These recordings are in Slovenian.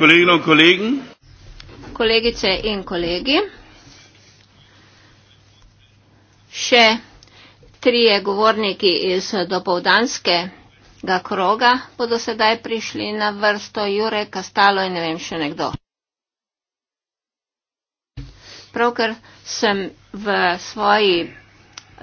Kolleginnen und Kollegen. Kollegice in kolegi. Še trije govorniki iz dopoldanskega kroga bodo sedaj prišli na vrsto Jure Kastalo in ne vem še nekdo. Pravkar sem v svoji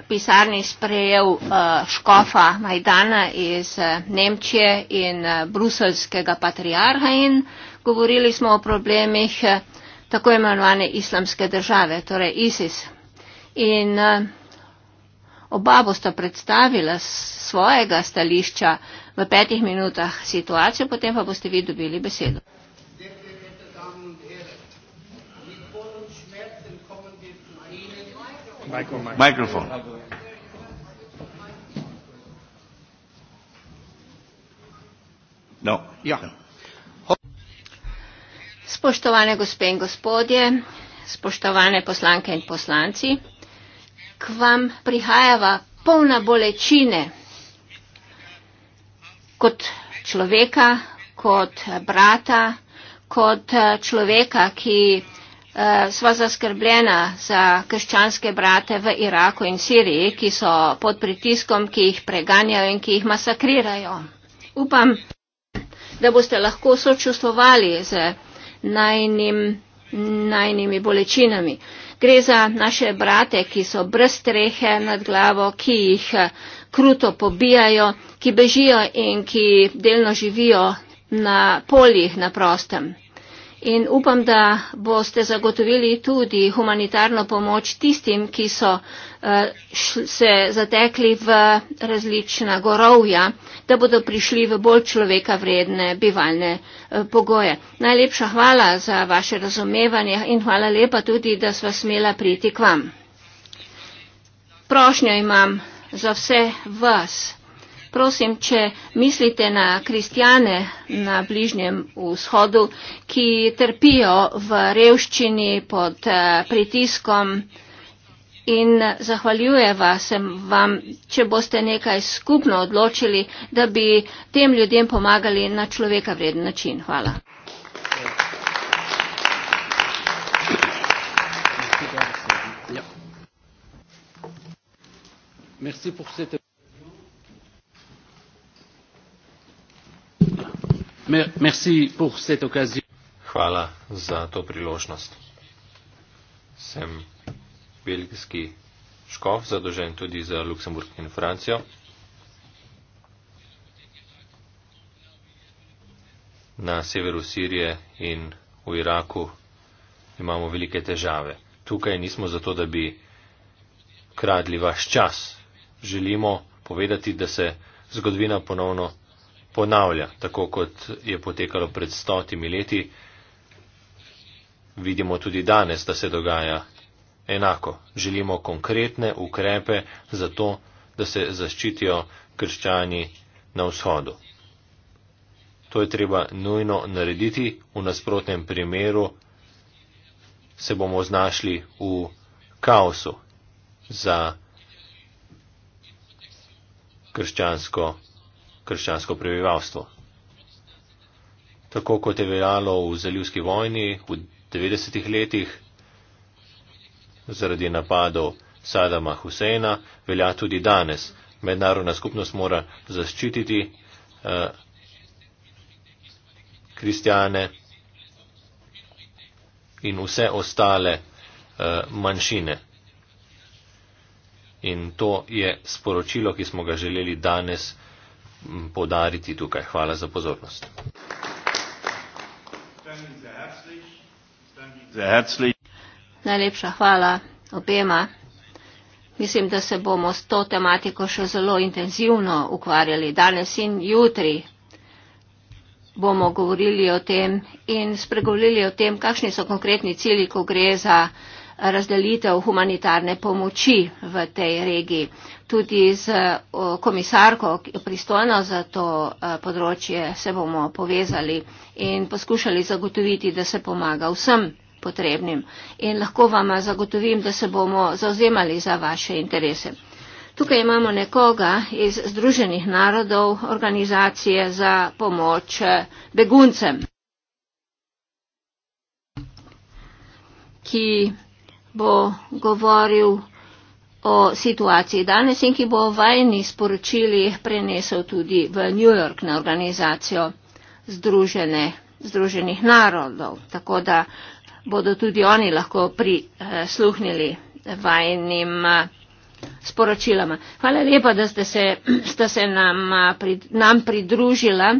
pisarni sprejel uh, škofa Majdana iz uh, Nemčije in uh, eh, bruselskega patriarha in uh, govorili smo o problemih eh, tako imenovane islamske države, torej ISIS. In eh, oba bosta predstavila svojega stališča v petih minutah situacijo, potem pa boste vi dobili besedo. Mikrofon. No. Ja. No. Spoštovane gospe in gospodje, spoštovane poslanke in poslanci, k vam prihajava polna bolečine kot človeka, kot brata, kot eh, človeka, ki eh, sva zaskrbljena za krščanske brate v Iraku in Siriji, ki so pod pritiskom, ki jih preganjajo in ki jih masakrirajo. Upam, da boste lahko sočustvovali z najnim, najnimi bolečinami. Gre za naše brate, ki so brez strehe nad glavo, ki jih eh, kruto pobijajo, ki bežijo in ki delno živijo na poljih na prostem. In upam, da boste zagotovili tudi humanitarno pomoč tistim, ki so se zatekli v različna gorovja, da bodo prišli v bolj človeka vredne bivalne eh, pogoje. Najlepša hvala za vaše razumevanje in hvala lepa tudi, da sva smela priti k vam. Prošnjo imam za vse vas. Prosim, če mislite na kristjane na Bližnjem vzhodu, ki trpijo v revščini pod eh, pritiskom, in zahvaljujeva se vam, če boste nekaj skupno odločili, da bi tem ljudem pomagali na človeka vreden način. Hvala. Ja. Hvala za to priložnost. Sem belgijski škof, zadožen tudi za Luksemburg in Francijo. Na severu Sirije in v Iraku imamo velike težave. Tukaj nismo zato, da bi kradli vaš čas. Želimo povedati, da se zgodovina ponovno ponavlja, tako kot je potekalo pred stotimi leti. Vidimo tudi danes, da se dogaja enako. Želimo konkretne ukrepe za to, da se zaščitijo krščani na vzhodu. To je treba nujno narediti, v nasprotnem primeru se bomo znašli v kaosu za krščansko, krščansko prebivalstvo. Tako kot je veljalo v zaljivski vojni v 90-ih letih, zaradi napadov Sadama Huseina, velja tudi danes. Mednarodna skupnost mora zaščititi eh, kristijane in vse ostale eh, manjšine. In to je sporočilo, ki smo ga želeli danes podariti tukaj. Hvala za pozornost. Zahrzlich. Najlepša hvala obema. Mislim, da se bomo s to tematiko še zelo intenzivno ukvarjali. Danes in jutri bomo govorili o tem in spregovorili o tem, kakšni so konkretni cilji, ko gre za razdelitev humanitarne pomoči v tej regiji. Tudi z komisarko, ki je pristojna za to e, področje, se bomo povezali in poskušali zagotoviti, da se pomaga vsem potrebnim. In lahko vam zagotovim, da se bomo zauzemali za vaše interese. Tukaj imamo nekoga iz Združenih narodov, organizacije za pomoč eh, beguncem, ki bo govoril o situaciji danes in ki bo vajni sporočili prenesel tudi v New York na organizacijo Združene, Združenih narodov. Tako da bodo tudi oni lahko prisluhnili vajnim eh, sporočilama. Hvala lepa, da ste se, ste se nam, eh, nam pridružila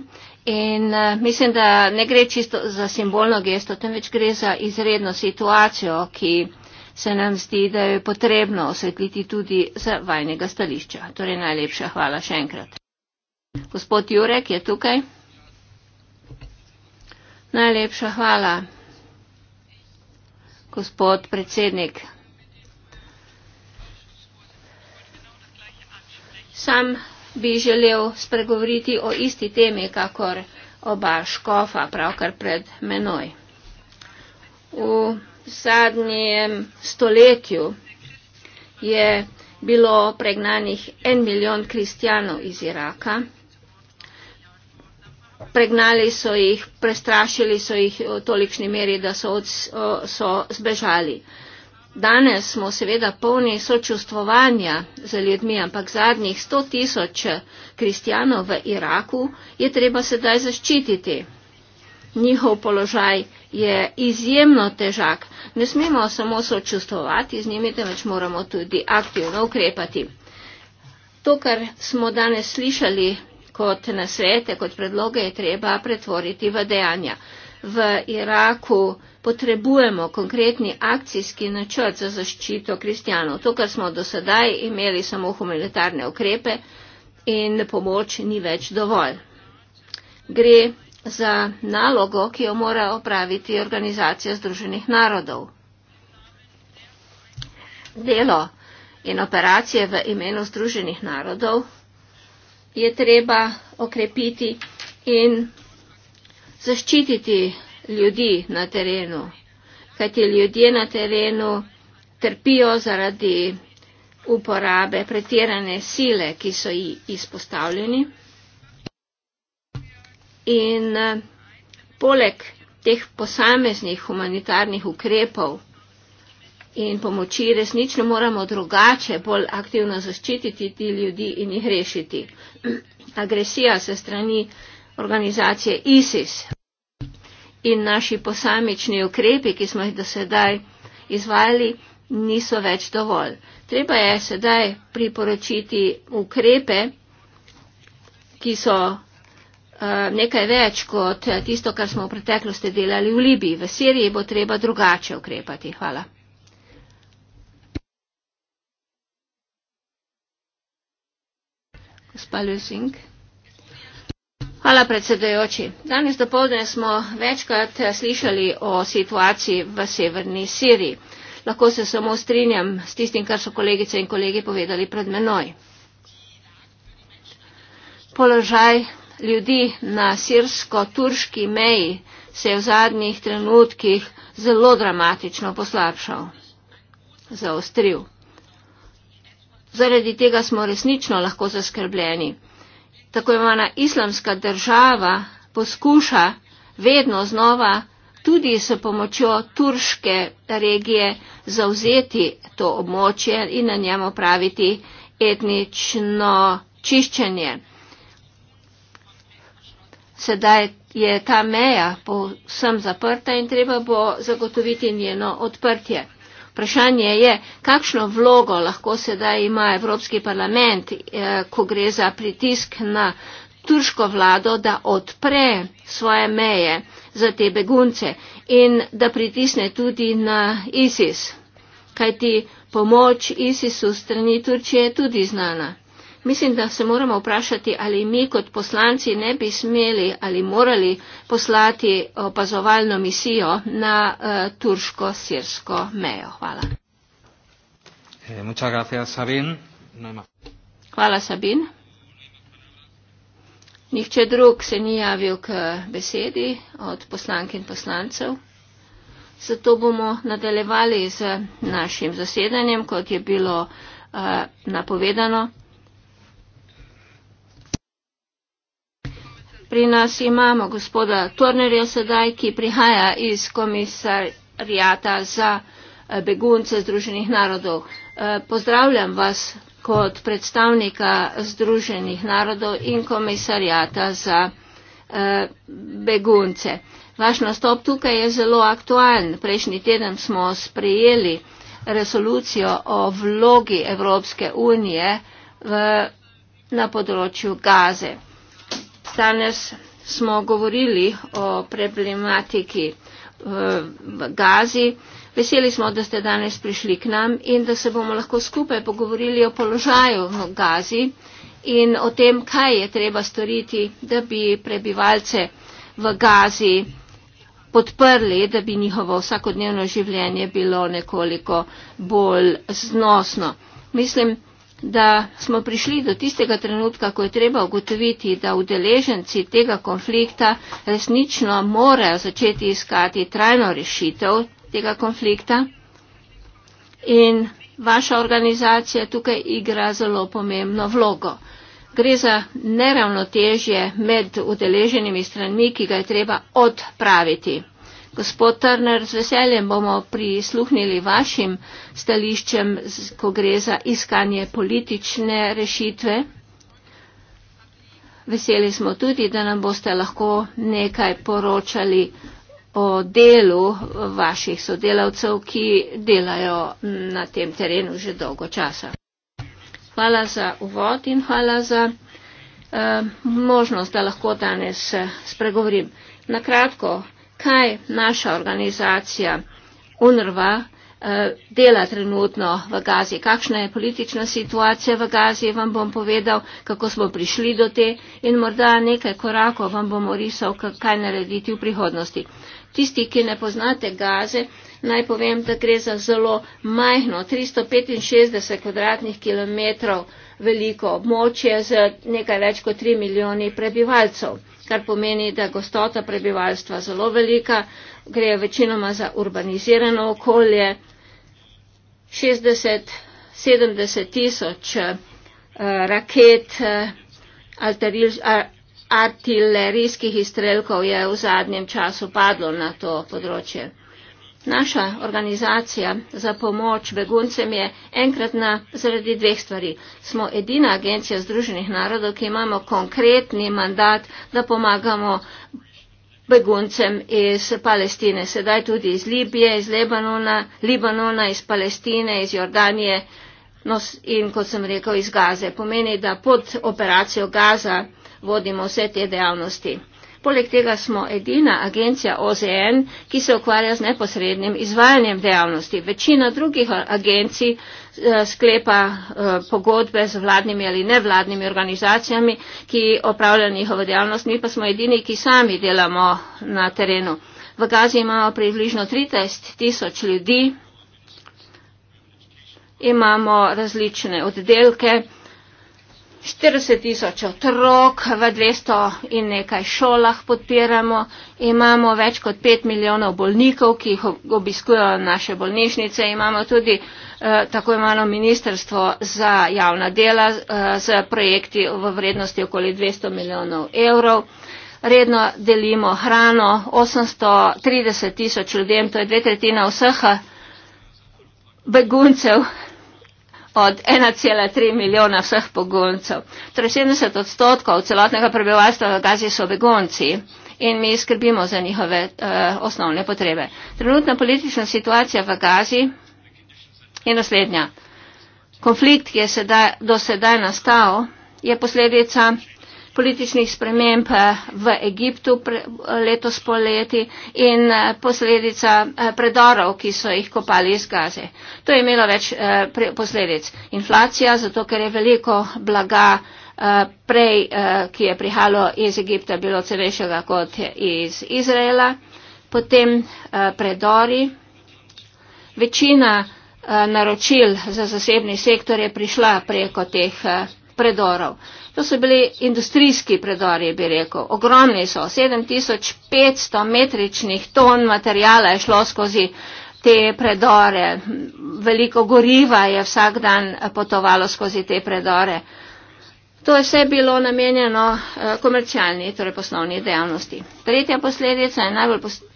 in eh, mislim, da ne gre čisto za simbolno gesto, temveč gre za izredno situacijo, ki se nam zdi, da je potrebno osvetliti tudi za vajnega stališča. Torej najlepša hvala še enkrat. Gospod Jurek je tukaj. Najlepša hvala. Gospod predsednik, sam bi želel spregovoriti o isti temi, kakor oba škofa pravkar pred menoj. V zadnjem stoletju je bilo pregnanih en milijon kristjanov iz Iraka pregnali so jih, prestrašili so jih v tolikšni meri, da so, od, so zbežali. Danes smo seveda polni sočustvovanja z ljudmi, ampak zadnjih 100 tisoč kristijanov v Iraku je treba sedaj zaščititi. Njihov položaj je izjemno težak. Ne smemo samo sočustovati z njimi, temveč moramo tudi aktivno ukrepati. To, kar smo danes slišali kot nasvete, kot predloge je treba pretvoriti v dejanja. V Iraku potrebujemo konkretni akcijski načrt za zaščito kristijanov. To, kar smo do sedaj imeli samo humanitarne ukrepe in pomoč ni več dovolj. Gre za nalogo, ki jo mora opraviti Organizacija združenih narodov. Delo in operacije v imenu združenih narodov je treba okrepiti in zaščititi ljudi na terenu, kajti ljudje na terenu trpijo zaradi uporabe pretirane sile, ki so ji izpostavljeni. In eh, poleg teh posameznih humanitarnih ukrepov, in pomoči resnično moramo drugače, bolj aktivno zaščititi ti ljudi in jih rešiti. Agresija se strani organizacije ISIS in naši posamični ukrepi, ki smo jih do sedaj izvajali, niso več dovolj. Treba je sedaj priporočiti ukrepe, ki so eh, nekaj več kot tisto, kar smo v preteklosti delali v Libiji. V Siriji bo treba drugače ukrepati. Hvala. hvala predsedujoči danes dopoldne smo večkrat slišali o situaciji v severni siriji lahko se samo strinjam s tistim kar so kolegice in kolegi povedali pred menoj položaj ljudi na sirsko turški meji se je v zadnjih trenutkih zelo dramatično poslabšal zaostril Zaradi tega smo resnično lahko zaskrbljeni. Tako imena islamska država poskuša vedno znova tudi s pomočjo turške regije zauzeti to območje in na njem opraviti etnično čiščenje. Sedaj je ta meja povsem zaprta in treba bo zagotoviti njeno odprtje. Vprašanje je, kakšno vlogo lahko sedaj ima Evropski parlament, eh, ko gre za pritisk na turško vlado, da odpre svoje meje za te begunce in da pritisne tudi na ISIS. Kajti pomoč ISIS-u strani Turčije je tudi znana. Mislim, da se moramo vprašati, ali mi kot poslanci ne bi smeli ali morali poslati opazovalno misijo na uh, turško-sirsko mejo. Hvala. Eh, no Hvala, Sabin. Nihče drug se ni javil k besedi od poslank in poslancev. Zato bomo nadaljevali z našim zasedanjem, kot je bilo uh, napovedano. Pri nas imamo gospoda Tornerja sedaj, ki prihaja iz komisarijata za eh, begunce Združenih narodov. Eh, pozdravljam vas kot predstavnika Združenih narodov in komisarijata za eh, begunce. Vaš nastop tukaj je zelo aktualen. Prejšnji teden smo sprejeli resolucijo o vlogi Evropske unije v, na področju Gaze danes smo govorili o problematiki eh, v Gazi. Veseli smo, da ste danes prišli k nam in da se bomo lahko skupaj pogovorili o položaju v Gazi in o tem, kaj je treba storiti, da bi prebivalce v Gazi podprli, da bi njihovo vsakodnevno življenje bilo nekoliko bolj znosno. Mislim, da smo prišli do tistega trenutka, ko je treba ugotoviti, da udeleženci tega konflikta resnično morajo začeti iskati trajno rešitev tega konflikta. In vaša organizacija tukaj igra zelo pomembno vlogo. Gre za neravnotežje med udeleženimi stranmi, ki ga je treba odpraviti. Gospod Trner, z veseljem bomo prisluhnili vašim stališčem, ko gre za iskanje politične rešitve. Veseli smo tudi, da nam boste lahko nekaj poročali o delu vaših sodelavcev, ki delajo na tem terenu že dolgo časa. Hvala za uvod in hvala za uh, možnost, da lahko danes eh, spregovorim. Na kratko, kaj naša organizacija UNRVA eh, dela trenutno v Gazi, kakšna je politična situacija v Gazi, vam bom povedal, kako smo prišli do te in morda nekaj korakov vam bom orisal, kaj narediti v prihodnosti. Tisti, ki ne poznate Gaze, naj povem, da gre za zelo majhno, 365 kvadratnih kilometrov veliko območje z nekaj več kot 3 milijoni prebivalcev kar pomeni, da gostota prebivalstva zelo velika, gre večinoma za urbanizirano okolje. 60-70 tisoč uh, raket, uh, artilerijskih izstrelkov je v zadnjem času padlo na to področje. Naša organizacija za pomoč beguncem je enkratna zaradi dveh stvari. Smo edina agencija Združenih narodov, ki imamo konkretni mandat, da pomagamo beguncem iz Palestine, sedaj tudi iz Libije, iz Lebanona, Libanona iz Palestine, iz Jordanije no, in, kot sem rekel, iz Gaze. Pomeni, da pod operacijo Gaza vodimo vse te dejavnosti. Poleg tega smo edina agencija OZN, ki se ukvarja z neposrednim izvajanjem dejavnosti. Večina drugih agencij eh, sklepa eh, pogodbe z vladnimi ali nevladnimi organizacijami, ki opravljajo njihovo dejavnost. Mi pa smo edini, ki sami delamo na terenu. V Gazi imamo približno 13 tisoč ljudi. Imamo različne oddelke. 40 tisoč otrok v 200 in nekaj šolah podpiramo, imamo več kot 5 milijonov bolnikov, ki jih obiskujejo naše bolnišnice, imamo tudi eh, tako imeno Ministrstvo za javna dela eh, z projekti v vrednosti okoli 200 milijonov evrov. Redno delimo hrano 830 tisoč ljudem, to je dve tretjina vseh beguncev od 1,3 milijona vseh poguncev. Torej 70 odstotkov celotnega prebivalstva v Gazi so begunci in mi skrbimo za njihove uh, osnovne potrebe. Trenutna politična situacija v Gazi je naslednja. Konflikt, ki je sedaj, do sedaj nastal, je posledica političnih sprememb eh, v Egiptu pre, letos poleti in eh, posledica eh, predorov, ki so jih kopali iz gaze. To je imelo več posledic. Inflacija, zato ker je veliko blaga prej, ki je prihalo iz Egipta, bilo cenejšega kot iz Izraela. Potem predori. Večina naročil za zasebni sektor je prišla preko teh predorov. To so bili industrijski predori, bi rekel. Ogromni so. 7500 metričnih ton materijala je šlo skozi te predore. Veliko goriva je vsak dan eh, potovalo skozi te predore. To je vse bilo namenjeno eh, komercialni, torej poslovni dejavnosti. Tretja posledica je najbolj posledica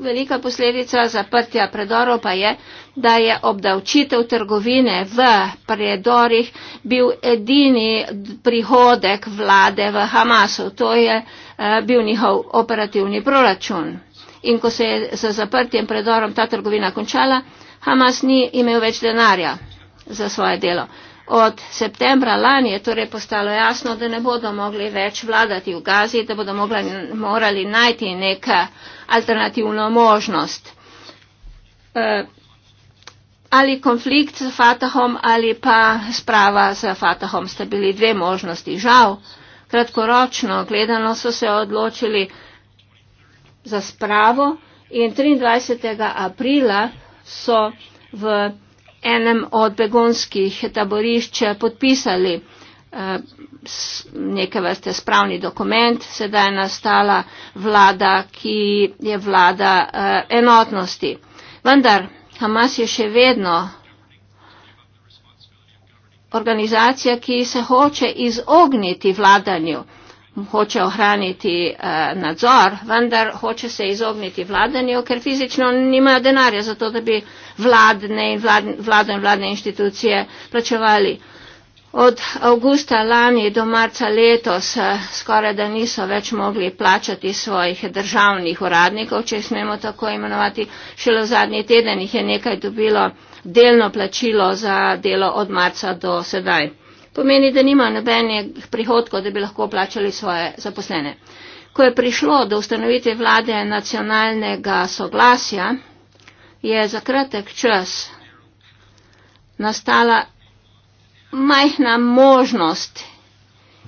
velika posledica zaprtja predorov pa je, da je obdavčitev trgovine v predorih bil edini prihodek vlade v Hamasu. To je eh, bil njihov operativni proračun. In ko se je za zaprtjem predorom ta trgovina končala, Hamas ni imel več denarja za svoje delo od septembra lani je torej postalo jasno, da ne bodo mogli več vladati v Gazi, da bodo mogli, morali najti neka alternativna možnost. E, ali konflikt z Fatahom ali pa sprava z Fatahom sta bili dve možnosti. Žal, kratkoročno gledano so se odločili za spravo in 23. aprila so v enem od begonskih taborišč podpisali eh, neke vrste spravni dokument, sedaj je nastala vlada, ki je vlada eh, enotnosti. Vendar Hamas je še vedno organizacija, ki se hoče izogniti vladanju hoče ohraniti eh, nadzor, vendar hoče se izogniti vladanju, ker fizično nimajo denarja za to, da bi vladne in vladne, vladne inštitucije plačevali. Od avgusta lani do marca letos eh, skoraj da niso več mogli plačati svojih državnih uradnikov, če jih smemo tako imenovati. Šele v zadnji teden jih je nekaj dobilo delno plačilo za delo od marca do sedaj pomeni, da nima nobenih prihodkov, da bi lahko plačali svoje zaposlene. Ko je prišlo do ustanovitve vlade nacionalnega soglasja, je za kratek čas nastala majhna možnost,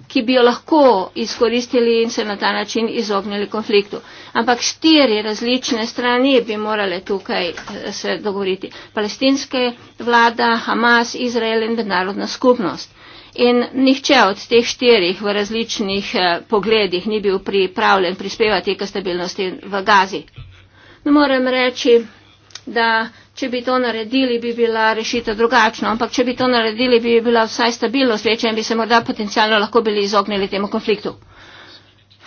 ki bi jo lahko izkoristili in se na ta način izognili konfliktu. Ampak štiri različne strani bi morale tukaj eh, se dogovoriti. Palestinske vlada, Hamas, Izrael in mednarodna skupnost. In nihče od teh štirih v različnih eh, pogledih ni bil pripravljen prispevati k stabilnosti v Gazi. No, moram reči, da če bi to naredili, bi bila rešitev drugačna, ampak če bi to naredili, bi bila vsaj stabilnost večja in bi se morda potencialno lahko bili izognili temu konfliktu.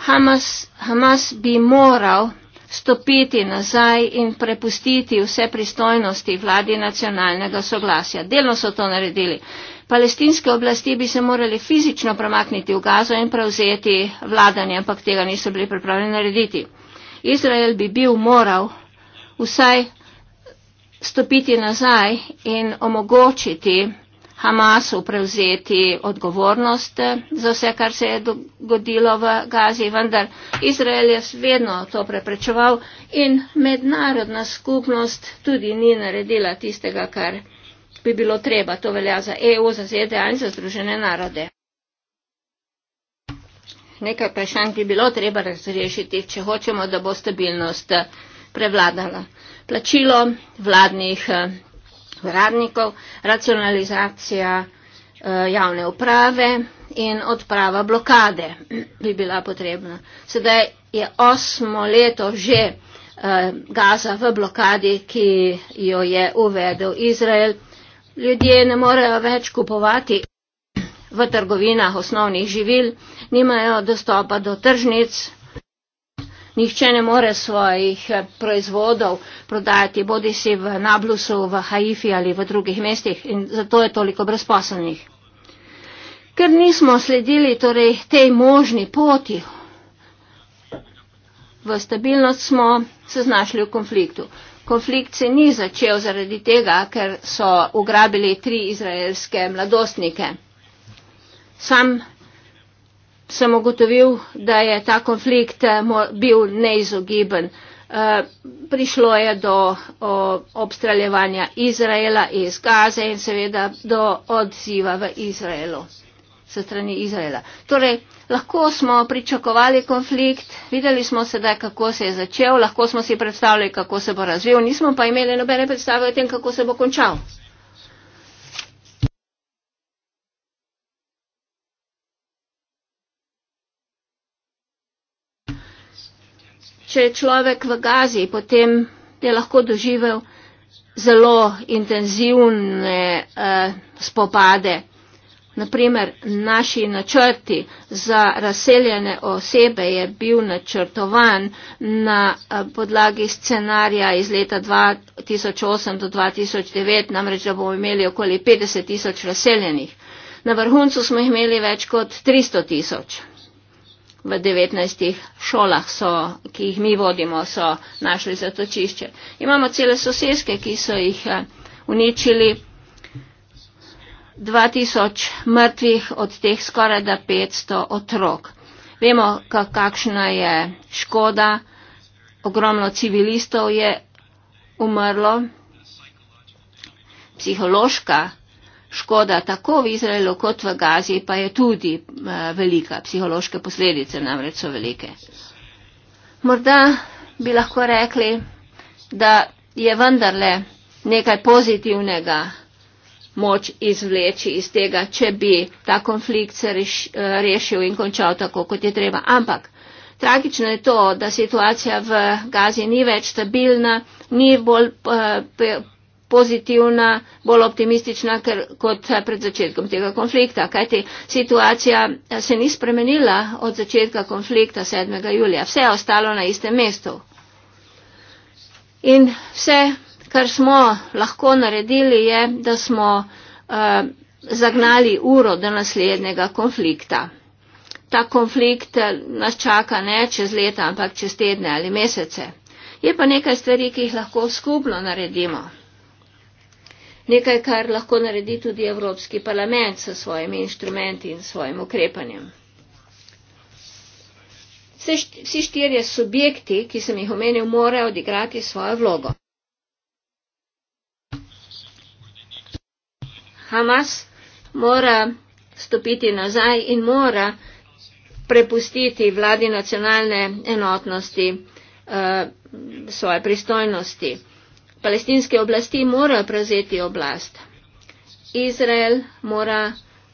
Hamas, Hamas bi moral stopiti nazaj in prepustiti vse pristojnosti vladi nacionalnega soglasja. Delno so to naredili. Palestinske oblasti bi se morali fizično premakniti v Gazo in prevzeti vladanje, ampak tega niso bili pripravljeni narediti. Izrael bi bil moral vsaj stopiti nazaj in omogočiti Hamasu prevzeti odgovornost za vse, kar se je dogodilo v Gazi, vendar Izrael je vedno to preprečeval in mednarodna skupnost tudi ni naredila tistega, kar je bi bilo treba. To velja za EU, za ZDA in za Združene narode. Nekaj vprašanj bi bilo treba razrešiti, če hočemo, da bo stabilnost eh, prevladala. Plačilo vladnih eh, uradnikov, racionalizacija eh, javne uprave in odprava blokade bi bila potrebna. Sedaj je osmo leto že Gaza v blokadi, ki jo je uvedel Izrael ljudje ne morejo več kupovati v trgovinah osnovnih živil, nimajo dostopa do tržnic, nihče ne more svojih eh, proizvodov prodajati, bodi si v Nablusu, v Haifi ali v drugih mestih in zato je toliko brezposelnih. Ker nismo sledili torej, tej možni poti v stabilnost, smo se znašli v konfliktu. Konflikt se ni začel zaradi tega, ker so ugrabili tri izraelske mladostnike. Sam sem ugotovil, da je ta konflikt eh, bil neizogiben. Eh, prišlo je do obstraljevanja Izraela iz Gaze in seveda do odziva v Izraelu se strani Izraela. Torej, lahko smo pričakovali konflikt, videli smo sedaj, kako se je začel, lahko smo si predstavljali, kako se bo razvil, nismo pa imeli nobene predstave o tem, kako se bo končal. Če je človek v Gazi, potem je lahko doživel zelo intenzivne eh, spopade. Naprimer, naši načrti za razseljene osebe je bil načrtovan na eh, podlagi scenarija iz leta 2008 do 2009, namreč da bomo imeli okoli 50 tisoč razseljenih. Na vrhuncu smo jih imeli več kot 300 tisoč. V 19 šolah, so, ki jih mi vodimo, so našli zatočišče. Imamo cele sosedske, ki so jih eh, uničili 2000 mrtvih, od teh skoraj da 500 otrok. Vemo, kakšna je škoda, ogromno civilistov je umrlo, psihološka škoda tako v Izraelu kot v Gazi pa je tudi eh, velika, psihološke posledice namreč so velike. Morda bi lahko rekli, da je vendarle nekaj pozitivnega moč izvleči iz tega, če bi ta konflikt se eh, rešil in končal tako, kot je treba. Ampak tragično je to, da situacija v Gazi ni več stabilna, ni bolj eh, pozitivna, bolj optimistična kot pred začetkom tega konflikta. Kajti situacija eh, se ni spremenila od začetka konflikta 7. julija. Vse je ostalo na istem mestu. In vse kar smo lahko naredili, je, da smo eh, zagnali uro do naslednjega konflikta. Ta konflikt eh, nas čaka ne čez leta, ampak čez tedne ali mesece. Je pa nekaj stvari, ki jih lahko skupno naredimo. Nekaj, kar lahko naredi tudi Evropski parlament s svojimi inštrumenti in svojim ukrepanjem. Vsi štirje subjekti, ki sem jih omenil, morajo odigrati svojo vlogo. Hamas mora stopiti nazaj in mora prepustiti vladi nacionalne enotnosti eh, svoje pristojnosti. Palestinske oblasti morajo prevzeti oblast. Izrael mora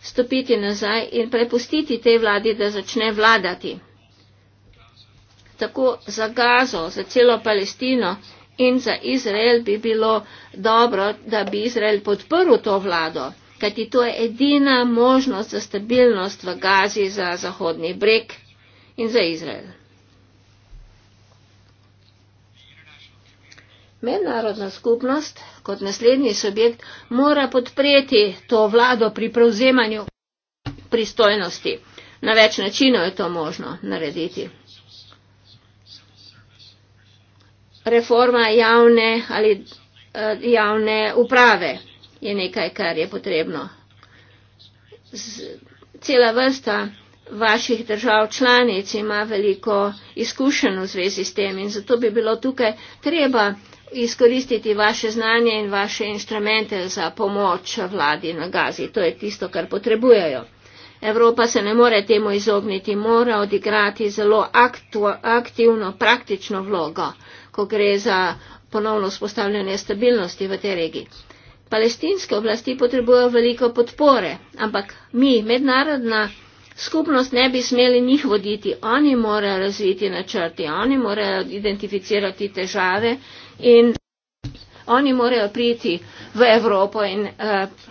stopiti nazaj in prepustiti tej vladi, da začne vladati. Tako za Gazo, za celo Palestino In za Izrael bi bilo dobro, da bi Izrael podprl to vlado, kajti to je edina možnost za stabilnost v Gazi za Zahodni breg in za Izrael. Mednarodna skupnost kot naslednji subjekt mora podpreti to vlado pri prevzemanju pristojnosti. Na več načinov je to možno narediti. reforma javne ali eh, javne uprave je nekaj, kar je potrebno. Cela vrsta vaših držav članic ima veliko izkušenj v zvezi s tem in zato bi bilo tukaj treba izkoristiti vaše znanje in vaše inštrumente za pomoč vladi na gazi. To je tisto, kar potrebujejo. Evropa se ne more temu izogniti, mora odigrati zelo aktu, aktivno, praktično vlogo ko gre za ponovno vzpostavljanje stabilnosti v tej regiji. Palestinske oblasti potrebujejo veliko podpore, ampak mi, mednarodna skupnost, ne bi smeli njih voditi. Oni morajo razviti načrti, oni morajo identificirati težave in oni morajo priti v Evropo in uh,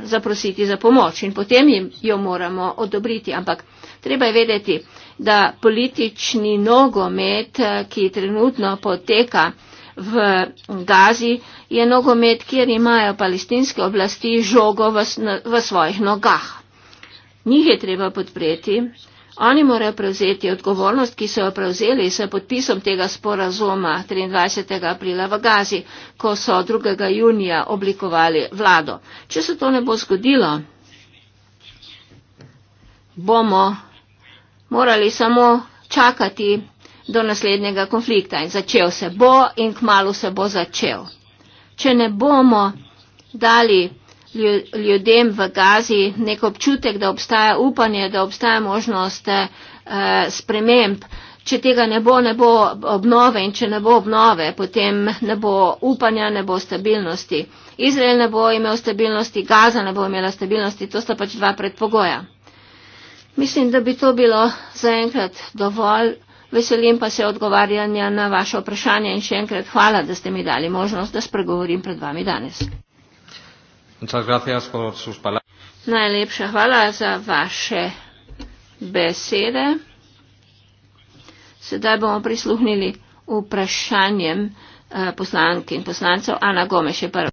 zaprositi za pomoč in potem jim jo moramo odobriti. Ampak treba je vedeti, da politični nogomet, eh, ki trenutno poteka v Gazi, je nogomet, kjer imajo palestinske oblasti žogo v, v svojih nogah. Njih je treba podpreti. Oni morajo prevzeti odgovornost, ki so jo prevzeli s podpisom tega sporazuma 23. aprila v Gazi, ko so 2. junija oblikovali vlado. Če se to ne bo zgodilo, bomo morali samo čakati do naslednjega konflikta in začel se bo in kmalo se bo začel. Če ne bomo dali ljudem v gazi nek občutek, da obstaja upanje, da obstaja možnost eh, sprememb, če tega ne bo, ne bo obnove in če ne bo obnove, potem ne bo upanja, ne bo stabilnosti. Izrael ne bo imel stabilnosti, gaza ne bo imela stabilnosti, to sta pač dva predpogoja. Mislim, da bi to bilo zaenkrat dovolj. Veselim pa se odgovarjanja na vaše vprašanje in še enkrat hvala, da ste mi dali možnost, da spregovorim pred vami danes. Najlepša hvala za vaše besede. Sedaj bomo prisluhnili vprašanjem eh, poslank in poslancev. Ana Gomeš je prva.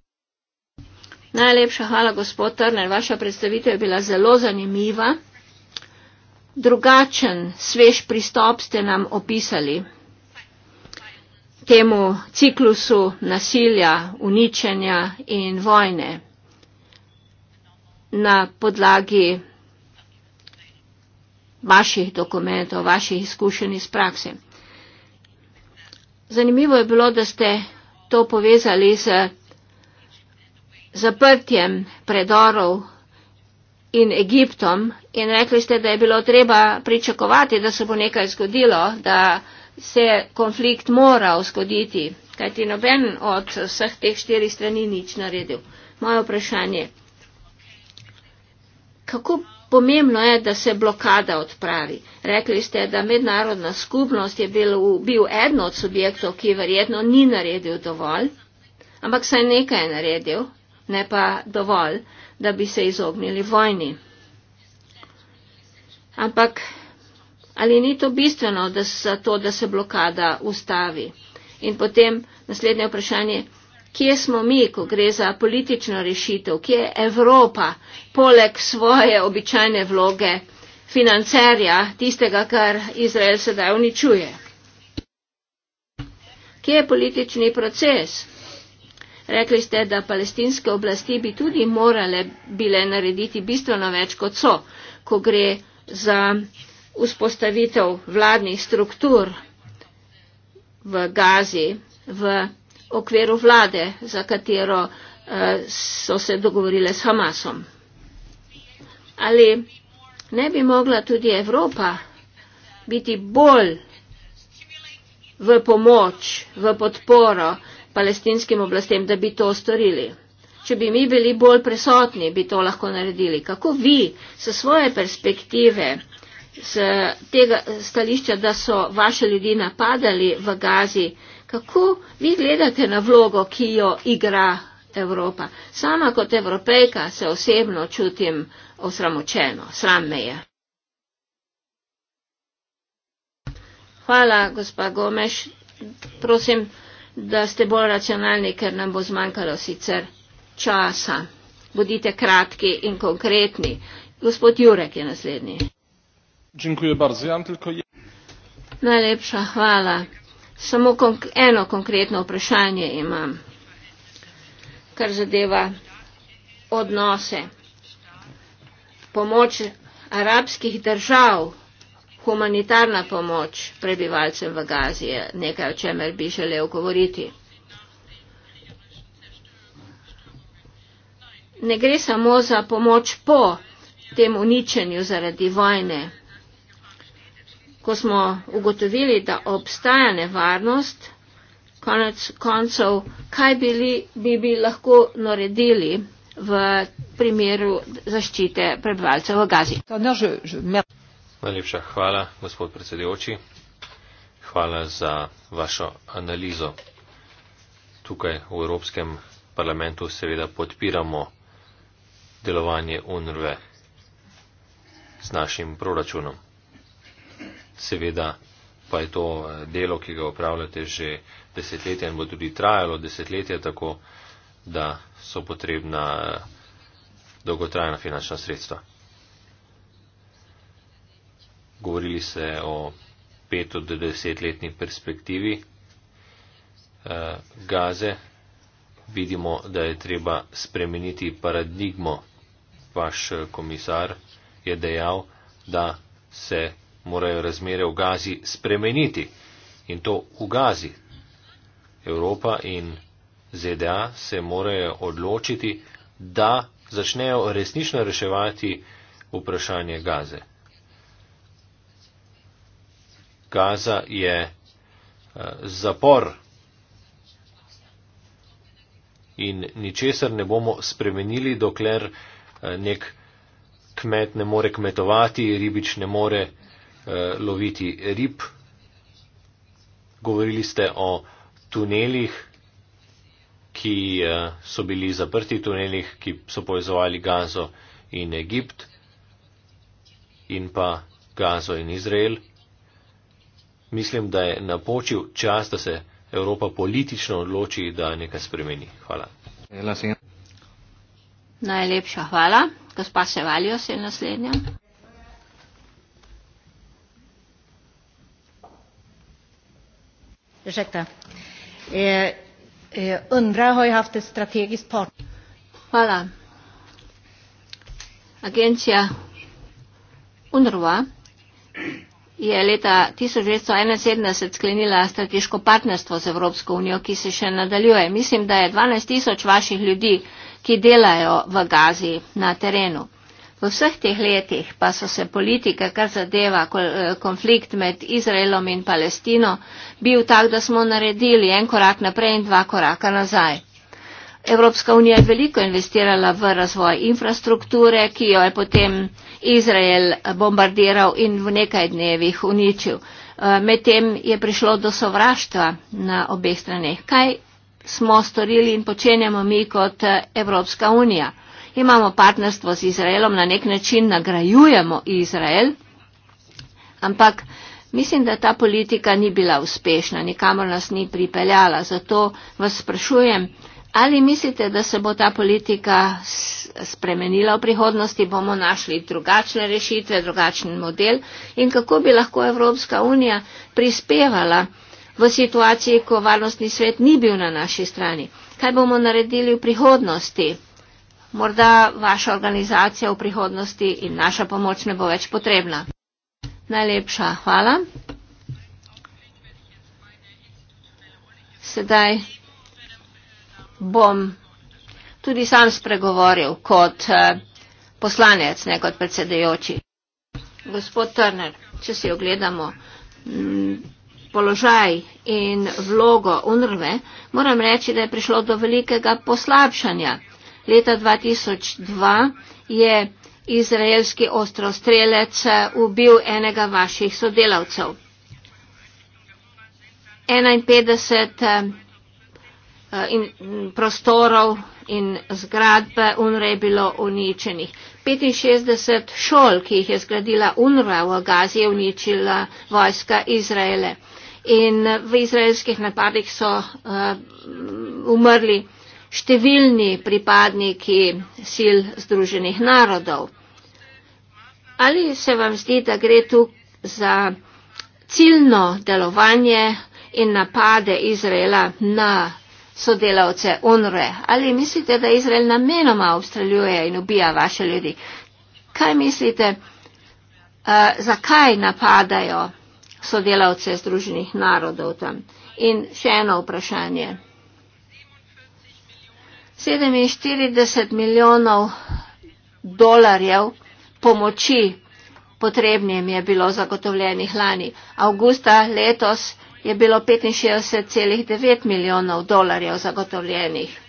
Najlepša hvala, gospod Trner. Vaša predstavitev je bila zelo zanimiva drugačen, svež pristop ste nam opisali temu ciklusu nasilja, uničenja in vojne na podlagi vaših dokumentov, vaših izkušenj iz prakse. Zanimivo je bilo, da ste to povezali z zaprtjem predorov in Egiptom in rekli ste, da je bilo treba pričakovati, da se bo nekaj zgodilo, da se konflikt mora zgoditi, kajti noben od vseh teh štirih strani nič naredil. Moje vprašanje. Kako pomembno je, da se blokada odpravi? Rekli ste, da mednarodna skupnost je bil, bil eden od subjektov, ki verjetno ni naredil dovolj, ampak saj nekaj je naredil, ne pa dovolj. Uh, da bi se izognili vojni. Ampak ali ni to bistveno da za to, da se blokada ustavi? In potem naslednje vprašanje, kje smo mi, ko gre za politično rešitev, kje je Evropa, poleg svoje običajne vloge financerja tistega, kar Izrael sedaj uničuje? Kje je politični proces? Rekli ste, da palestinske oblasti bi tudi morale bile narediti bistveno več kot so, ko gre za vzpostavitev vladnih struktur v Gazi, v okviru vlade, za katero eh, so se dogovorile s Hamasom. Ali ne bi mogla tudi Evropa biti bolj v pomoč, v podporo, palestinskim oblastem, da bi to storili. Če bi mi bili bolj prisotni, bi to lahko naredili. Kako vi s svoje perspektive, s tega stališča, da so vaše ljudi napadali v Gazi, kako vi gledate na vlogo, ki jo igra Evropa? Sama kot evropejka se osebno čutim osramočeno, sram me je. Hvala, gospa Gomeš. Prosim da ste bolj racionalni, ker nam bo zmanjkalo sicer časa. Bodite kratki in konkretni. Gospod Jurek je naslednji. Ja Najlepša hvala. Samo konk eno konkretno vprašanje imam, kar zadeva odnose, pomoč arabskih držav humanitarna pomoč prebivalcem v Gazi je nekaj, o čemer bi želel govoriti. Ne gre samo za pomoč po tem uničenju zaradi vojne. Ko smo ugotovili, da obstaja nevarnost, konec koncev, kaj bili, bi bi lahko naredili v primeru zaščite prebivalcev v Gazi. Najlepša hvala, gospod predsedujoči. Hvala za vašo analizo. Tukaj v Evropskem parlamentu seveda podpiramo delovanje UNRWE s našim proračunom. Seveda pa je to eh, delo, ki ga upravljate že desetletja in bo tudi trajalo desetletja, tako da so potrebna eh, dolgotrajna finančna sredstva govorili se o pet od desetletni perspektivi eh, gaze, vidimo, da je treba spremeniti paradigmo. Vaš eh, komisar je dejal, da se morajo razmere v gazi spremeniti in to v gazi. Evropa in ZDA se morajo odločiti, da začnejo resnično reševati vprašanje gaze. Gaza je eh, zapor in ničesar ne bomo spremenili, dokler eh, nek kmet ne more kmetovati, ribič ne more eh, loviti rib. Govorili ste o tunelih, ki so bili zaprti, tunelih, ki so povezovali Gazo in Egipt in pa Gazo in Izrael mislim, da je napočil čas, da se Evropa politično odloči, da nekaj spremeni. Hvala. Najlepša hvala. Gospa Sevalijo se je naslednja. Eh, eh, hvala. Agencija UNRWA je leta 1971 sklenila strateško partnerstvo z Evropsko unijo, ki se še nadaljuje. Mislim, da je 12 tisoč vaših ljudi, ki delajo v Gazi na terenu. V vseh teh letih pa so se politike, kar zadeva eh, konflikt med Izraelom in Palestino, bil tak, da smo naredili en korak naprej in dva koraka nazaj. Evropska unija je veliko investirala v razvoj infrastrukture, ki jo je potem Izrael bombardiral in v nekaj dnevih uničil. Eh, medtem je prišlo do sovraštva na obeh straneh. Kaj smo storili in počenjamo mi kot eh, Evropska unija? Imamo partnerstvo z Izraelom, na nek način nagrajujemo Izrael, ampak mislim, da ta politika ni bila uspešna, nikamor nas ni pripeljala. Zato vas sprašujem, Ali mislite, da se bo ta politika spremenila v prihodnosti, bomo našli drugačne rešitve, drugačen model in kako bi lahko Evropska unija prispevala v situaciji, ko varnostni svet ni bil na naši strani? Kaj bomo naredili v prihodnosti? Morda vaša organizacija v prihodnosti in naša pomoč ne bo več potrebna. Najlepša hvala. Sedaj bom tudi sam spregovoril kot eh, poslanec, ne kot predsedajoči. Gospod Turner, če si ogledamo mm, položaj in vlogo UNRVE, moram reči, da je prišlo do velikega poslabšanja. Leta 2002 je izraelski ostrostrelec eh, ubil enega vaših sodelavcev. 51 Eh, in mm, prostorov in zgradb UNRE je bilo uničenih. 65 šol, ki jih je zgradila UNRE v Gazi, je uničila vojska Izraele. In v izraelskih napadih so uh, umrli številni pripadniki sil Združenih narodov. Ali se vam zdi, da gre tu za ciljno delovanje in napade Izraela na sodelavce UNRWE. Ali mislite, da Izrael namenoma obstreljuje in ubija vaše ljudi? Kaj mislite, uh, zakaj napadajo sodelavce Združenih narodov tam? In še eno vprašanje. 47 milijonov dolarjev pomoči potrebnim je bilo zagotovljenih lani. Augusta letos je bilo 65,9 milijonov dolarjev zagotovljenih.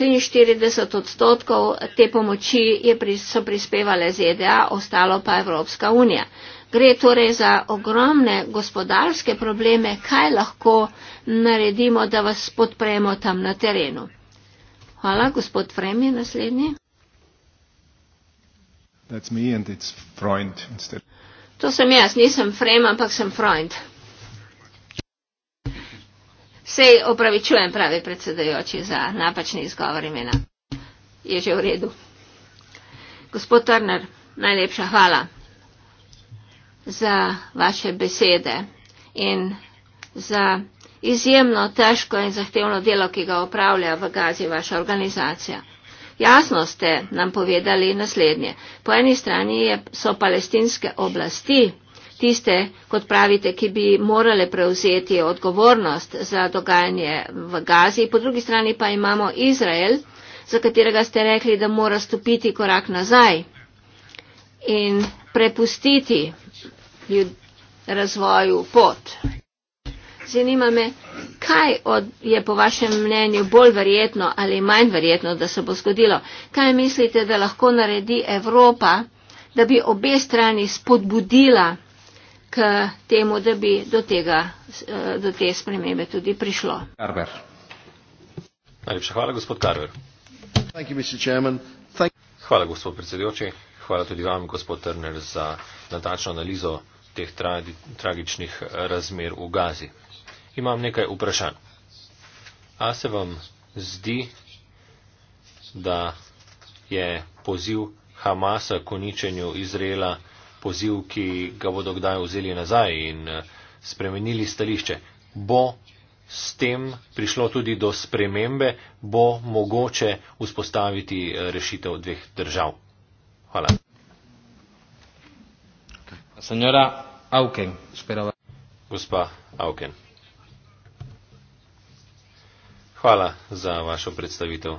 43 odstotkov te pomoči so prispevale ZDA, ostalo pa Evropska unija. Gre torej za ogromne gospodarske probleme, kaj lahko naredimo, da vas podpremo tam na terenu. Hvala, gospod Frem je naslednji. To sem jaz, nisem Frem, ampak sem Freund. Se opravičujem, pravi predsedajoči, za napačni izgovor imena. Je že v redu. Gospod Turner, najlepša hvala za vaše besede in za izjemno težko in zahtevno delo, ki ga upravlja v Gazi vaša organizacija. Jasno ste nam povedali naslednje. Po eni strani so palestinske oblasti tiste, kot pravite, ki bi morale prevzeti odgovornost za dogajanje v Gazi. Po drugi strani pa imamo Izrael, za katerega ste rekli, da mora stopiti korak nazaj in prepustiti razvoju pot. Zanima me, kaj je po vašem mnenju bolj verjetno ali manj verjetno, da se bo zgodilo. Kaj mislite, da lahko naredi Evropa, da bi obe strani spodbudila k temu, da bi do, tega, eh, do te spremembe tudi prišlo. Karver. Najlepša hvala, gospod Karver. Thank you, Thank hvala, gospod predsedujoči. Hvala tudi vam, gospod Trner, za natačno analizo teh tra tragičnih razmer v Gazi. Imam nekaj vprašanj. A se vam zdi, da je poziv Hamasa k uničenju Izraela poziv, ki ga bodo kdaj vzeli nazaj in eh, spremenili stališče. Bo s tem prišlo tudi do spremembe, bo mogoče vzpostaviti eh, rešitev dveh držav. Hvala. Senjora Auken, sperava. Gospa Auken. Hvala za vašo predstavitev,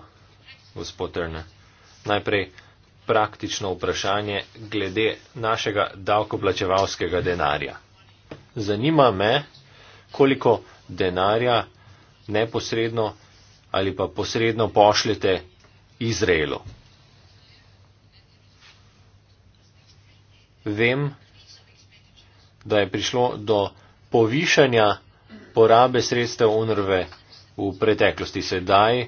gospod Trne. Najprej praktično vprašanje glede našega davkoplačevalskega denarja. Zanima me, koliko denarja neposredno ali pa posredno pošljete Izraelu. Vem, da je prišlo do povišanja porabe sredstev UNRV v preteklosti. Sedaj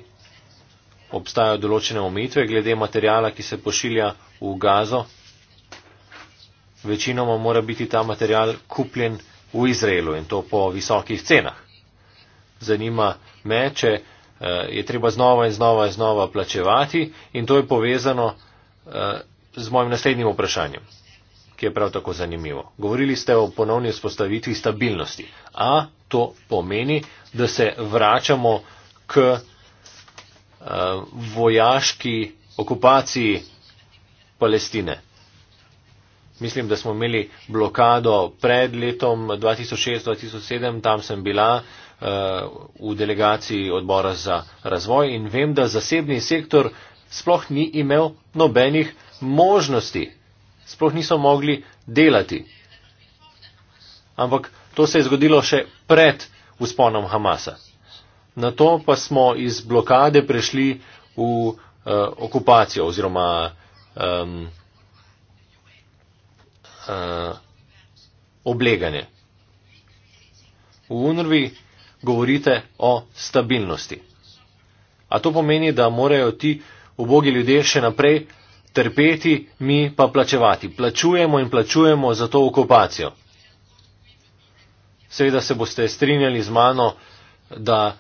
obstajajo določene omitve glede materijala, ki se pošilja v gazo. Večinoma mora biti ta material kupljen v Izraelu in to po visokih cenah. Zanima me, če eh, je treba znova in znova in znova plačevati in to je povezano eh, z mojim naslednjim vprašanjem, ki je prav tako zanimivo. Govorili ste o ponovni vzpostavitvi stabilnosti. A to pomeni, da se vračamo k Eh, vojaški okupaciji Palestine. Mislim, da smo imeli blokado pred letom 2006-2007, tam sem bila eh, v delegaciji odbora za razvoj in vem, da zasebni sektor sploh ni imel nobenih možnosti, sploh niso mogli delati. Ampak to se je zgodilo še pred usponom Hamasa na to pa smo iz blokade prešli v uh, okupacijo oziroma um, uh, obleganje. V UNRVI govorite o stabilnosti. A to pomeni, da morajo ti ubogi ljudje še naprej trpeti, mi pa plačevati. Plačujemo in plačujemo za to okupacijo. Seveda se boste strinjali z mano, da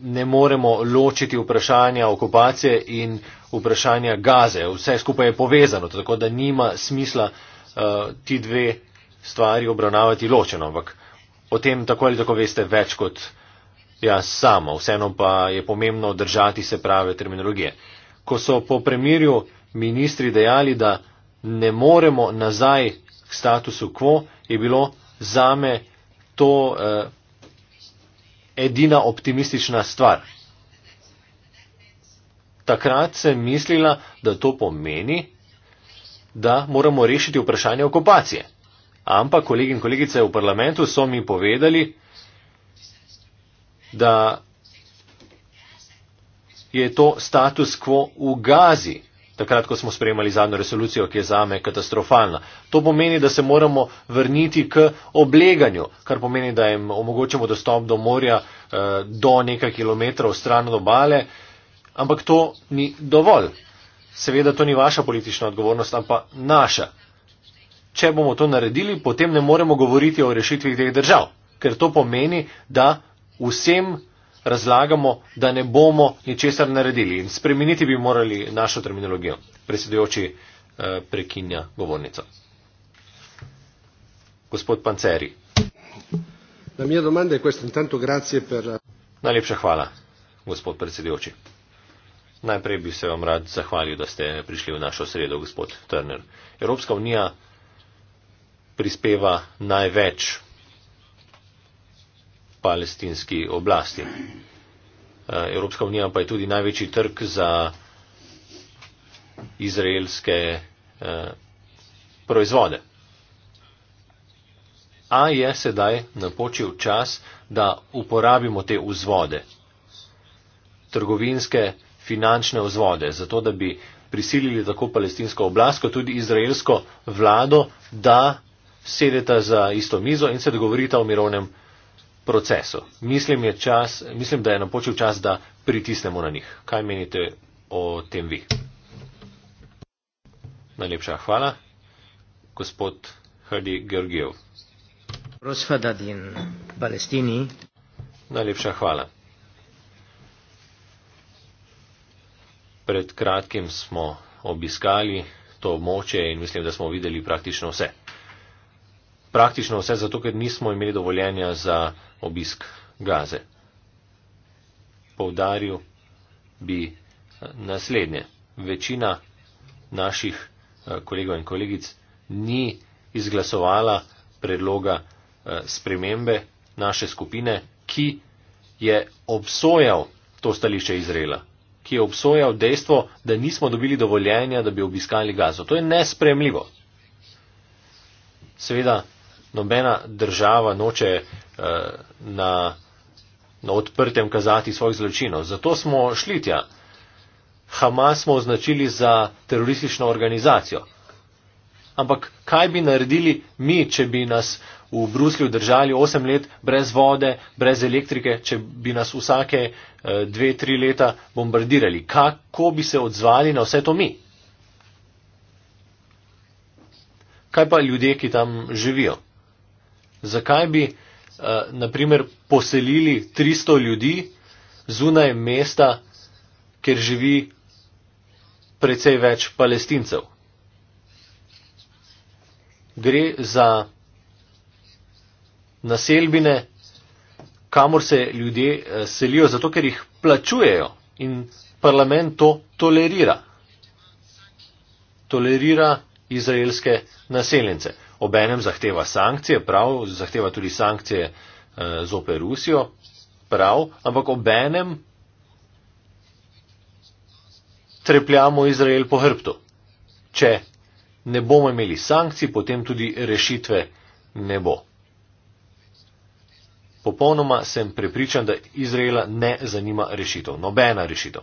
ne moremo ločiti vprašanja okupacije in vprašanja gaze. Vse skupaj je povezano, tako da nima smisla uh, ti dve stvari obravnavati ločeno, ampak o tem tako ali tako veste več kot jaz sama. Vseeno pa je pomembno držati se prave terminologije. Ko so po premirju ministri dejali, da ne moremo nazaj k statusu quo, je bilo zame to. Uh, edina optimistična stvar. Takrat sem mislila, da to pomeni, da moramo rešiti vprašanje okupacije. Ampak kolegi in kolegice v parlamentu so mi povedali, da je to status quo v Gazi takrat, ko smo sprejemali zadnjo resolucijo, ki je zame katastrofalna. To pomeni, da se moramo vrniti k obleganju, kar pomeni, da jim omogočamo dostop do morja eh, do nekaj kilometrov stran od obale, ampak to ni dovolj. Seveda to ni vaša politična odgovornost, ampak naša. Če bomo to naredili, potem ne moremo govoriti o rešitvih teh držav, ker to pomeni, da vsem razlagamo, da ne bomo ničesar naredili in spremeniti bi morali našo terminologijo. Presedujoči eh, prekinja govornico. Gospod Panceri. Na mio domande je questo, intanto grazie per. Najlepša hvala, gospod predsedujoči. Najprej bi se vam rad zahvalil, da ste prišli v našo sredo, gospod Turner. Evropska unija prispeva največ palestinski oblasti. Eh, Evropska unija pa je tudi največji trg za izraelske eh, proizvode. A je sedaj napočil čas, da uporabimo te vzvode, trgovinske, finančne vzvode, zato da bi prisilili tako palestinsko oblast, kot tudi izraelsko vlado, da sedeta za isto mizo in se dogovorita o mirovnem proizvodu procesu. Mislim, čas, mislim, da je napočil čas, da pritisnemo na njih. Kaj menite o tem vi? Najlepša hvala. Gospod Hrdi Georgijev. Rosfadadin, Palestini. Najlepša hvala. Pred kratkim smo obiskali to območje in mislim, da smo videli praktično vse. Praktično vse, zato ker nismo imeli dovoljenja za obisk Gaze. Povdaril bi eh, naslednje. Večina naših eh, kolegov in kolegic ni izglasovala predloga eh, spremembe naše skupine, ki je obsojal to stališče Izraela, ki je obsojal dejstvo, da nismo dobili dovoljenja, da bi obiskali Gazo. To je nespremljivo. Seveda nobena država noče uh, na, na odprtem kazati svojih zločinov. Zato smo šli tja. Hamas smo označili za teroristično organizacijo. Ampak kaj bi naredili mi, če bi nas v Bruslju držali 8 let brez vode, brez elektrike, če bi nas vsake 2-3 eh, leta bombardirali? Kako bi se odzvali na vse to mi? Kaj pa ljudje, ki tam živijo? Zakaj bi, uh, eh, naprimer, poselili 300 ljudi zunaj mesta, kjer živi precej več palestincev? Gre za naselbine, kamor se ljudje eh, selijo, zato ker jih plačujejo in parlament to tolerira. Tolerira izraelske naseljence obenem zahteva sankcije, prav zahteva tudi sankcije eh, z operusijo, prav, ampak obenem trepljamo Izrael po hrbtu. Če ne bomo imeli sankcij, potem tudi rešitve ne bo. Popolnoma sem prepričan, da Izraela ne zanima rešitev, nobena rešitev.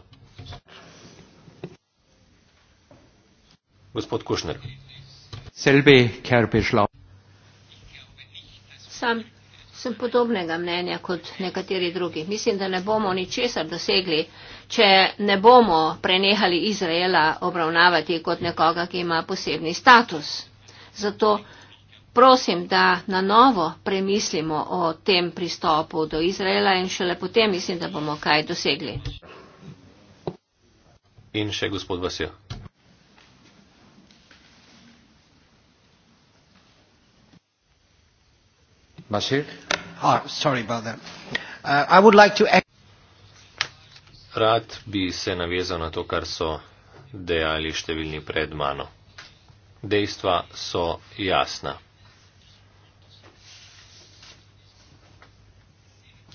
Gospod Kušner selbe kerpešla. Sam sem podobnega mnenja kot nekateri drugi. Mislim, da ne bomo ničesar dosegli, če ne bomo prenehali Izraela obravnavati kot nekoga, ki ima posebni status. Zato prosim, da na novo premislimo o tem pristopu do Izraela in šele potem mislim, da bomo kaj dosegli. In še gospod Vasil. Bashir? Oh, ah, sorry about that. Uh, I would like to Rad bi se navezal na to, kar so dejali številni pred mano. Dejstva so jasna.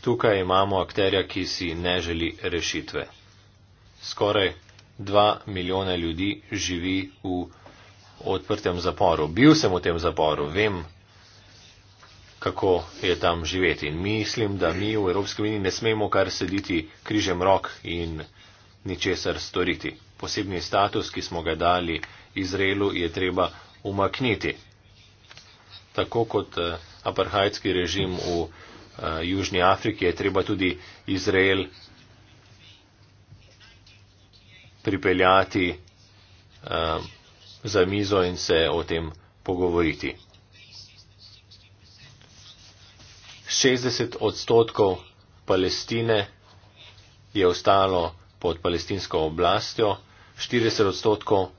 Tukaj imamo akterja, ki si ne želi rešitve. Skoraj dva milijona ljudi živi v odprtem zaporu. Bil sem v tem zaporu, vem, kako je tam živeti. In mislim, da mi v Evropski uniji ne smemo kar sediti križem rok in ničesar storiti. Posebni status, ki smo ga dali Izraelu, je treba umakniti. Tako kot eh, aparhajski režim v eh, Južni Afriki, je treba tudi Izrael pripeljati eh, za mizo in se o tem pogovoriti. 60 odstotkov Palestine je ostalo pod palestinsko oblastjo, 40 odstotkov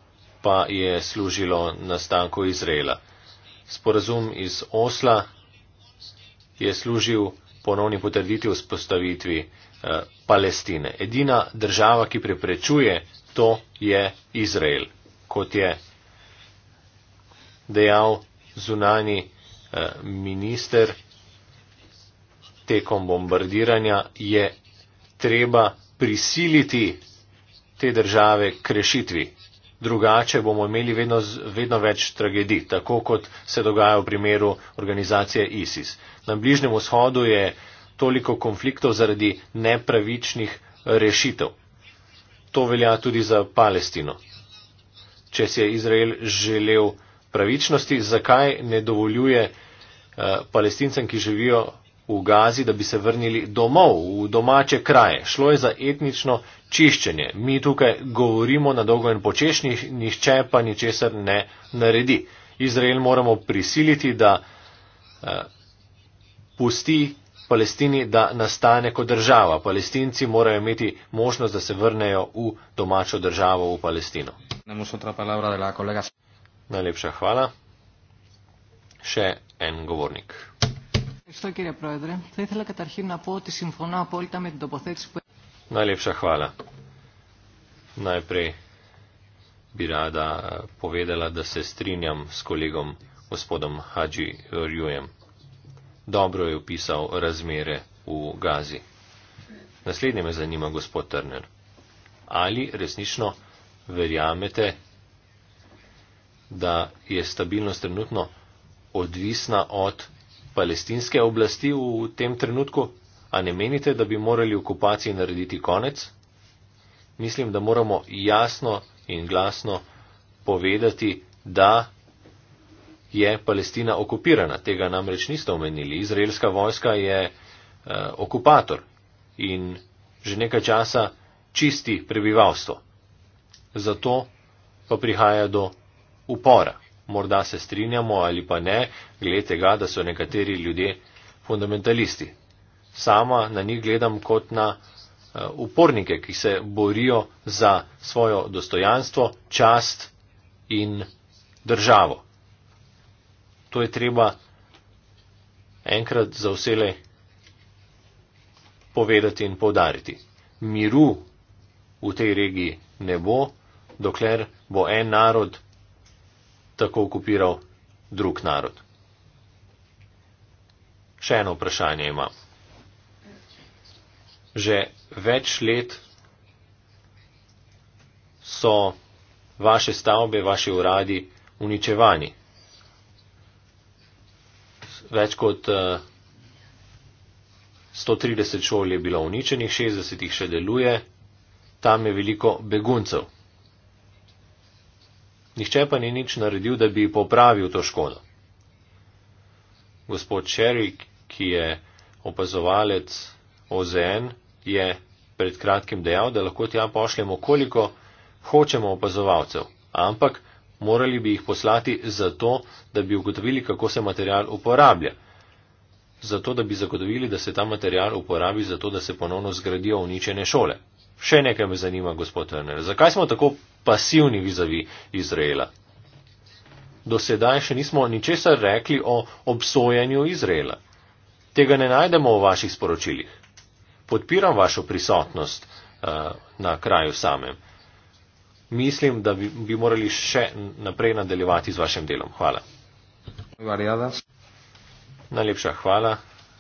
pa je služilo nastanku Izraela. Sporazum iz Osla je služil ponovni potrditi vzpostavitvi eh, Palestine. Edina država, ki preprečuje to, je Izrael, kot je dejal zunani eh, minister tekom bombardiranja je treba prisiliti te države k rešitvi. Drugače bomo imeli vedno, vedno več tragedij, tako kot se dogaja v primeru organizacije ISIS. Na Bližnjem vzhodu je toliko konfliktov zaradi nepravičnih rešitev. To velja tudi za Palestino. Če si je Izrael želel pravičnosti, zakaj ne dovoljuje uh, palestincem, ki živijo v Gazi, da bi se vrnili domov, v domače kraje. Šlo je za etnično čiščenje. Mi tukaj govorimo na dolgo in počešnih, nihče pa ničesar ne naredi. Izrael moramo prisiliti, da eh, pusti Palestini, da nastane kot država. Palestinci morajo imeti možnost, da se vrnejo v domačo državo, v Palestino. Najlepša hvala. Še en govornik. Ευχαριστώ κύριε Πρόεδρε. Θα ήθελα καταρχήν να πω ότι συμφωνώ απόλυτα με την τοποθέτηση που... Najlepša hvala. Najprej bi rada povedala, da se strinjam s kolegom gospodom Hadži Rjujem. Dobro je opisal razmere v Gazi. Naslednje me zanima, gospod Trner. Ali resnično verjamete, da je stabilnost trenutno odvisna od palestinske oblasti v tem trenutku, a ne menite, da bi morali okupaciji narediti konec? Mislim, da moramo jasno in glasno povedati, da je Palestina okupirana. Tega namreč niste omenili. Izraelska vojska je uh, okupator in že nekaj časa čisti prebivalstvo. Zato pa prihaja do upora morda se strinjamo ali pa ne, glede tega, da so nekateri ljudje fundamentalisti. Sama na njih gledam kot na eh, upornike, ki se borijo za svojo dostojanstvo, čast in državo. To je treba enkrat za vsele povedati in povdariti. Miru v tej regiji ne bo, dokler bo en narod tako okupiral drug narod. Še eno vprašanje imam. Že več let so vaše stavbe, vaši uradi uničevani. Več kot 130 eh, šol je bilo uničenih, 60 jih še deluje, tam je veliko beguncev. Nihče pa ni nič naredil, da bi popravil to škodo. Gospod Šerik, ki je opazovalec OZN, je pred kratkim dejal, da lahko tja pošljemo, koliko hočemo opazovalcev, ampak morali bi jih poslati zato, da bi ugotovili, kako se material uporablja. Zato, da bi zagotovili, da se ta material uporabi, zato, da se ponovno zgradijo uničene šole. Še nekaj me zanima, gospod Turner. Zakaj smo tako pasivni vizavi Izraela? Do sedaj še nismo ničesar rekli o obsojanju Izraela. Tega ne najdemo v vaših sporočilih. Podpiram vašo prisotnost uh, na kraju samem. Mislim, da bi, bi morali še naprej nadaljevati z vašim delom. Hvala. Najlepša hvala.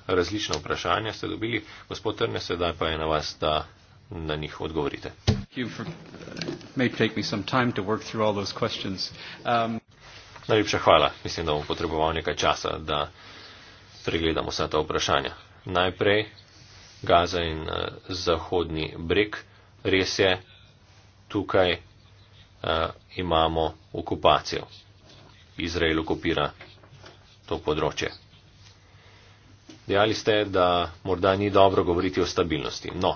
Različna vprašanja ste dobili. Gospod Trne, sedaj pa je na vas, da na njih odgovorite. Uh, um, Najlepša hvala. Mislim, da bom potreboval nekaj časa, da pregledam vsa ta vprašanja. Najprej Gaza in uh, Zahodni breg. Res je, tukaj uh, imamo okupacijo. Izrael okupira to področje. Dejali ste, da morda ni dobro govoriti o stabilnosti. No,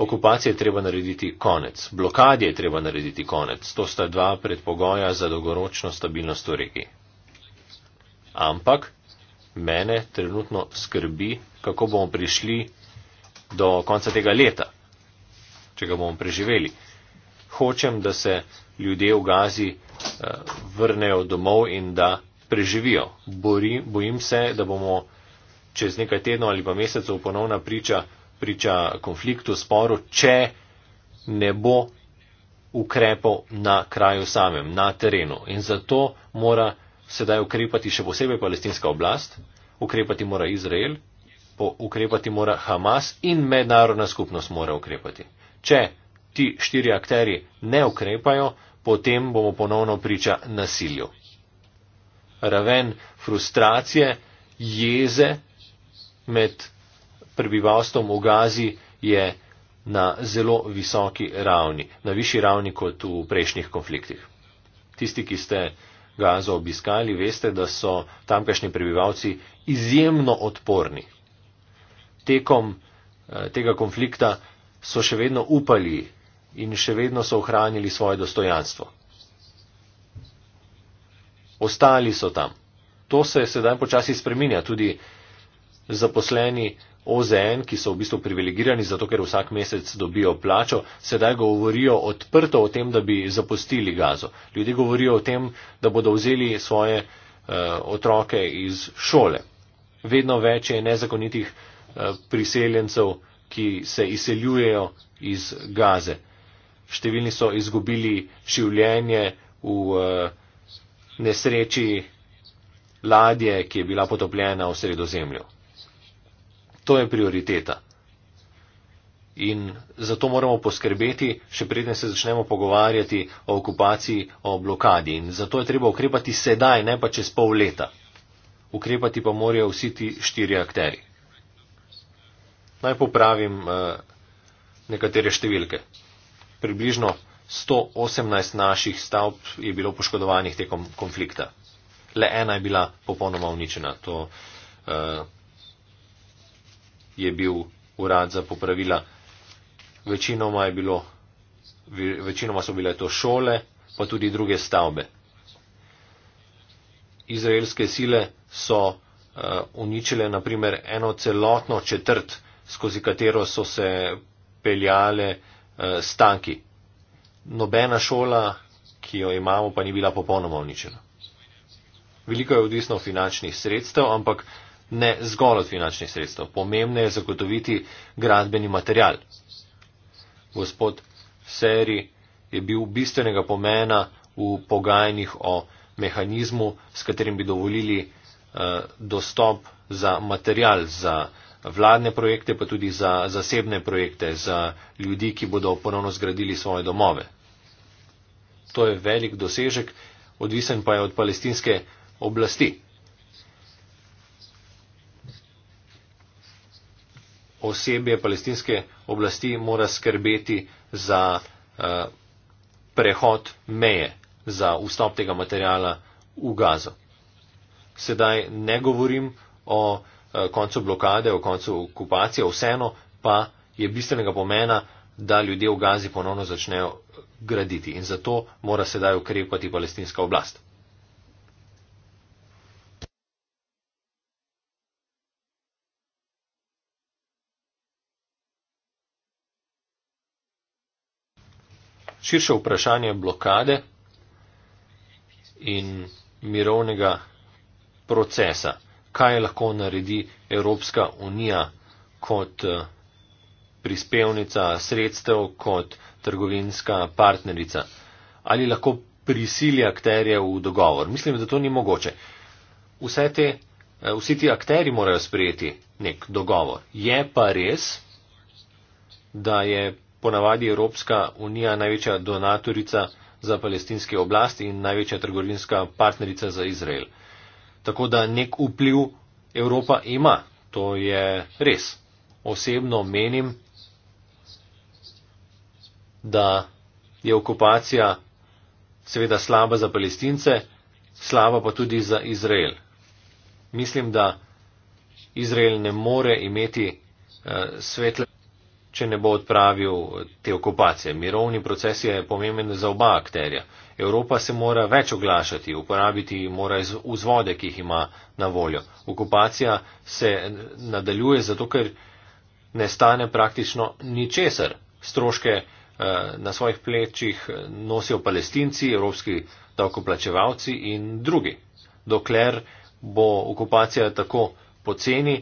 Okupacije je treba narediti konec, blokadje je treba narediti konec. To sta dva predpogoja za dolgoročno stabilnost v regiji. Ampak mene trenutno skrbi, kako bomo prišli do konca tega leta, če ga bomo preživeli. Hočem, da se ljudje v Gazi eh, vrnejo domov in da preživijo. Bojim se, da bomo čez nekaj tednov ali pa mesecev ponovna priča priča konfliktu, sporu, če ne bo ukrepov na kraju samem, na terenu. In zato mora sedaj ukrepati še posebej palestinska oblast, ukrepati mora Izrael, ukrepati mora Hamas in mednarodna skupnost mora ukrepati. Če ti štiri akteri ne ukrepajo, potem bomo ponovno priča nasilju. Raven frustracije, jeze med prebivalstvom v Gazi je na zelo visoki ravni, na višji ravni kot v prejšnjih konfliktih. Tisti, ki ste Gazo obiskali, veste, da so tamkajšnji prebivalci izjemno odporni. Tekom eh, tega konflikta so še vedno upali in še vedno so ohranili svoje dostojanstvo. Ostali so tam. To se sedaj počasi spreminja. Tudi zaposleni OZN, ki so v bistvu privilegirani zato, ker vsak mesec dobijo plačo, sedaj govorijo odprto o tem, da bi zapustili gazo. Ljudje govorijo o tem, da bodo vzeli svoje uh, otroke iz šole. Vedno več je nezakonitih uh, priseljencev, ki se izseljujejo iz gaze. Številni so izgubili življenje v uh, nesreči ladje, ki je bila potopljena v sredozemlju. To je prioriteta. In zato moramo poskrbeti, še preden se začnemo pogovarjati o okupaciji, o blokadi. In zato je treba ukrepati sedaj, ne pa čez pol leta. Ukrepati pa morajo vsi ti štiri akteri. Naj popravim eh, nekatere številke. Približno 118 naših stavb je bilo poškodovanih tekom konflikta. Le ena je bila popolnoma uničena. To, eh, je bil urad za popravila. Večinoma, bilo, večinoma so bile to šole, pa tudi druge stavbe. Izraelske sile so uh, uničile naprimer eno celotno četrt, skozi katero so se peljale uh, stanki. Nobena šola, ki jo imamo, pa ni bila popolnoma uničena. Veliko je odvisno finančnih sredstev, ampak uh, ne zgolj od finančnih sredstev. Pomembno je zagotoviti gradbeni material. Gospod Seri je bil bistvenega pomena v pogajanjih o mehanizmu, s katerim bi dovolili eh, dostop za material, za vladne projekte, pa tudi za zasebne projekte, za ljudi, ki bodo ponovno zgradili svoje domove. To je velik dosežek, odvisen pa je od palestinske oblasti. osebje palestinske oblasti mora skrbeti za eh, prehod meje, za vstop tega materijala v gazo. Sedaj ne govorim o eh, koncu blokade, o koncu okupacije, vseeno pa je bistvenega pomena, da ljudje v gazi ponovno začnejo graditi in zato mora sedaj ukrepati palestinska oblast. širše vprašanje blokade in mirovnega procesa. Kaj lahko naredi Evropska unija kot eh, prispevnica sredstev, kot trgovinska partnerica? Ali lahko prisili akterje v dogovor? Mislim, da to ni mogoče. Vse te, eh, vsi ti akteri morajo sprejeti nek dogovor. Je pa res, da je ponavadi Evropska unija največja donatorica za palestinske oblasti in največja trgovinska partnerica za Izrael. Tako da nek vpliv Evropa ima, to je res. Osebno menim, da je okupacija seveda slaba za palestince, slaba pa tudi za Izrael. Mislim, da Izrael ne more imeti eh, svetle če ne bo odpravil te okupacije. Mirovni proces je pomemben za oba akterja. Evropa se mora več oglašati, uporabiti mora vzvode, ki jih ima na voljo. Okupacija se nadaljuje zato, ker ne stane praktično ničesar. Stroške eh, na svojih plečih eh, nosijo palestinci, evropski davkoplačevalci in drugi. Dokler bo okupacija tako poceni,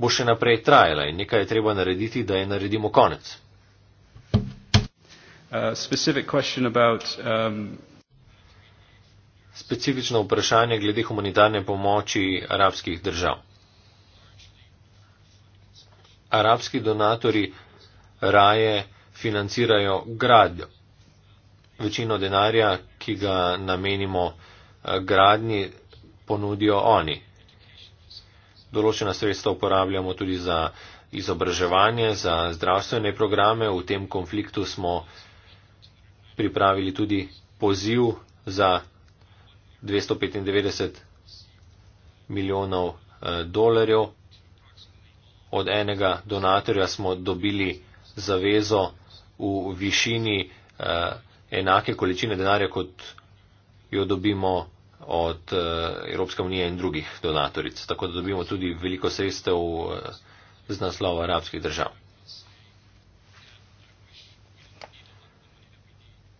bo še naprej trajala in nekaj je treba narediti, da je naredimo konec. Uh, um, Specifično vprašanje glede humanitarne pomoči arabskih držav. Arabski donatori raje financirajo gradnjo. Večino denarja, ki ga namenimo uh, gradnji, ponudijo oni določena sredstva uporabljamo tudi za izobraževanje, za zdravstvene programe. V tem konfliktu smo pripravili tudi poziv za 295 milijonov eh, dolarjev. Od enega donatorja smo dobili zavezo v višini eh, enake količine denarja, kot jo dobimo od eh, Evropske unije in drugih donatoric. Tako da dobimo tudi veliko sredstev eh, z naslova arabskih držav.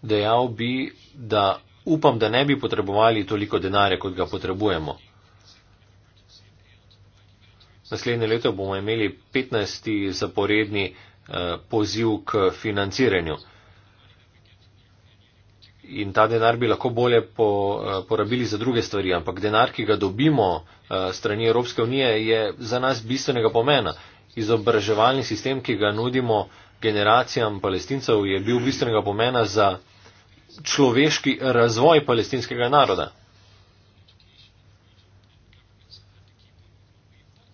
Dejal bi, da upam, da ne bi potrebovali toliko denarja, kot ga potrebujemo. Naslednje leto bomo imeli 15. zaporedni eh, poziv k financiranju in ta denar bi lahko bolje po, eh, porabili za druge stvari, ampak denar, ki ga dobimo eh, strani Evropske unije, je za nas bistvenega pomena. Izobraževalni sistem, ki ga nudimo generacijam palestincev, je bil bistvenega pomena za človeški razvoj palestinskega naroda.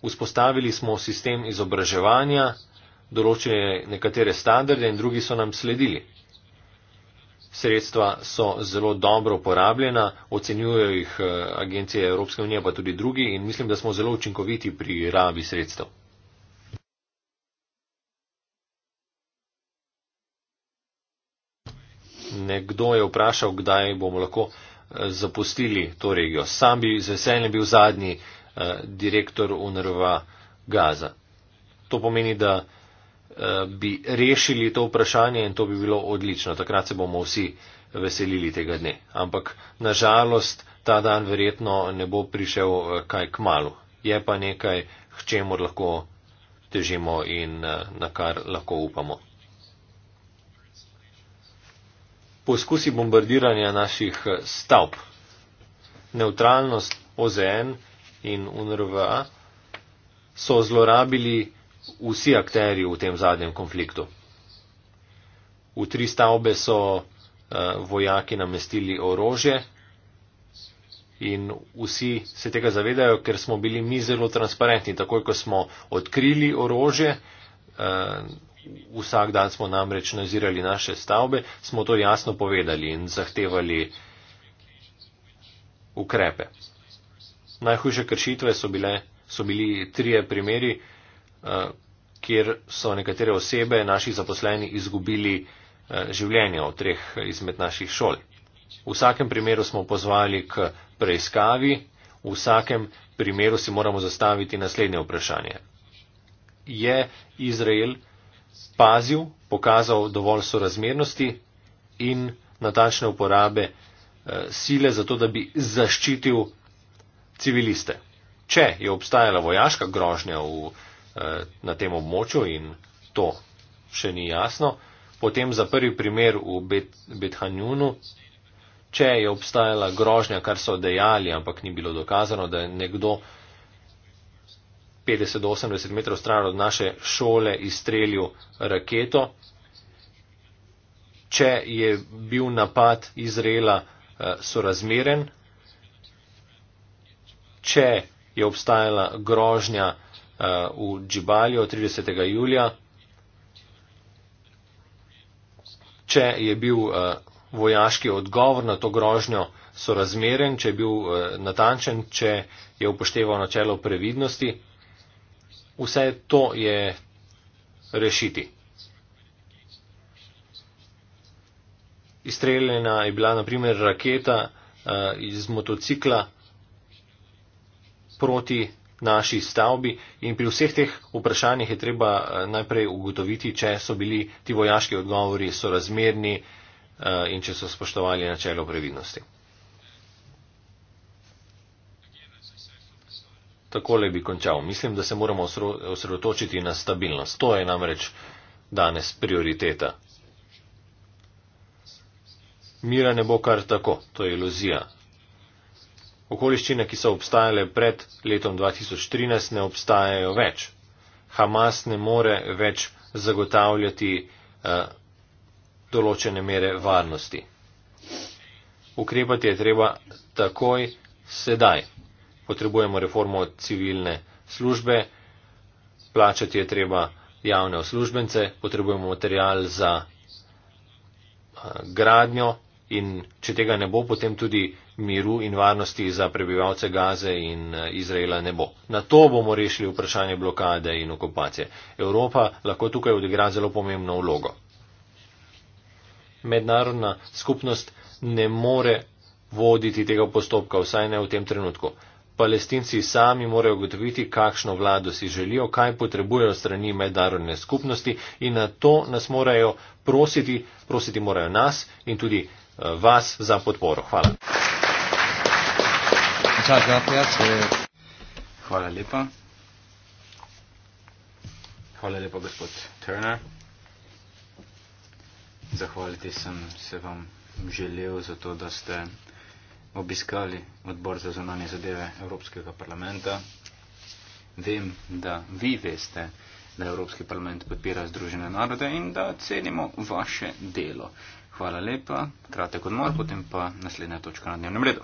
Vzpostavili smo sistem izobraževanja, določene nekatere standarde in drugi so nam sledili. Sredstva so zelo dobro uporabljena, ocenjujejo jih eh, agencije Evropske unije, pa tudi drugi in mislim, da smo zelo učinkoviti pri rabi sredstev. Nekdo je vprašal, kdaj bomo lahko eh, zapustili to regijo. Sam bi z veseljem bil zadnji eh, direktor UNRWA Gaza. To pomeni, da bi rešili to vprašanje in to bi bilo odlično. Takrat se bomo vsi veselili tega dne. Ampak nažalost ta dan verjetno ne bo prišel eh, kaj k malu. Je pa nekaj, k čemu lahko težimo in eh, na kar lahko upamo. Poskusi bombardiranja naših eh, stavb. Neutralnost OZN in UNRWA so zlorabili vsi akteri v tem zadnjem konfliktu. V tri stavbe so uh, vojaki namestili orožje in vsi se tega zavedajo, ker smo bili mi zelo transparentni. Takoj, ko smo odkrili orožje, uh, vsak dan smo namreč nazirali naše stavbe, smo to jasno povedali in zahtevali ukrepe. Najhujše kršitve so, bile, so bili trije primeri. Uh, Eh, kjer so nekatere osebe naših zaposlenih izgubili eh, življenje v treh izmed naših šol. V vsakem primeru smo pozvali k preiskavi, v vsakem primeru si moramo zastaviti naslednje vprašanje. Je Izrael pazil, pokazal dovolj sorazmernosti in natačne uporabe eh, sile za to, da bi zaščitil civiliste? Če je obstajala vojaška grožnja v Eh, na tem območju in to še ni jasno. Potem za prvi primer v Bet Bethanjunu, če je obstajala grožnja, kar so dejali, ampak ni bilo dokazano, da je nekdo 50 do 80 metrov stran od naše šole izstrelil raketo, če je bil napad Izraela eh, sorazmeren, če je obstajala grožnja, v Džibalju 30. julija. Če je bil eh, vojaški odgovor na to grožnjo sorazmeren, če je bil eh, natančen, če je upošteval načelo previdnosti, vse to je rešiti. Izstreljena je bila naprimer raketa eh, iz motocikla proti naši stavbi in pri vseh teh vprašanjih je treba eh, najprej ugotoviti, če so bili ti vojaški odgovori sorazmerni eh, in če so spoštovali načelo previdnosti. Takole bi končal. Mislim, da se moramo osredotočiti na stabilnost. To je namreč danes prioriteta. Mira ne bo kar tako, to je iluzija. Okoliščine, ki so obstajale pred letom 2013, ne obstajajo več. Hamas ne more več zagotavljati eh, določene mere varnosti. Ukrepati je treba takoj, sedaj. Potrebujemo reformo civilne službe, plačati je treba javne uslužbence, potrebujemo material za eh, gradnjo in če tega ne bo, potem tudi miru in varnosti za prebivalce Gaze in eh, Izraela ne bo. Na to bomo rešili vprašanje blokade in okupacije. Evropa lahko tukaj odigra zelo pomembno vlogo. Mednarodna skupnost ne more voditi tega postopka, vsaj ne v tem trenutku. Palestinci sami morajo ugotoviti, kakšno vlado si želijo, kaj potrebujejo strani mednarodne skupnosti in na to nas morajo prositi, prositi morajo nas in tudi eh, vas za podporo. Hvala. Muchas gracias. Eh. Hvala lepa. Hvala lepa, gospod Turner. Zahvaliti sem se vam želel za to, da ste obiskali odbor za zunanje zadeve Evropskega parlamenta. Vem, da vi veste, da Evropski parlament podpira Združene narode in da cenimo vaše delo. Hvala lepa, kratek odmor, potem pa naslednja točka na dnevnem redu.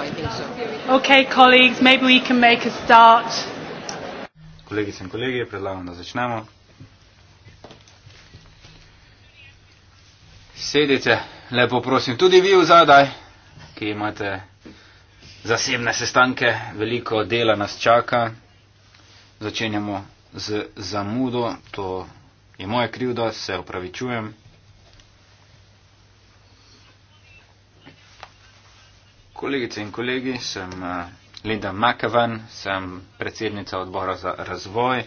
I think so. Okay, colleagues, maybe we can make a start. Kolegice in kolegije, predlagam, da začnemo. Sedite, lepo prosim, tudi vi vzadaj, ki imate zasebne sestanke, veliko dela nas čaka. Začenjamo z zamudo, to je moja krivda, se opravičujem. Kolegice in kolegi, sem eh, Linda Makavan, sem predsednica odbora za razvoj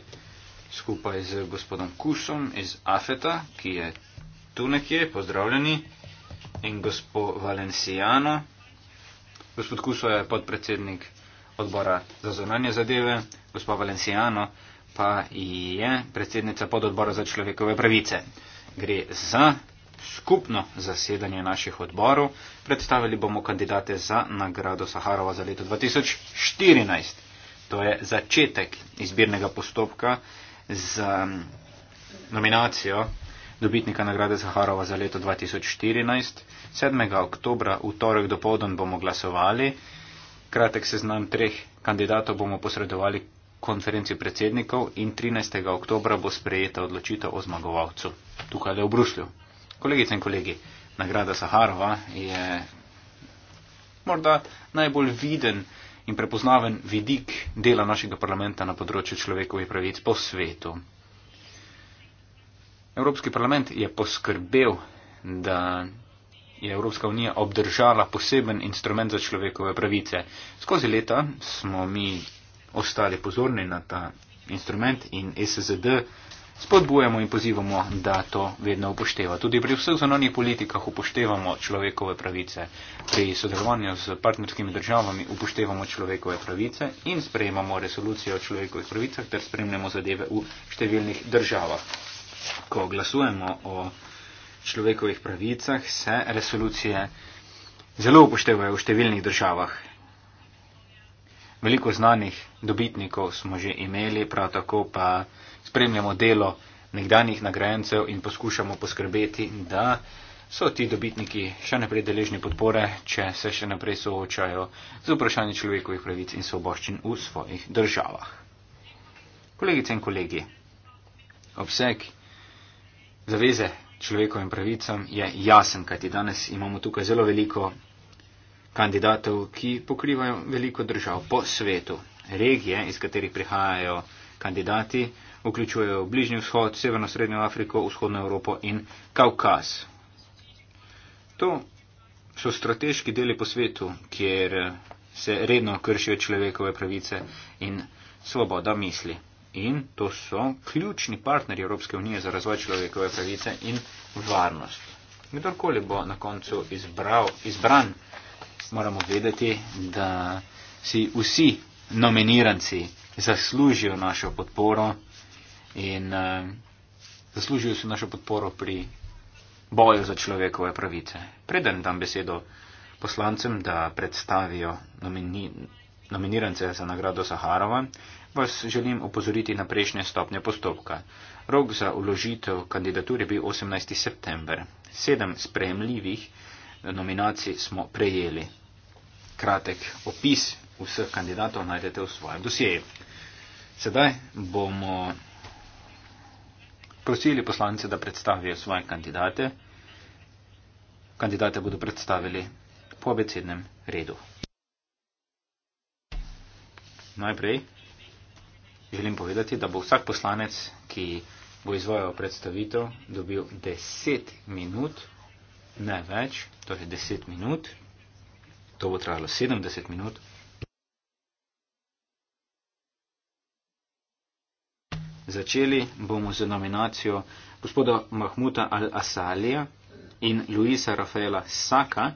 skupaj z gospodom Kusom iz Afeta, ki je tu nekje, pozdravljeni, in gospod Valencijano. Gospod Kuso je podpredsednik odbora za zonanje zadeve, gospod Valencijano pa je predsednica pododbora za človekove pravice. Gre za skupno zasedanje naših odborov. Predstavili bomo kandidate za nagrado Saharova za leto 2014. To je začetek izbirnega postopka za nominacijo dobitnika nagrade Saharova za leto 2014. 7. oktobra v torek do povdon bomo glasovali. Kratek seznam treh kandidatov bomo posredovali konferenci predsednikov in 13. oktobra bo sprejeta odločitev o zmagovalcu tukaj v Bruslju. Kolegice in kolegi, nagrada Saharova je morda najbolj viden in prepoznaven vidik dela našega parlamenta na področju človekovih pravic po svetu. Evropski parlament je poskrbel, da je Evropska unija obdržala poseben instrument za človekove pravice. Skozi leta smo mi ostali pozorni na ta instrument in SZD spodbujamo in pozivamo, da to vedno upošteva. Tudi pri vseh zunanjih politikah upoštevamo človekove pravice. Pri sodelovanju z partnerskimi državami upoštevamo človekove pravice in sprejemamo resolucijo o človekovih pravicah ter spremljamo zadeve v številnih državah. Ko glasujemo o človekovih pravicah, se resolucije zelo upoštevajo v številnih državah. Veliko znanih dobitnikov smo že imeli, prav tako pa spremljamo delo nekdanjih nagrajencev in poskušamo poskrbeti, da so ti dobitniki še naprej deležni podpore, če se še naprej soočajo z vprašanji človekovih pravic in svoboščin v svojih državah. Kolegice in kolegi, obseg zaveze človekovim pravicam je jasen, kajti danes imamo tukaj zelo veliko kandidatov, ki pokrivajo veliko držav po svetu. Regije, iz katerih prihajajo kandidati, vključujejo Bližnji vzhod, Severno-Srednjo Afriko, Vzhodno Evropo in Kaukaz. To so strateški deli po svetu, kjer se redno kršijo človekove pravice in svoboda misli. In to so ključni partnerji Evropske unije za razvoj človekove pravice in varnost. Kdorkoli bo na koncu izbral, izbran moramo vedeti, da si vsi nominiranci zaslužijo našo podporo in uh, eh, zaslužijo si našo podporo pri boju za človekove pravice. Preden dam besedo poslancem, da predstavijo nomini nominirance za nagrado Saharova, vas želim opozoriti na prejšnje stopnje postopka. Rok za uložitev kandidature je bil 18. september. Sedem sprejemljivih nominacij smo prejeli. Kratek opis vseh kandidatov najdete v svojem dosjeju. Sedaj bomo prosili poslance, da predstavijo svoje kandidate. Kandidate bodo predstavili po abecednem redu. Najprej želim povedati, da bo vsak poslanec, ki bo izvojal predstavitev, dobil 10 minut ne več, torej 10 minut, to bo trajalo 70 minut. Začeli bomo z nominacijo gospoda Mahmuta Al-Asalija in Luisa Rafaela Saka,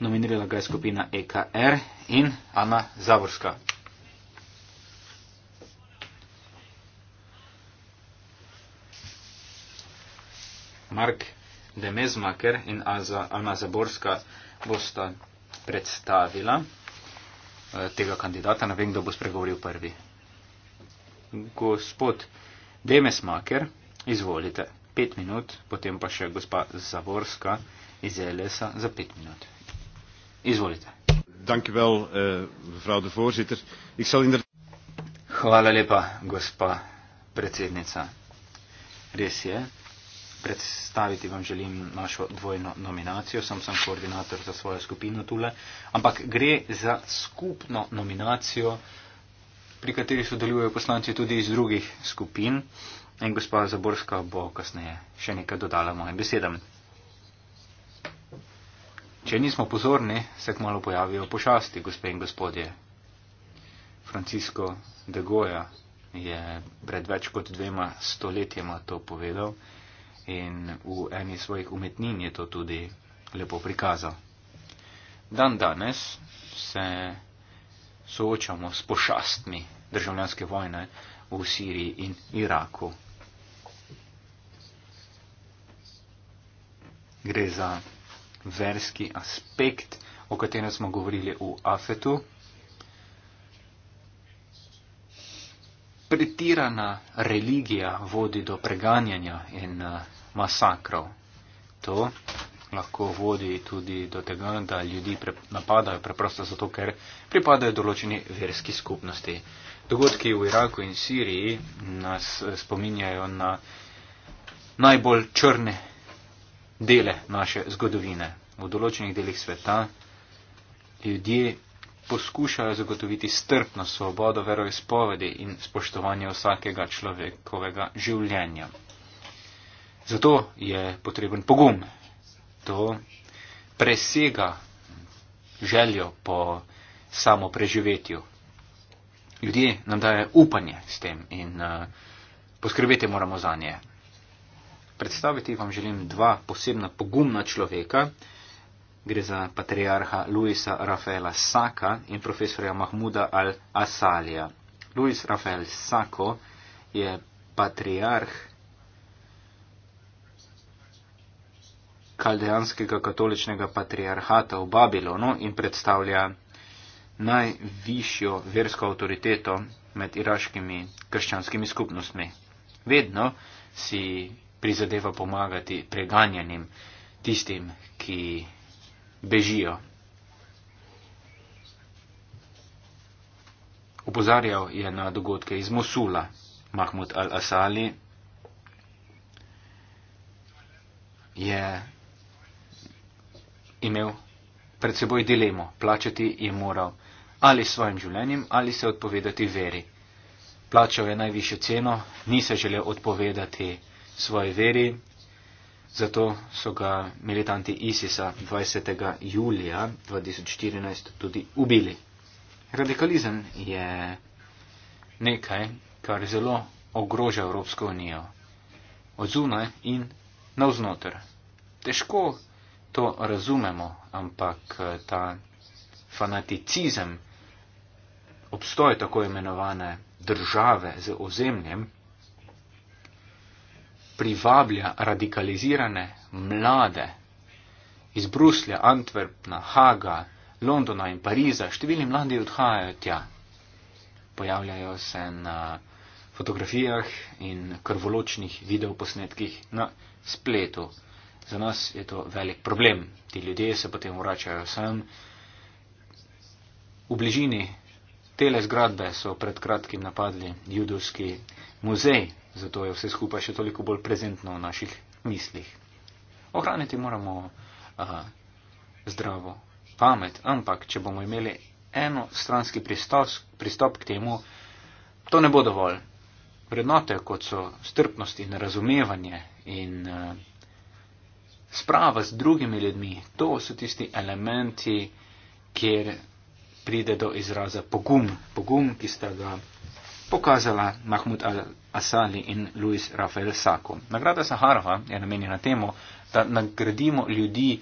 nominirala ga je skupina EKR er in Ana Zavorska. Mark. Demezmaker in Aza, Alma Zaborska bosta predstavila eh, tega kandidata. Ne vem, kdo bo spregovoril prvi. Gospod Demezmaker, izvolite. Pet minut, potem pa še gospa Zaborska iz LS-a za pet minut. Izvolite. Dankjewel, uh, eh, voorzitter. Ik zal inderdaad... Hvala lepa, gospa predsednica. Res je predstaviti vam želim našo dvojno nominacijo, sem sem koordinator za svojo skupino tule, ampak gre za skupno nominacijo, pri kateri sodelujejo poslanci tudi iz drugih skupin in gospa Zaborska bo kasneje še nekaj dodala mojim besedam. Če nismo pozorni, se kmalo pojavijo pošasti, gospe in gospodje. Francisco de Goja je pred več kot dvema stoletjema to povedal in v eni svojih umetnin je to tudi lepo prikazal. Dan danes se soočamo s pošastmi državljanske vojne v Siriji in Iraku. Gre za verski aspekt, o katerem smo govorili v Afetu. Pretirana religija vodi do preganjanja in uh, masakrov. To lahko vodi tudi do tega, da ljudi napadajo preprosto zato, ker pripadajo določeni verski skupnosti. Dogodki v Iraku in Siriji nas eh, spominjajo na najbolj črne dele naše zgodovine. V določenih delih sveta ljudje poskušajo zagotoviti strpno svobodo veroizpovedi in spoštovanje vsakega človekovega življenja. Zato je potreben pogum. To presega željo po samo preživetju. Ljudje nam daje upanje s tem in eh, poskrbeti moramo za nje. Predstaviti vam želim dva posebna pogumna človeka. Gre za patriarha Luisa Rafaela Saka in profesorja Mahmuda Al-Asalija. Luis Rafael Sako je patriarh kaldejanskega katoličnega patriarhata v Babilonu in predstavlja najvišjo versko avtoriteto med iraškimi krščanskimi skupnostmi. Vedno si prizadeva pomagati preganjanim, tistim, ki bežijo. Upozarjal je na dogodke iz Mosula, Mahmud al-Asali je imel pred seboj dilemo, plačati je moral ali svojim življenjem ali se odpovedati veri. Plačal je najvišjo ceno, ni se želel odpovedati svoji veri, zato so ga militanti ISIS-a 20. julija 2014 tudi ubili. Radikalizem je nekaj, kar zelo ogroža Evropsko unijo, od zunaj in navznoter. Težko to razumemo, ampak eh, ta fanaticizem obstoje tako imenovane države z ozemljem privablja radikalizirane mlade iz Bruslja, Antwerpna, Haga, Londona in Pariza. Številni mladi odhajajo tja. Pojavljajo se na fotografijah in krvoločnih videoposnetkih na spletu za nas je to velik problem. Ti ljudje se potem vračajo sem. V bližini tele zgradbe so pred kratkim napadli judovski muzej, zato je vse skupaj še toliko bolj prezentno v naših mislih. Ohraniti moramo a, zdravo pamet, ampak če bomo imeli eno stranski pristop, pristop k temu, to ne bo dovolj. Vrednote, kot so strpnost in razumevanje in a, sprava z drugimi ljudmi, to so tisti elementi, kjer pride do izraza pogum, pogum, ki sta ga pokazala Mahmud Al-Asali in Luis Rafael Sako. Nagrada Saharova je namenjena temu, da nagradimo ljudi,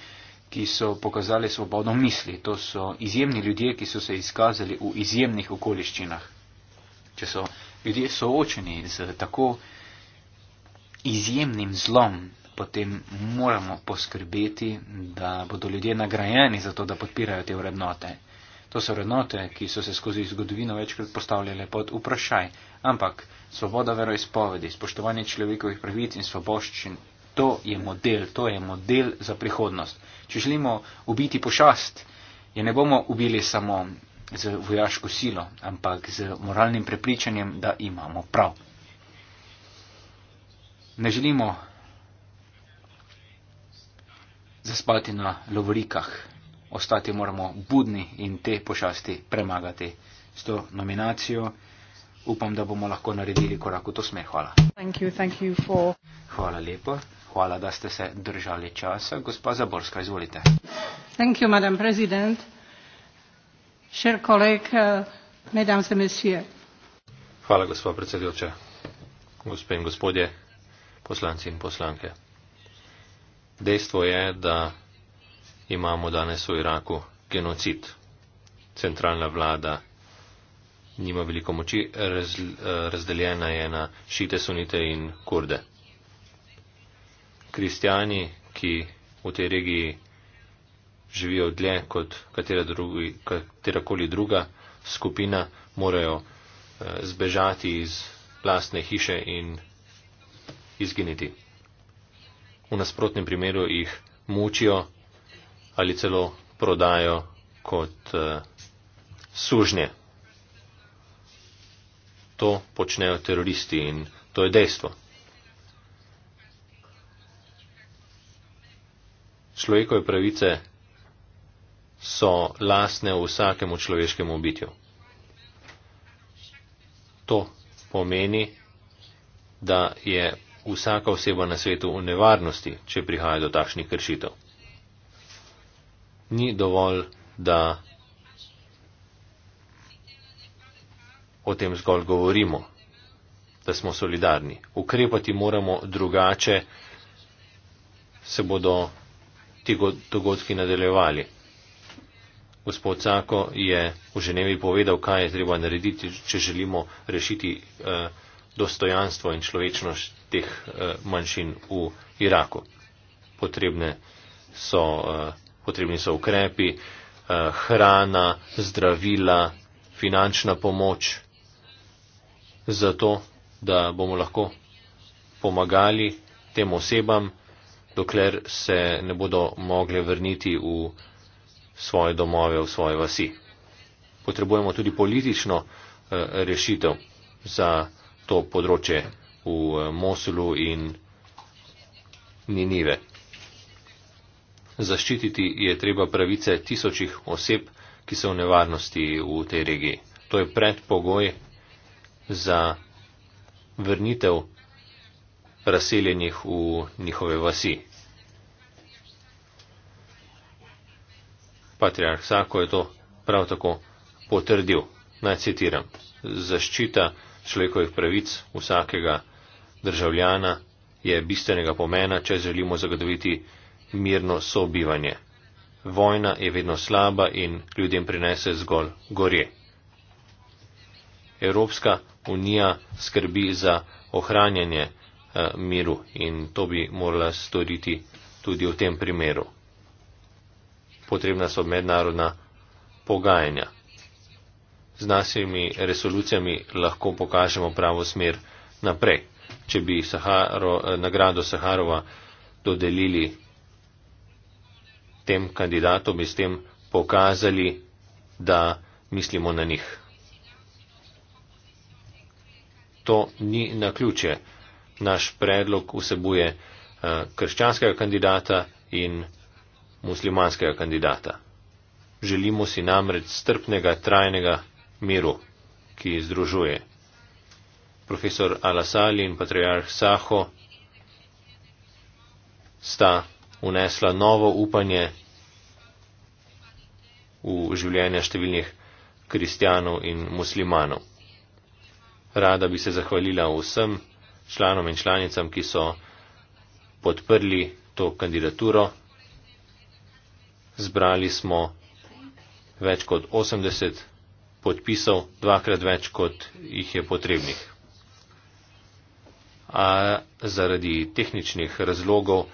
ki so pokazali svobodno misli. To so izjemni ljudje, ki so se izkazali v izjemnih okoliščinah. Če so ljudje soočeni z tako izjemnim zlom, potem moramo poskrbeti, da bodo ljudje nagrajeni za to, da podpirajo te vrednote. To so vrednote, ki so se skozi zgodovino večkrat postavljale pod vprašaj. Ampak svoboda veroizpovedi, spoštovanje človekovih pravic in svoboščin, to je model, to je model za prihodnost. Če želimo ubiti pošast, je ne bomo ubili samo z vojaško silo, ampak z moralnim prepričanjem, da imamo prav. Ne želimo zaspati na lovorikah. Ostati moramo budni in te pošasti premagati. S to nominacijo upam, da bomo lahko naredili korak v to smer. Hvala. Thank you, thank you for... Hvala lepo. Hvala, da ste se držali časa. Gospa Zaborska, izvolite. Thank you, madam president. Cher koleg, eh, mesdames et messieurs. Hvala, gospod predsedujoča. Gospe in gospodje, poslanci in poslanke. Dejstvo je, da imamo danes v Iraku genocid. Centralna vlada nima veliko moči, raz, razdeljena je na šite, sunite in kurde. Kristijani, ki v tej regiji živijo dlje kot katera, drugi, katera koli druga skupina, morajo eh, zbežati iz vlastne hiše in izginiti v nasprotnem primeru jih mučijo ali celo prodajo kot uh, sužnje. To počnejo teroristi in to je dejstvo. Človekove pravice so lasne vsakemu človeškemu bitju. To pomeni, da je vsaka oseba na svetu v nevarnosti, če prihaja do takšnih kršitev. Ni dovolj, da o tem zgolj govorimo, da smo solidarni. Ukrepati moramo drugače, se bodo ti dogodki nadaljevali. Gospod Cako je v Ženevi povedal, kaj je treba narediti, če želimo rešiti. Eh, dostojanstvo in človečnost teh eh, manjšin v Iraku. Potrebne so, eh, potrebni so ukrepi, eh, hrana, zdravila, finančna pomoč, zato da bomo lahko pomagali tem osebam, dokler se ne bodo mogli vrniti v svoje domove, v svoje vasi. Potrebujemo tudi politično rešitev za to področje v eh, Mosulu in Ninive. Zaščititi je treba pravice tisočih oseb, ki so v nevarnosti v tej regiji. To je predpogoj za vrnitev razseljenih v njihove vasi. Patriarh Sako je to prav tako potrdil. Naj citiram. Zaščita človekovih pravic vsakega državljana je bistvenega pomena, če želimo zagotoviti mirno sobivanje. Vojna je vedno slaba in ljudem prinese zgolj gorje. Evropska unija skrbi za ohranjanje eh, miru in to bi morala storiti tudi v tem primeru. Potrebna so mednarodna pogajanja z našimi resolucijami lahko pokažemo pravo smer naprej. Če bi Saharo, eh, nagrado Saharova dodelili tem kandidatom, bi s tem pokazali, da mislimo na njih. To ni na ključe. Naš predlog vsebuje eh, krščanskega kandidata in muslimanskega kandidata. Želimo si namreč strpnega, trajnega miru, ki združuje. Profesor Alasali in patriarh Saho sta unesla novo upanje v življenje številnih kristjanov in muslimanov. Rada bi se zahvalila vsem članom in članicam, ki so podprli to kandidaturo. Zbrali smo več kot 80 podpisov dvakrat več, kot jih je potrebnih. A zaradi tehničnih razlogov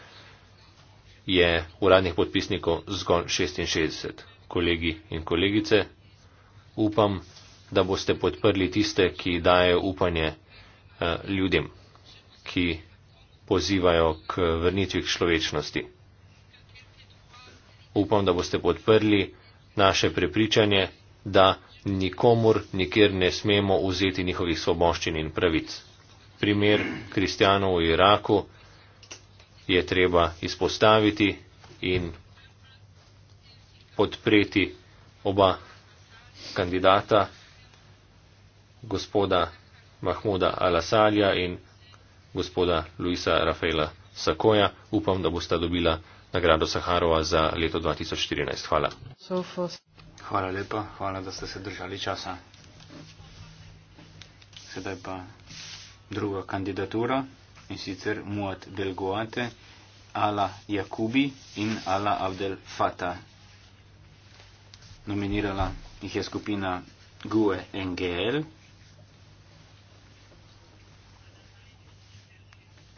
je uradnih podpisnikov zgolj 66. Kolegi in kolegice, upam, da boste podprli tiste, ki dajo upanje eh, ljudem, ki pozivajo k vrnitvi k človečnosti. Upam, da boste podprli naše prepričanje, da nikomur nikjer ne smemo vzeti njihovih svoboščin in pravic. Primer kristijanov v Iraku je treba izpostaviti in podpreti oba kandidata, gospoda Mahmuda Alasalja in gospoda Luisa Rafaela Sakoja. Upam, da bosta dobila nagrado Saharova za leto 2014. Hvala. Hvala lepa, hvala, da ste se držali časa. Sedaj pa druga kandidatura in sicer Muad Delgoate, Ala Jakubi in Ala Abdel Fata. Nominirala jih je skupina GUE NGL.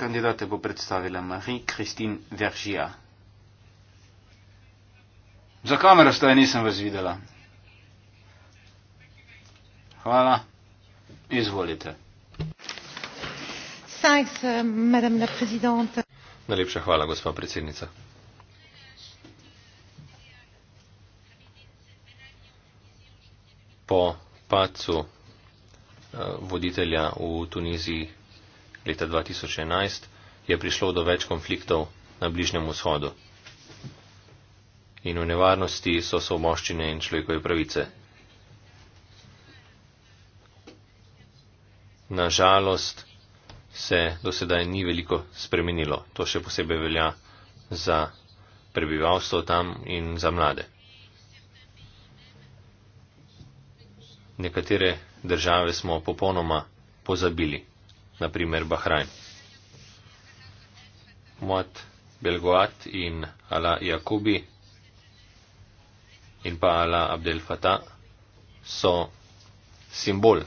Kandidate bo predstavila Marie-Christine Vergia. Za kamero stoje nisem vas videla. Hvala. Izvolite. Thanks, uh, madame la présidente. Najlepša hvala, gospa predsednica. Po pacu uh, voditelja v Tuniziji leta 2011 je prišlo do več konfliktov na Bližnjem vzhodu in v nevarnosti so svoboščine in človekove pravice. Nažalost se do sedaj ni veliko spremenilo. To še posebej velja za prebivalstvo tam in za mlade. Nekatere države smo popolnoma pozabili, naprimer Bahrajn. Moat Belgoat in Ala Jakubi in pa Ala Abdel Fattah so simbol,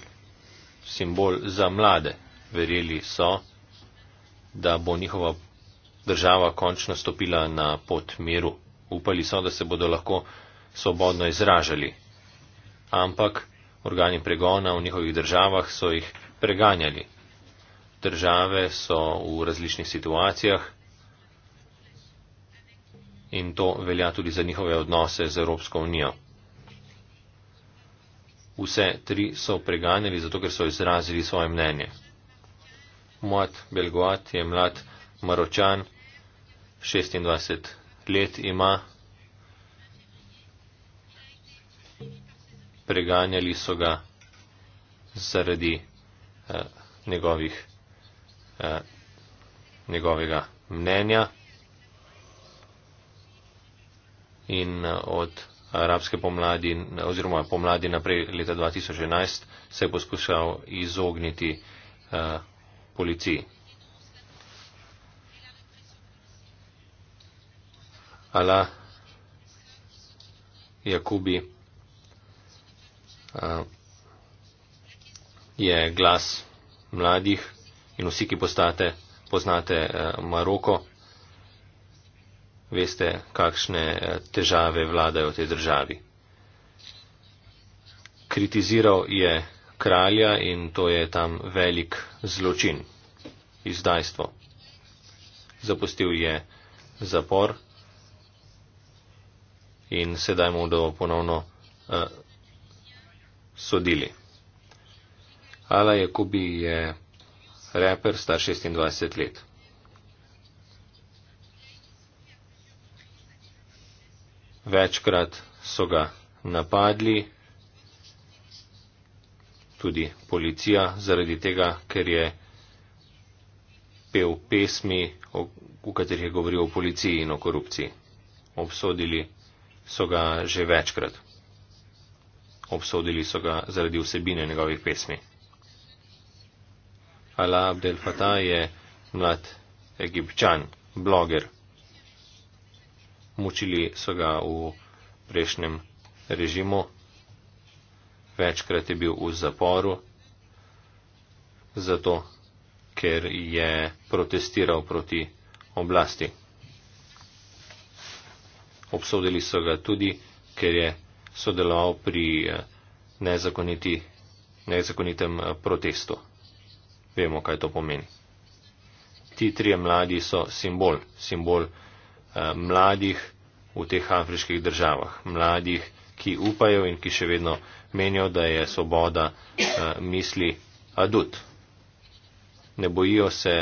simbol za mlade. Verjeli so, da bo njihova država končno stopila na pot miru. Upali so, da se bodo lahko svobodno izražali. Ampak organi pregona v njihovih državah so jih preganjali. Države so v različnih situacijah in to velja tudi za njihove odnose z Evropsko unijo. Vse tri so preganjali zato, ker so izrazili svoje mnenje. Mlad Belgoat je mlad Maročan, 26 let ima. Preganjali so ga zaradi eh, njegovih, eh, njegovega mnenja. in eh, od arabske pomladi oziroma pomladi naprej leta 2011 se je poskušal izogniti eh, policiji. Ala Jakubi eh, je glas mladih in vsi, ki postate, poznate Maroko veste, kakšne eh, težave vladajo v tej državi. Kritiziral je kralja in to je tam velik zločin, izdajstvo. Zapustil je zapor in sedaj mu bodo ponovno uh, sodili. Ala Jakubi je reper star 26 let. večkrat so ga napadli, tudi policija, zaradi tega, ker je pel pesmi, v katerih je govoril o policiji in o korupciji. Obsodili so ga že večkrat. Obsodili so ga zaradi vsebine njegovih pesmi. Ala Abdel Fattah je mlad egipčan, bloger mučili so ga v prejšnjem režimu, večkrat je bil v zaporu, zato ker je protestiral proti oblasti. Obsodili so ga tudi, ker je sodeloval pri eh, nezakoniti, nezakonitem eh, protestu. Vemo, kaj to pomeni. Ti trije mladi so simbol, simbol, Eh, mladih v teh afriških državah, mladih, ki upajo in ki še vedno menijo, da je svoboda eh, misli adut. Ne bojijo se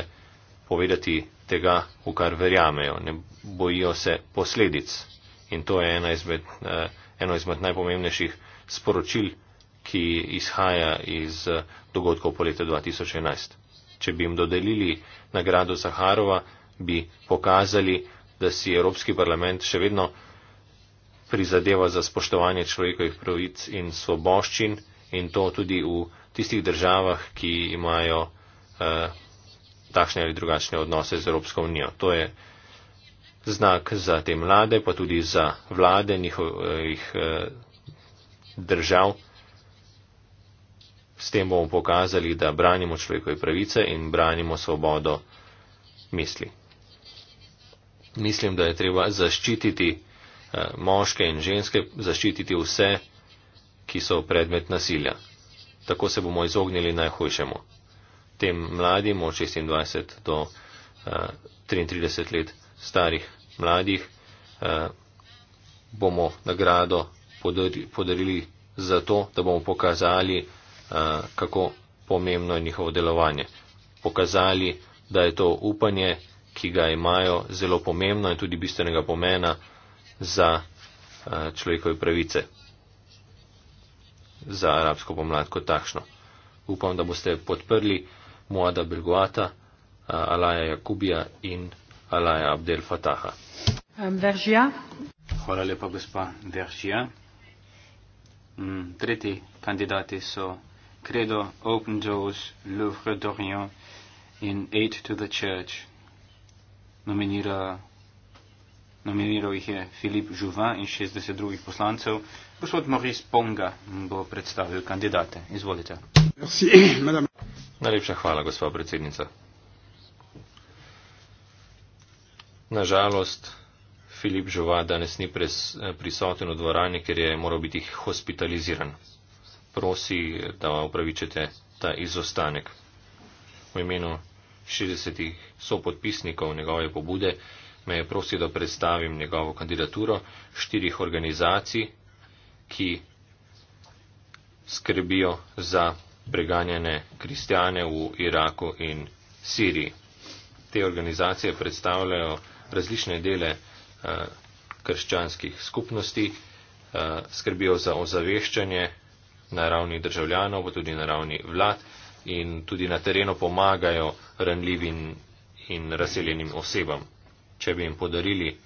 povedati tega, v kar verjamejo, ne bojijo se posledic. In to je ena izmed, eh, eno izmed najpomembnejših sporočil, ki izhaja iz dogodkov po letu 2011. Če bi jim dodelili nagrado Zaharova, bi pokazali, da si Evropski parlament še vedno prizadeva za spoštovanje človekovih pravic in svoboščin in to tudi v tistih državah, ki imajo eh, takšne ali drugačne odnose z Evropsko unijo. To je znak za te mlade, pa tudi za vlade njihovih eh, držav. S tem bomo pokazali, da branimo človekove pravice in branimo svobodo misli mislim, da je treba zaščititi eh, moške in ženske, zaščititi vse, ki so predmet nasilja. Tako se bomo izognili najhujšemu. Tem mladim od 26 do 33 eh, let starih mladih eh, bomo nagrado podarili za to, da bomo pokazali, kako pomembno je njihovo delovanje. Pokazali, da je to upanje, ki ga imajo zelo pomembno in tudi bistvenega pomena za eh, človekove pravice, za arabsko pomlad kot takšno. Upam, da boste podprli Moada Bilguata, eh, Alaja Jakubija in Alaja Abdel Fataha. Veržija. Hvala lepa, gospa Veržija. Mm, tretji kandidati so Credo, Open Doors, Louvre d'Orient in Aid to the Church nominira, nominiral jih je Filip Žuvan in 60 drugih poslancev. Gospod Maurice Ponga bo predstavil kandidate. Izvolite. Merci, Najlepša hvala, gospa predsednica. Nažalost, Filip Žuva danes ni prisoten v dvorani, ker je moral biti hospitaliziran. Prosi, da upravičete ta izostanek. V imenu 60 sopodpisnikov njegove pobude me je prosil, da predstavim njegovo kandidaturo štirih organizacij, ki skrbijo za preganjene kristjane v Iraku in Siriji. Te organizacije predstavljajo različne dele uh, krščanskih skupnosti, uh, skrbijo za ozaveščanje na ravni državljanov, pa tudi na ravni vlad in tudi na terenu pomagajo ranljivim in razseljenim osebam. Če bi jim podarili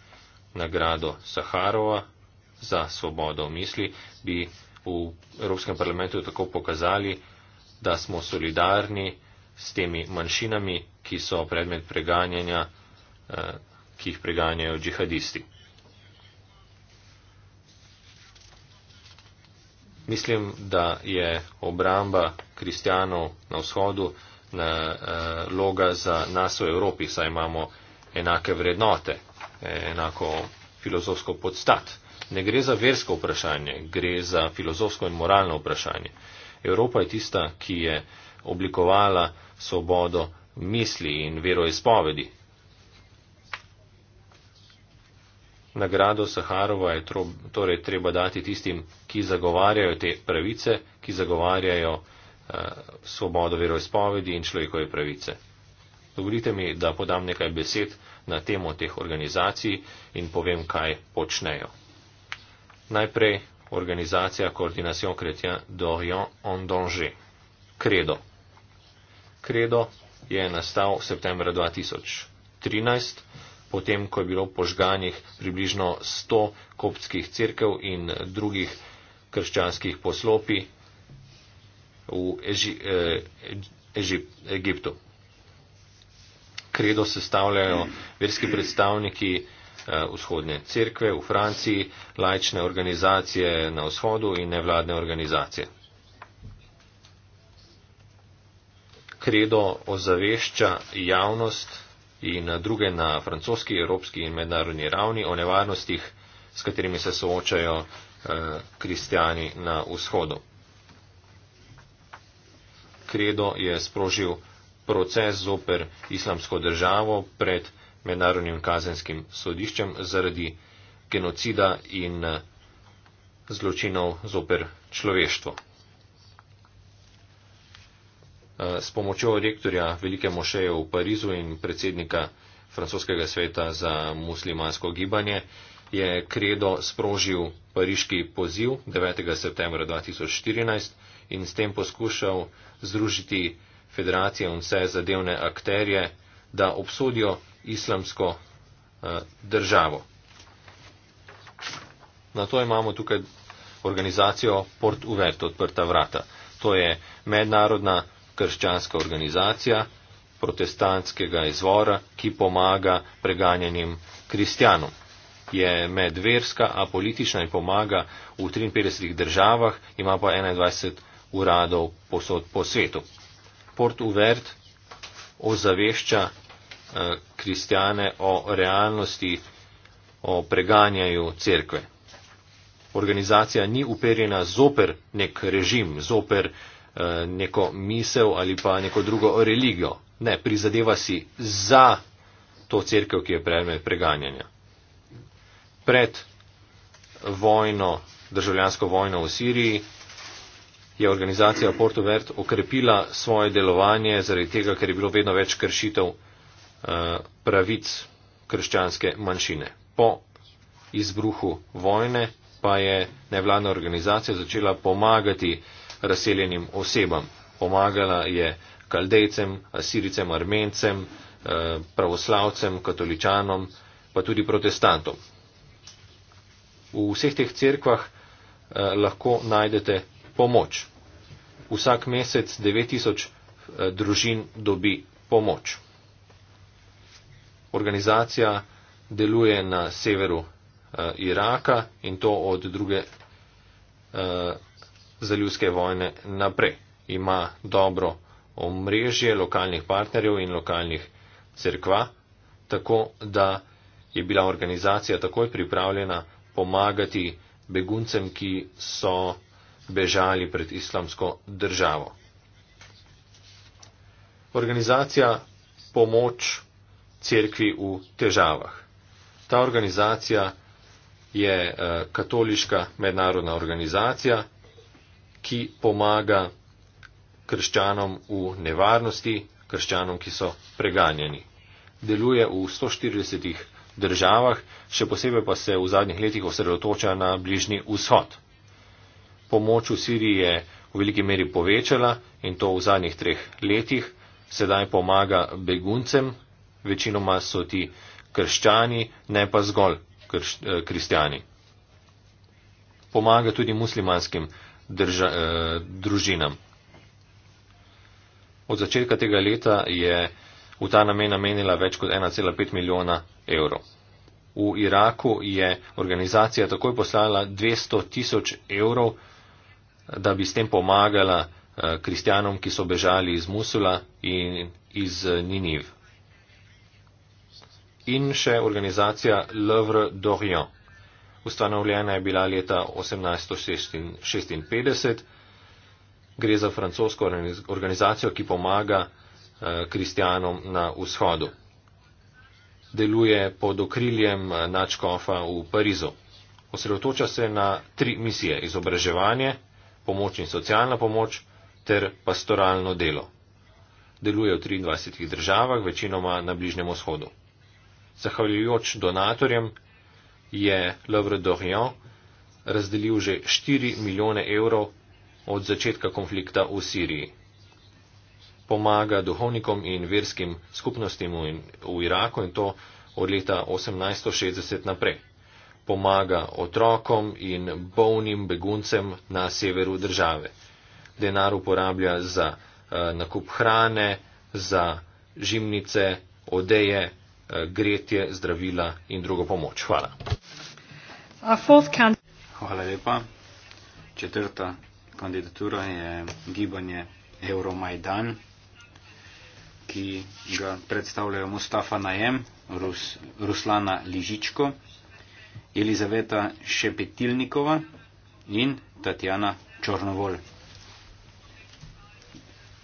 nagrado Saharova za svobodo misli, bi v Evropskem parlamentu tako pokazali, da smo solidarni s temi manjšinami, ki so predmet preganjanja, eh, ki jih preganjajo džihadisti. Mislim, da je obramba kristijanov na vzhodu na, eh, loga za nas v Evropi, saj imamo enake vrednote, eh, enako filozofsko podstat. Ne gre za versko vprašanje, gre za filozofsko in moralno vprašanje. Evropa je tista, ki je oblikovala svobodo misli in veroizpovedi. Nagrado Saharova je torej treba dati tistim, ki zagovarjajo te pravice, ki zagovarjajo eh, Eh, svobodo veroizpovedi in človekove pravice. Dovolite mi, da podam nekaj besed na temo teh organizacij in povem, kaj počnejo. Najprej organizacija Coordination Chrétien d'Orient en danger. Credo. Credo je nastal v septembra 2013, potem, ko je bilo požganih približno 100 koptskih crkv in drugih krščanskih poslopi v Eži, eh, Eži, Egiptu. Kredo sestavljajo verski predstavniki eh, vzhodne cerkve v Franciji, lajčne organizacije na vzhodu in nevladne organizacije. Kredo ozavešča javnost in druge na francoski, evropski in mednarodni ravni o nevarnostih, s katerimi se soočajo eh, kristijani na vzhodu kredo je sprožil proces zoper islamsko državo pred mednarodnim kazenskim sodiščem zaradi genocida in eh, zločinov zoper človeštvo. Eh, s pomočjo rektorja Velike mošeje v Parizu in predsednika francoskega sveta za muslimansko gibanje je kredo sprožil pariški poziv 9. septembra 2014 in s tem poskušal združiti federacije in vse zadevne akterje, da obsodijo islamsko eh, državo. Na to imamo tukaj organizacijo Port Uvert, odprta vrata. To je mednarodna krščanska organizacija protestantskega izvora, ki pomaga preganjenim kristjanom je medverska, a politična in pomaga v 53 državah, ima pa 21 uradov posod po svetu. Port Uvert ozavešča eh, kristjane o realnosti, o preganjaju cerkve. Organizacija ni uperjena zoper nek režim, zoper eh, neko misel ali pa neko drugo religijo. Ne, prizadeva si za to cerkev, ki je predmet preganjanja pred vojno, državljansko vojno v Siriji je organizacija Porto Vert okrepila svoje delovanje zaradi tega, ker je bilo vedno več kršitev eh, pravic krščanske manjšine. Po izbruhu vojne pa je nevladna organizacija začela pomagati razseljenim osebam. Pomagala je kaldejcem, asiricem, armencem, eh, pravoslavcem, katoličanom, pa tudi protestantom v vseh teh crkvah eh, lahko najdete pomoč. Vsak mesec 9000 eh, družin dobi pomoč. Organizacija deluje na severu eh, Iraka in to od druge eh, zaljuske vojne naprej. Ima dobro omrežje lokalnih partnerjev in lokalnih crkva, tako da je bila organizacija takoj pripravljena pomagati beguncem, ki so bežali pred islamsko državo. Organizacija pomoč cerkvi v težavah. Ta organizacija je eh, katoliška mednarodna organizacija, ki pomaga krščanom v nevarnosti, krščanom, ki so preganjeni. Deluje v 140 državah, še posebej pa se v zadnjih letih osredotoča na bližnji vzhod. Pomoč v Siriji je v veliki meri povečala in to v zadnjih treh letih, sedaj pomaga beguncem, večinoma so ti krščani, ne pa zgolj krš, eh, kristjani. Pomaga tudi muslimanskim drža, eh, družinam. Od začetka tega leta je v ta namen namenila več kot 1,5 milijona evrov. V Iraku je organizacija takoj poslala 200 tisoč evrov, da bi s tem pomagala eh, kristjanom, ki so bežali iz Musula in iz eh, Niniv. In še organizacija Lovre d'Orient. Ustanovljena je bila leta 1856. Gre za francosko organizacijo, ki pomaga Eh, kristijanom na vzhodu. Deluje pod okriljem eh, načkofa v Parizu. Osredotoča se na tri misije - izobraževanje, pomoč in socialna pomoč ter pastoralno delo. Deluje v 23 državah, večinoma na Bližnjem vzhodu. Zahvaljujoč donatorjem je Lovre Dorian razdelil že 4 milijone evrov od začetka konflikta v Siriji pomaga duhovnikom in verskim skupnostim v Iraku in to od leta 1860 naprej. Pomaga otrokom in bolnim beguncem na severu države. Denar uporablja za eh, nakup hrane, za žimnice, odeje, eh, gretje, zdravila in drugo pomoč. Hvala. Hvala lepa. Četrta kandidatura je gibanje Euromajdan ki ga predstavljajo Mustafa Najem, Rus, Ruslana Ližičko, Elizaveta Šepetilnikova in Tatjana Črnovol.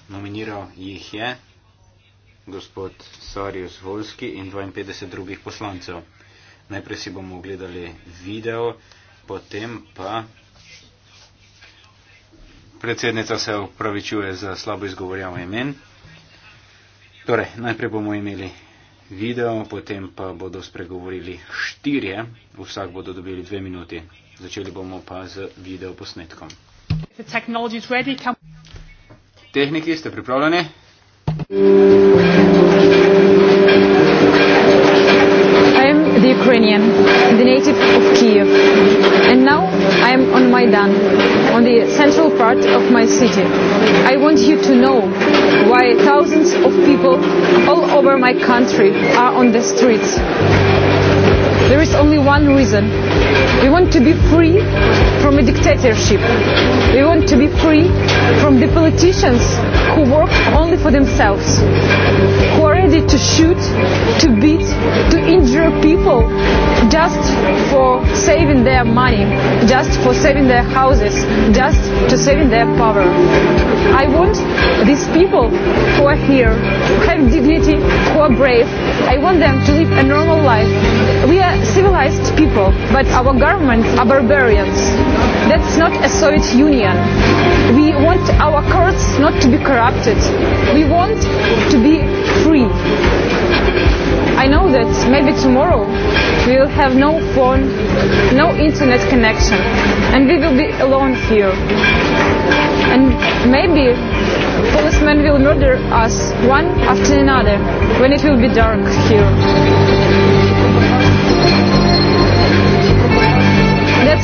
Nominiral jih je gospod Sarius Volski in 52 drugih poslancev. Najprej si bomo ogledali video, potem pa predsednica se upravičuje za slabo izgovorjavo imen. Torej, najprej bomo imeli video, potem pa bodo spregovorili štirje, vsak bodo dobili dve minuti. Začeli bomo pa z videoposnetkom. Tehniki ste pripravljeni? The Ukrainian, the native of Kiev. And now I am on Maidan, on the central part of my city. I want you to know why thousands of people all over my country are on the streets. There is only one reason. We want to be free from a dictatorship. We want to be free from the politicians who work only for themselves, who are ready to shoot, to beat, to injure people just for saving their money, just for saving their houses, just to saving their power. I want these people who are here, who have dignity, who are brave, I want them to live a normal life. We are civilized people, but our governments are barbarians. That's not a Soviet Union. We want our courts not to be corrupted. We want to be free. I know that maybe tomorrow we will have no phone, no internet connection, and we will be alone here. And maybe policemen will murder us one after another when it will be dark here.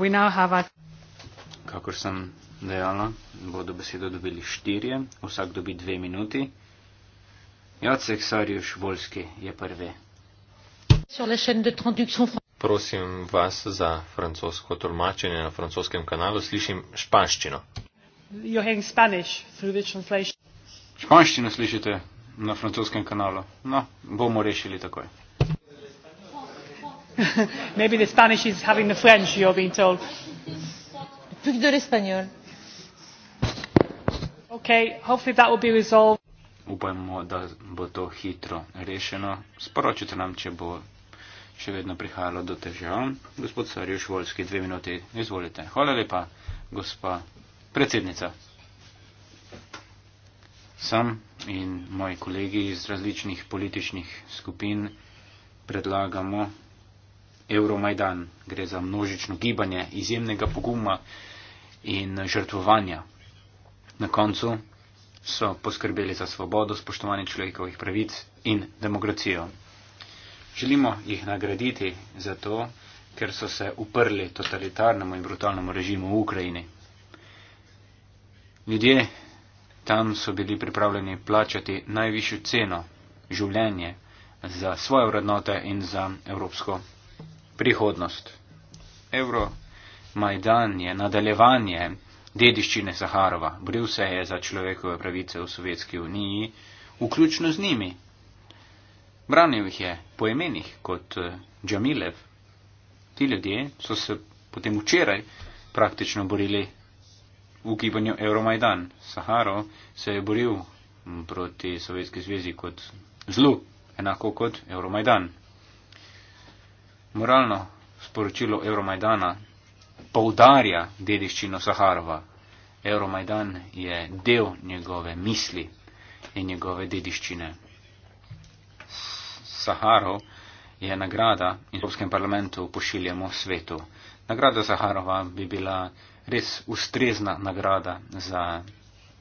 we now have a Kakor sem dejala, bodo besedo dobili štirje, vsak dobi dve minuti. Jacek Sarjuš Volski je prvi. Prosim vas za francosko tolmačenje na francoskem kanalu, slišim španščino. Španščino slišite na francoskem kanalu. No, bomo rešili takoj. Maybe the Spanish is having the French, you're being told. Plus de l'espagnol. Okay, hopefully that will be resolved. Upajmo, da bo to hitro rešeno. Sporočite nam, če bo še vedno prihajalo do težav. Gospod Sarjuš Volski, dve minuti, izvolite. Hvala lepa, gospa predsednica. Sam in moji kolegi iz različnih političnih skupin predlagamo Euromajdan. Gre za množično gibanje izjemnega poguma in žrtvovanja. Na koncu so poskrbeli za svobodo, spoštovanje človekovih pravic in demokracijo. Želimo jih nagraditi za to, ker so se uprli totalitarnemu in brutalnemu režimu v Ukrajini. Ljudje tam so bili pripravljeni plačati najvišjo ceno življenje za svoje vrednote in za evropsko prihodnost. Evro Majdan je nadaljevanje dediščine Zaharova. Bril se je za človekove pravice v Sovjetski uniji, vključno z njimi. Branil jih je po imenih kot eh, Džamilev. Ti ljudje so se potem včeraj praktično borili v gibanju Euromajdan. Saharo se je boril proti Sovjetski zvezi kot zlu, enako kot Euromajdan. Moralno sporočilo Euromajdana poudarja dediščino Saharova. Euromajdan je del njegove misli in njegove dediščine. Saharov je nagrada in v Evropskem parlamentu pošiljamo svetu. Nagrada Saharova bi bila res ustrezna nagrada za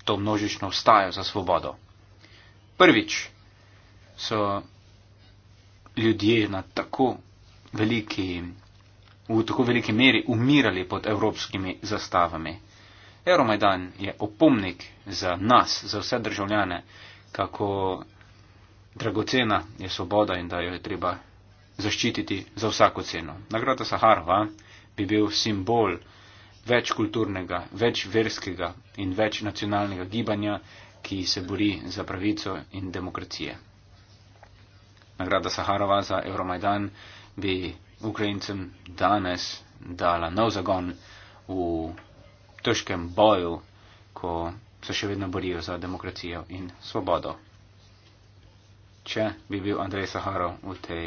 to množično vstajo za svobodo. Prvič so ljudje na tako veliki, v tako veliki meri umirali pod evropskimi zastavami. Euromajdan je opomnik za nas, za vse državljane, kako dragocena je svoboda in da jo je treba zaščititi za vsako ceno. Nagrada Saharva bi bil simbol večkulturnega, večverskega in večnacionalnega gibanja, ki se bori za pravico in demokracije. Nagrada Saharova za Euromajdan bi Ukrajincem danes dala nov zagon v težkem boju, ko se še vedno borijo za demokracijo in svobodo. Če bi bil Andrej Saharov v tej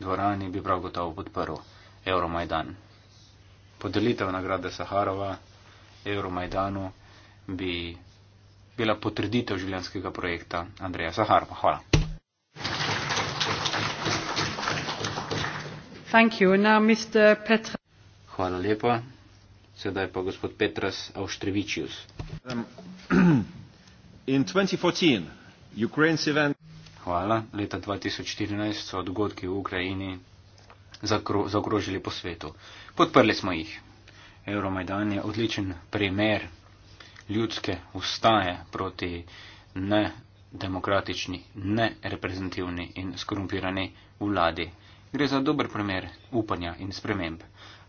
dvorani, bi prav gotovo podprl Euromajdan. Podelitev nagrade Saharova Euromajdanu bi bila potrditev življenskega projekta Andreja Saharova. Hvala. Hvala lepa. Sedaj pa gospod Petras Avštrevičius. Um, Hvala. Leta 2014 so dogodki v Ukrajini zagrožili po svetu. Podprli smo jih. Euromajdan je odličen primer ljudske ustaje proti nedemokratični, nereprezentativni in skorumpirani vladi gre za dober primer upanja in sprememb.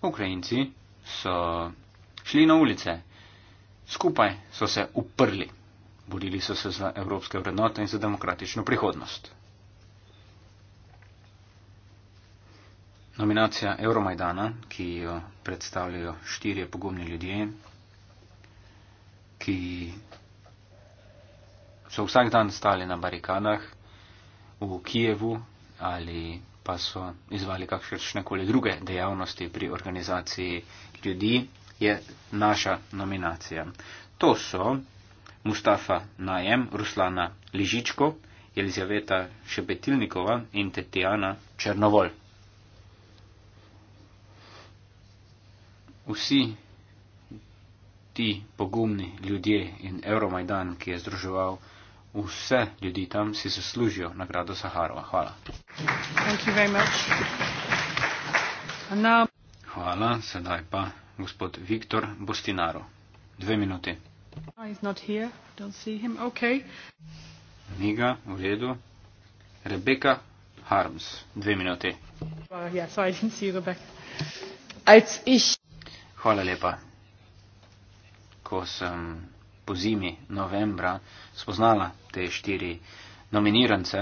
Ukrajinci so šli na ulice, skupaj so se uprli, borili so se za evropske vrednote in za demokratično prihodnost. Nominacija Euromajdana, ki jo predstavljajo štirje pogumni ljudje, ki so vsak dan stali na barikadah v Kijevu ali pa so izvali kakšne koli druge dejavnosti pri organizaciji ljudi, je naša nominacija. To so Mustafa Najem, Ruslana Ližičko, Elizaveta Šebetilnikova in Tetjana Črnovol. Vsi ti pogumni ljudje in Euromajdan, ki je združeval vse ljudi tam si zaslužijo nagrado Saharova. Hvala. Now... Hvala, sedaj pa gospod Viktor Bostinaro. Dve minuti. Ah, okay. Ni ga, v redu. Rebeka Harms, dve minuti. Uh, yeah, ich... Hvala lepa. Ko sem po zimi novembra spoznala te štiri nominirance.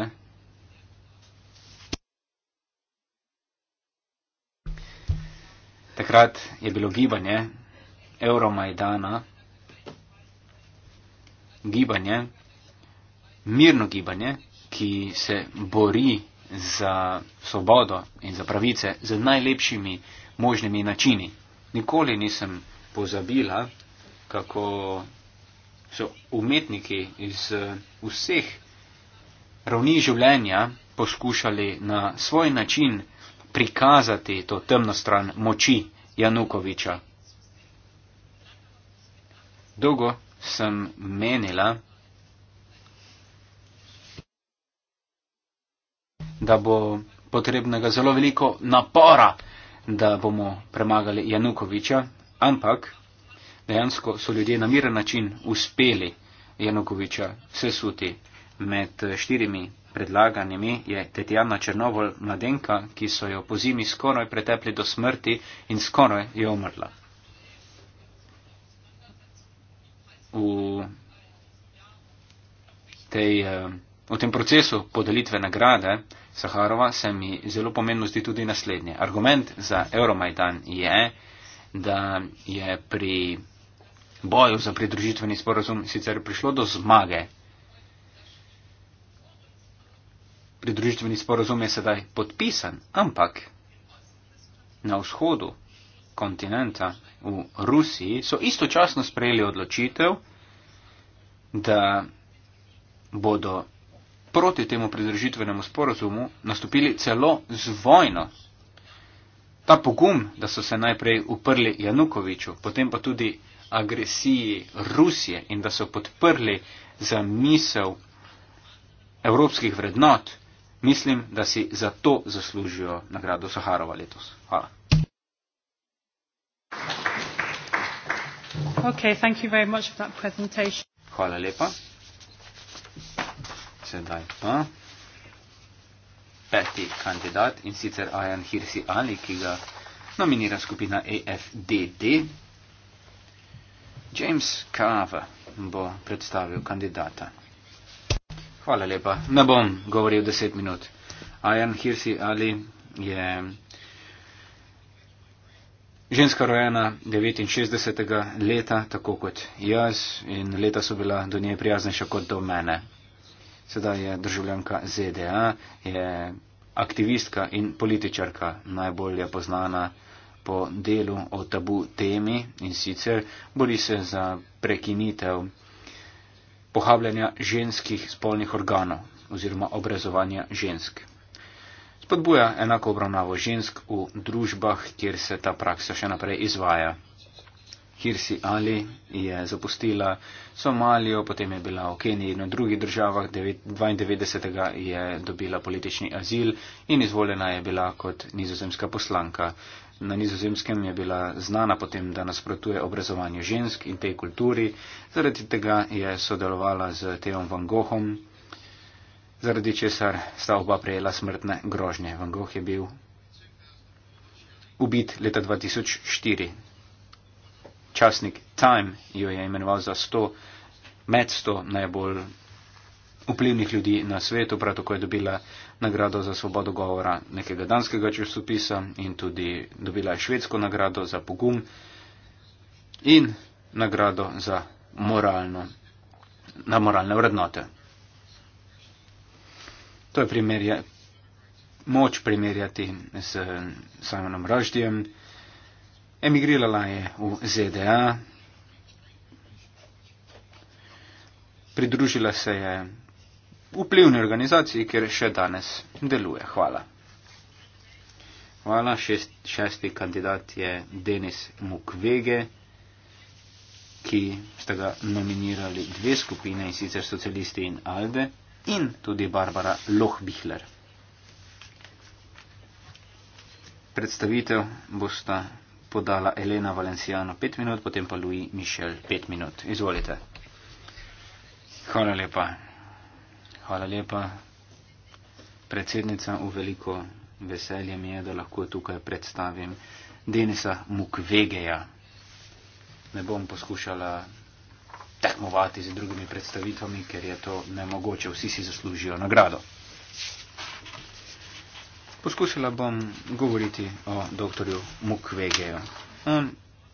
Takrat je bilo gibanje Euromajdana, gibanje, mirno gibanje, ki se bori za svobodo in za pravice z najlepšimi možnimi načini. Nikoli nisem pozabila, kako so umetniki iz eh, vseh ravni življenja poskušali na svoj način prikazati to temno stran moči Janukoviča. Dolgo sem menila, da bo potrebnega zelo veliko napora, da bomo premagali Janukoviča, ampak dejansko so ljudje na miren način uspeli Janukoviča sesuti. Med eh, štirimi predlaganimi je Tetjana Črnovol mladenka, ki so jo po zimi skoraj pretepli do smrti in skoraj je umrla. V, tej, eh, v tem procesu podelitve nagrade Saharova se mi zelo pomembno zdi tudi naslednje. Argument za Euromajdan je, da je pri boju za pridružitveni sporozum sicer prišlo do zmage. Pridružitveni sporozum je sedaj podpisan, ampak na vzhodu kontinenta v Rusiji so istočasno sprejeli odločitev, da bodo proti temu pridružitvenemu sporozumu nastopili celo z vojno. Ta pogum, da so se najprej uprli Janukoviču, potem pa tudi agresiji Rusije in da so podprli za misel evropskih vrednot, mislim, da si zato zaslužijo nagrado Saharova letos. Hvala. Okay, thank you very much for that presentation. Hvala lepa. Sedaj pa peti kandidat in sicer Ajan Hirsi Ali, ki ga nominira skupina AFDD. James Carver bo predstavil kandidata. Hvala lepa. Ne bom govoril deset minut. Ajan Hirsi Ali je ženska rojena 69. leta, tako kot jaz, in leta so bila do nje prijaznejša kot do mene. Sedaj je državljanka ZDA, je aktivistka in političarka, najbolje poznana po delu o tabu temi in sicer bori se za prekinitev pohabljanja ženskih spolnih organov oziroma obrazovanja žensk. Spodbuja enako obravnavo žensk v družbah, kjer se ta praksa še naprej izvaja. Hirsi Ali je zapustila Somalijo, potem je bila v Keniji in v drugih državah, 92. je dobila politični azil in izvoljena je bila kot nizozemska poslanka na nizozemskem je bila znana potem, da nasprotuje obrazovanju žensk in tej kulturi, zaradi tega je sodelovala z Teom Van Goghom, zaradi česar sta oba prejela smrtne grožnje. Van Gogh je bil ubit leta 2004. Časnik Time jo je imenoval za 100, med 100 najbolj vplivnih ljudi na svetu, prav tako je dobila nagrado za svobodo govora nekega danskega časopisa in tudi dobila je švedsko nagrado za pogum in nagrado za moralno, na moralne vrednote. To je primerja, moč primerjati s Simonom Raždijem. Emigrirala je v ZDA, pridružila se je vplivni organizaciji, kjer še danes deluje. Hvala. Hvala. Šest, šesti kandidat je Denis Mukwege, ki ste ga nominirali dve skupine in sicer socialisti in Alde in tudi Barbara Lohbihler. Predstavitev bosta podala Elena Valenciano 5 minut, potem pa Louis Michel 5 minut. Izvolite. Hvala lepa. Hvala lepa. Predsednica, v veliko veselje mi je, da lahko tukaj predstavim Denisa Mukvegeja. Ne bom poskušala tekmovati z drugimi predstavitvami, ker je to nemogoče. Vsi si zaslužijo nagrado. Poskusila bom govoriti o doktorju Mukvegeju. On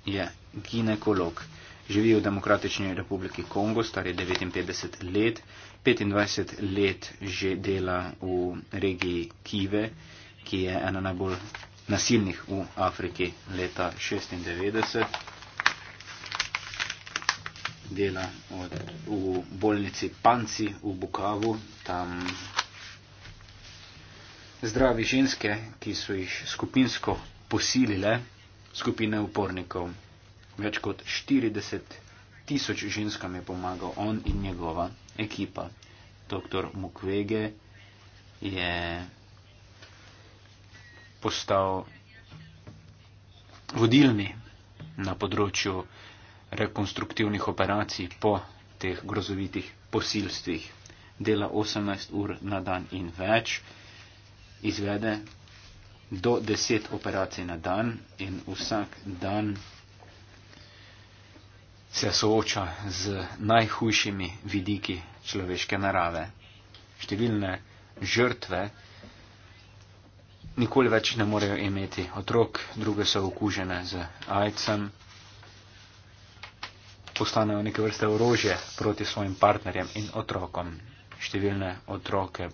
je ginekolog živi v Demokratični republiki Kongo, star je 59 let, 25 let že dela v regiji Kive, ki je ena najbolj nasilnih v Afriki leta 96. Dela od, v bolnici Panci v Bukavu, tam zdravi ženske, ki so jih skupinsko posilile, skupine upornikov. Več kot 40 tisoč ženskam je pomagal on in njegova ekipa. Doktor Mukwege je postal vodilni na področju rekonstruktivnih operacij po teh grozovitih posilstvih. Dela 18 ur na dan in več, izvede do 10 operacij na dan in vsak dan se sooča z najhujšimi vidiki človeške narave. Številne žrtve nikoli več ne morejo imeti otrok, druge so okužene z AIDS-em, postanejo neke vrste orožje proti svojim partnerjem in otrokom. Številne otroke,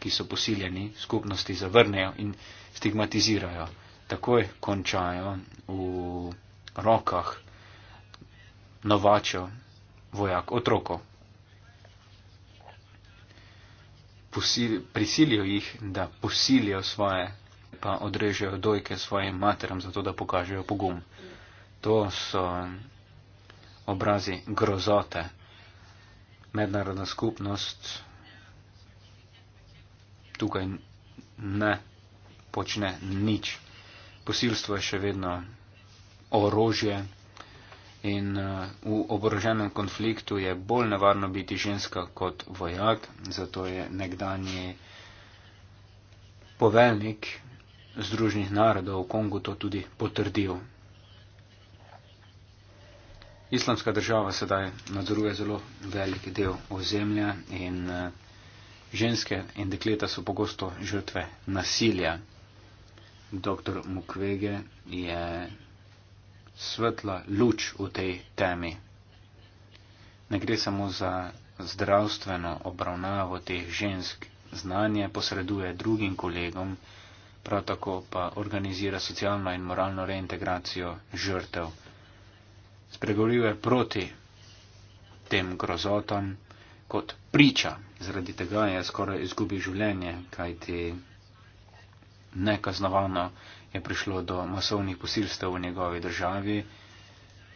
ki so posiljeni, skupnosti zavrnejo in stigmatizirajo. Takoj končajo v rokah novačo, vojak, otroko. Posil, prisilijo jih, da posilijo svoje, pa odrežejo dojke svojim materam, zato da pokažejo pogum. To so obrazi grozote. Mednarodna skupnost tukaj ne počne nič. Posilstvo je še vedno orožje, In uh, v oboroženem konfliktu je bolj nevarno biti ženska kot vojak, zato je nekdanji poveljnik Združenih narodov v Kongu to tudi potrdil. Islamska država sedaj nadzoruje zelo velik del ozemlja in uh, ženske in dekleta so pogosto žrtve nasilja. Dr. Mukwege je svetla luč v tej temi. Ne gre samo za zdravstveno obravnavo teh žensk, znanje posreduje drugim kolegom, prav tako pa organizira socialno in moralno reintegracijo žrtev. Spregovoruje proti tem grozotam kot priča, zaradi tega je skoraj izgubil življenje, kajti nekaznovano je prišlo do masovnih posilstev v njegovi državi,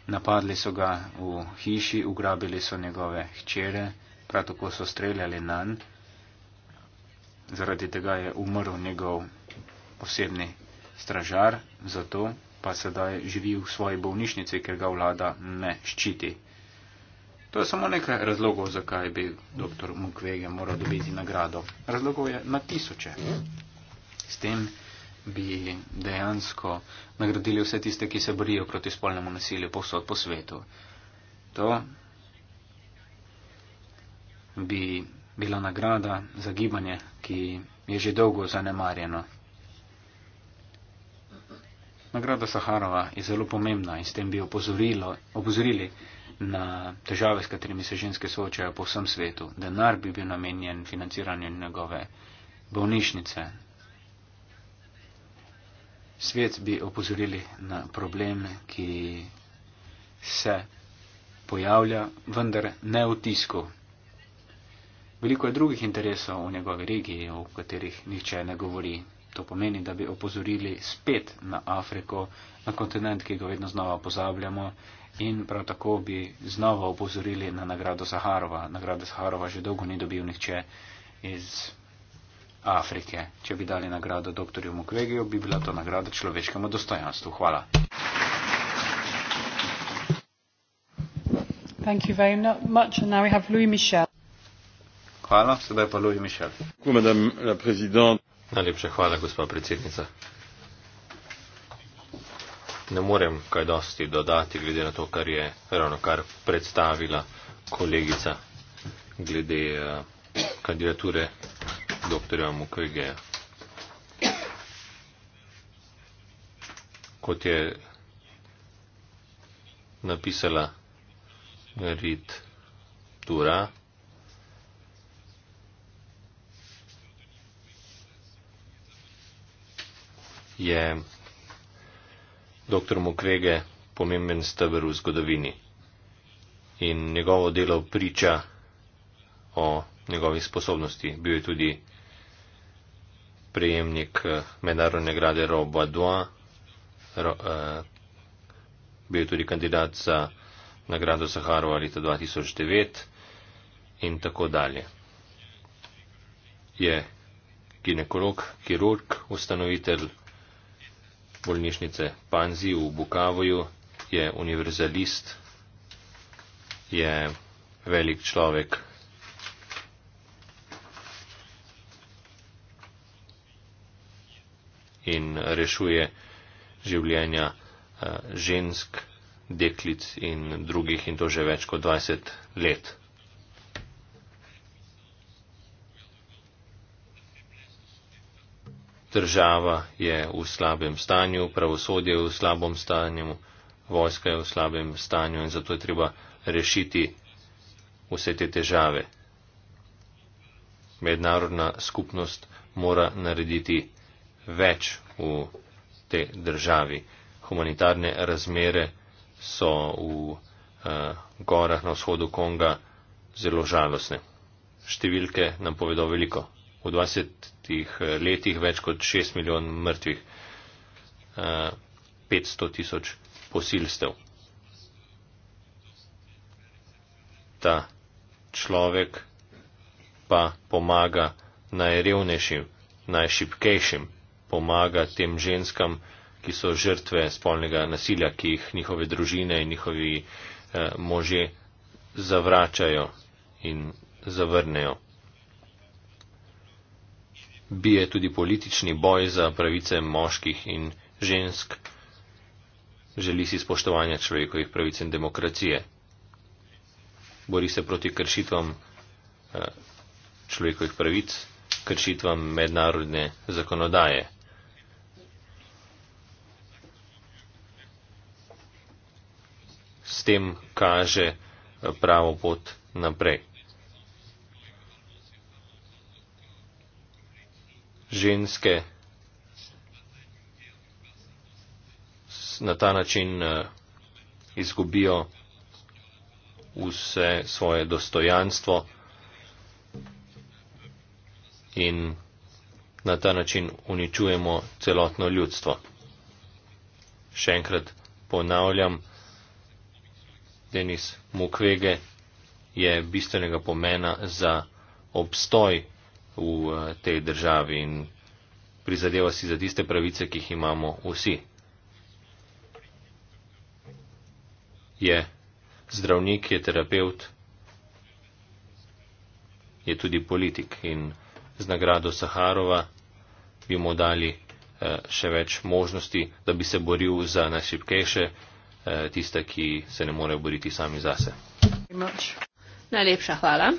napadli so ga v hiši, ugrabili so njegove hčere, prav tako so streljali na njega. Zaradi tega je umrl njegov posebni stražar, zato pa sedaj živi v svoji bolnišnici, ker ga vlada ne ščiti. To je samo nekaj razlogov, zakaj bi dr. Mukwege moral dobiti nagrado. Razlogov je na tisoče. S tem bi dejansko nagradili vse tiste, ki se borijo proti spolnemu nasilju povsod po svetu. To bi bila nagrada za gibanje, ki je že dolgo zanemarjeno. Nagrada Saharova je zelo pomembna in s tem bi opozorili na težave, s katerimi se ženske soočajo po vsem svetu. Denar bi bil namenjen financiranju njegove bolnišnice, svet bi opozorili na probleme, ki se pojavlja, vendar ne v tisku. Veliko je drugih interesov v njegovi regiji, o katerih nihče ne govori. To pomeni, da bi opozorili spet na Afriko, na kontinent, ki ga vedno znova pozabljamo in prav tako bi znova opozorili na nagrado Saharova. Nagrado Saharova že dolgo ni dobil nihče iz Afrike. Če bi dali nagrado dr. Mukwegiju, bi bila to nagrada človeškemu dostojanstvu. Hvala. Thank you very no-, much. And now we have Louis Michel. Hvala, sedaj pa Louis Michel. Najlepša hvala, gospa predsednica. Ne morem kaj dosti dodati, glede na to, kar je ravno kar predstavila kolegica glede uh, kandidature doktorja Mukwegeja. Kot je napisala Rit Tura, je dr. Mukwege pomemben stebr v zgodovini in njegovo delo priča o njegovi sposobnosti. Bil je tudi prejemnik eh, mednarodne grade Robo Adua, ro, eh, bil tudi kandidat za nagrado Saharo leta 2009 in tako dalje. Je ginekolog, kirurg, ustanovitelj bolnišnice Panzi v Bukavoju, je univerzalist, je velik človek in rešuje življenja eh, žensk, deklic in drugih in to že več kot 20 let. Država je v slabem stanju, pravosodje je v slabem stanju, vojska je v slabem stanju in zato je treba rešiti vse te težave. Mednarodna skupnost mora narediti več v te državi. Humanitarne razmere so v uh, gorah na vzhodu Konga zelo žalostne. Številke nam povedo veliko. V 20 eh, letih več kot 6 milijon mrtvih, uh, eh, 500 tisoč posilstev. Ta človek pa pomaga najrevnejšim, najšipkejšim pomaga tem ženskam, ki so žrtve spolnega nasilja, ki jih njihove družine in njihovi eh, može zavračajo in zavrnejo. Bije tudi politični boj za pravice moških in žensk, želi si spoštovanja človekovih pravic in demokracije. Bori se proti kršitvam eh, človekovih pravic, kršitvam mednarodne zakonodaje. s tem kaže eh, pravo pot naprej. Ženske na ta način eh, izgubijo vse svoje dostojanstvo in na ta način uničujemo celotno ljudstvo. Še enkrat ponavljam, Denis Mukwege je bistvenega pomena za obstoj v eh, tej državi in prizadeva si za tiste pravice, ki jih imamo vsi. Je zdravnik, je terapeut, je tudi politik in z nagrado Saharova bi mu dali eh, še več možnosti, da bi se boril za najšipkejše. Eh, tiste, ki se ne morejo boriti sami zase. Najlepša hvala.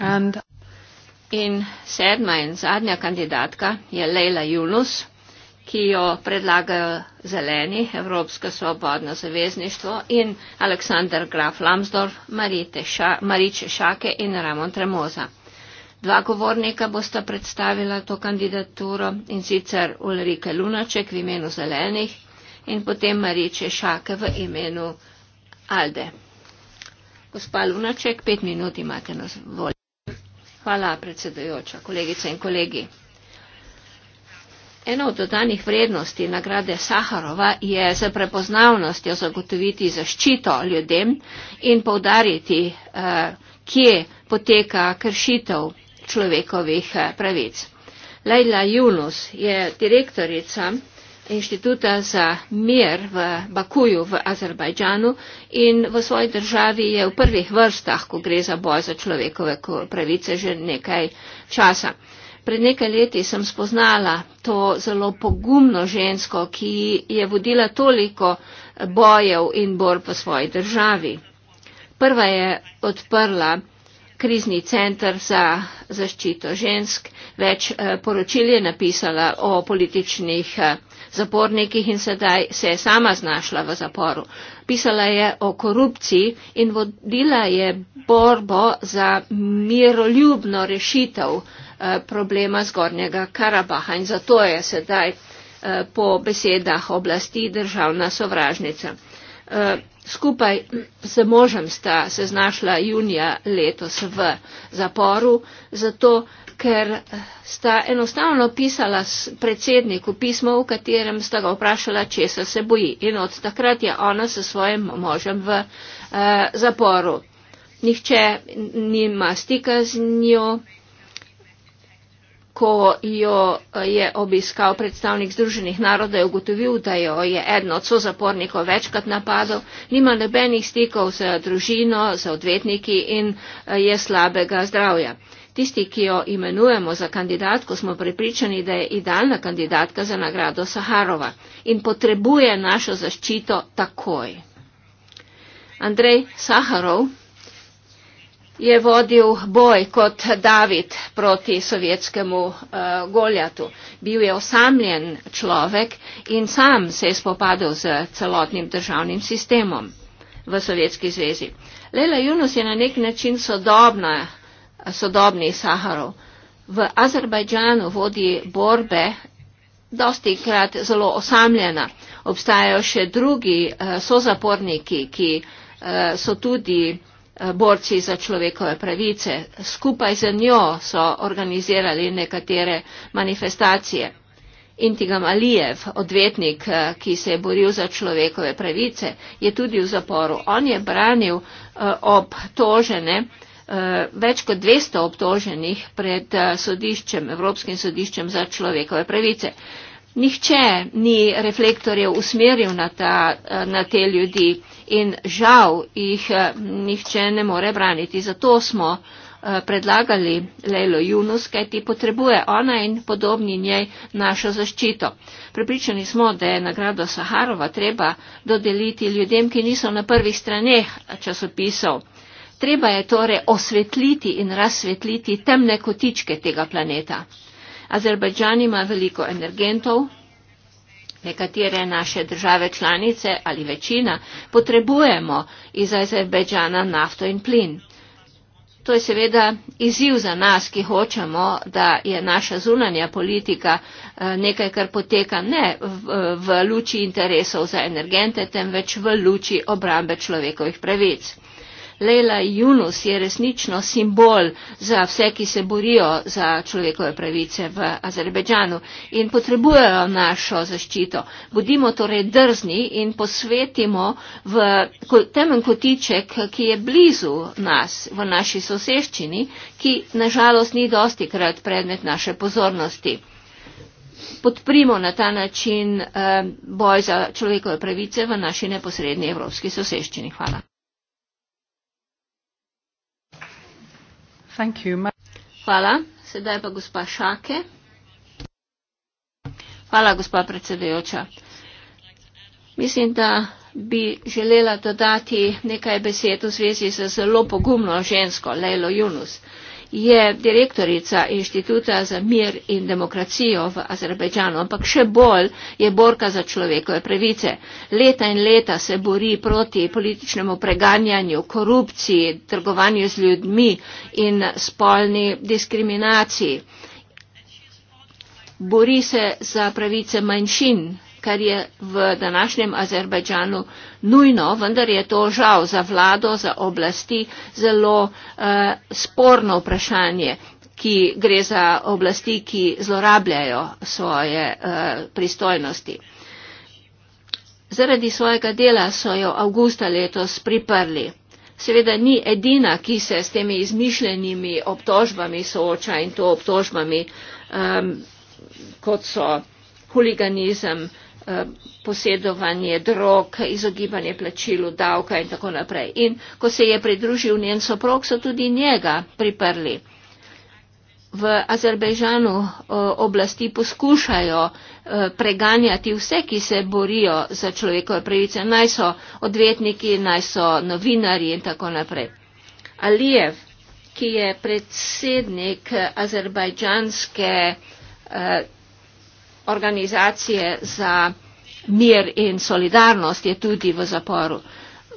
And in sedma in zadnja kandidatka je Leila Junus, ki jo predlagajo zeleni, Evropsko svobodno zavezništvo in Aleksandr Graf Lambsdorff, Mariče Ša, Mari Šake in Ramon Tremoza. Dva govornika bosta predstavila to kandidaturo in sicer Ulrike Lunaček v imenu zelenih in potem Mariče Šake v imenu Alde. Gospa Lunaček, pet minut imate na voljo. Hvala, predsedujoča, kolegice in kolegi. Eno od dodanih vrednosti nagrade Saharova je za prepoznavnostjo zagotoviti zaščito ljudem in povdariti, eh, kje poteka kršitev človekovih eh, pravic. Leila Junus je direktorica inštituta za mir v Bakuju v Azerbajdžanu in v svoji državi je v prvih vrstah, ko gre za boj za človekove pravice že nekaj časa. Pred nekaj leti sem spoznala to zelo pogumno žensko, ki je vodila toliko bojev in borb v svoji državi. Prva je odprla krizni centr za zaščito žensk. Več eh, poročil je napisala o političnih eh, zapornikih in sedaj se je sama znašla v zaporu. Pisala je o korupciji in vodila je borbo za miroljubno rešitev eh, problema zgornjega Karabaha in zato je sedaj po besedah oblasti državna sovražnica. Skupaj s možem sta se znašla junija letos v zaporu, zato ker sta enostavno pisala predsedniku pismo, v katerem sta ga vprašala, če se boji. In od takrat je ona s svojim možem v uh, zaporu. Nihče nima stika z njo ko jo eh, je obiskal predstavnik Združenih narodov, je ugotovil, da jo je eno od sozapornikov večkrat napadal, nima nobenih stikov z družino, z odvetniki in eh, je slabega zdravja. Tisti, ki jo imenujemo za kandidatko, smo pripričani, da je idealna kandidatka za nagrado Saharova in potrebuje našo zaščito takoj. Andrej Saharov je vodil boj kot David proti sovjetskemu uh, Goljatu. Bil je osamljen človek in sam se je spopadel z celotnim državnim sistemom v Sovjetski zvezi. Leila Junus je na nek način sodobna, sodobni Saharov. V Azerbajdžanu vodi borbe, dosti krat zelo osamljena. Obstajajo še drugi uh, sozaporniki, ki uh, so tudi Eh, borci za človekove pravice. Skupaj z njo so organizirali nekatere manifestacije. Intigam Alijev, odvetnik, eh, ki se je boril za človekove pravice, je tudi v zaporu. On je branil eh, ob tožene, več kot 200 obtoženih pred sodiščem, Evropskim sodiščem za človekove pravice. Nihče ni reflektorjev usmeril na, ta, na te ljudi in žal jih eh, nihče ne more braniti. Zato smo eh, predlagali Lejlo Junus, kaj ti potrebuje ona in podobni njej našo zaščito. Pripričani smo, da je nagrado Saharova treba dodeliti ljudem, ki niso na prvih straneh časopisov. Treba je torej osvetliti in razsvetliti temne kotičke tega planeta. Azerbajdžan ima veliko energentov, nekatere naše države članice ali večina potrebujemo iz Azerbejdžana nafto in plin. To je seveda izziv za nas, ki hočemo, da je naša zunanja politika eh, nekaj, kar poteka ne v luči interesov za energente, temveč v luči obrambe človekovih pravic. Leila Junus je resnično simbol za vse, ki se borijo za človekove pravice v Azerbejdžanu in potrebujejo našo zaščito. Budimo torej drzni in posvetimo v temen kotiček, ki je blizu nas, v naši soseščini, ki nažalost ni dosti krat predmet naše pozornosti. Podprimo na ta način eh, boj za človekove pravice v naši neposrednji evropski soseščini. Hvala. Thank you. Hvala. Sedaj pa gospa Šake. Hvala, gospa predsedujoča. Mislim, da bi želela dodati nekaj besed v zvezi z zelo pogumno žensko, Leilo Junus je direktorica Inštituta za mir in demokracijo v Azerbajdžanu, ampak še bolj je borka za človekove pravice. Leta in leta se bori proti političnemu preganjanju, korupciji, trgovanju z ljudmi in spolni diskriminaciji. Bori se za pravice manjšin kar je v današnjem Azerbajdžanu nujno, vendar je to žal za vlado, za oblasti zelo uh, sporno vprašanje, ki gre za oblasti, ki zlorabljajo svoje uh, pristojnosti. Zaradi svojega dela so jo avgusta letos priprli. Seveda ni edina, ki se s temi izmišljenimi obtožbami sooča in to obtožbami, um, kot so huliganizem, posedovanje drog, izogibanje plačilu davka in tako naprej. In ko se je pridružil njen soprok, so tudi njega priprli. V Azerbejžanu oblasti poskušajo preganjati vse, ki se borijo za človekove pravice. Naj so odvetniki, naj so novinari in tako naprej. Alijev, ki je predsednik azerbajdžanske organizacije za mir in solidarnost je tudi v zaporu.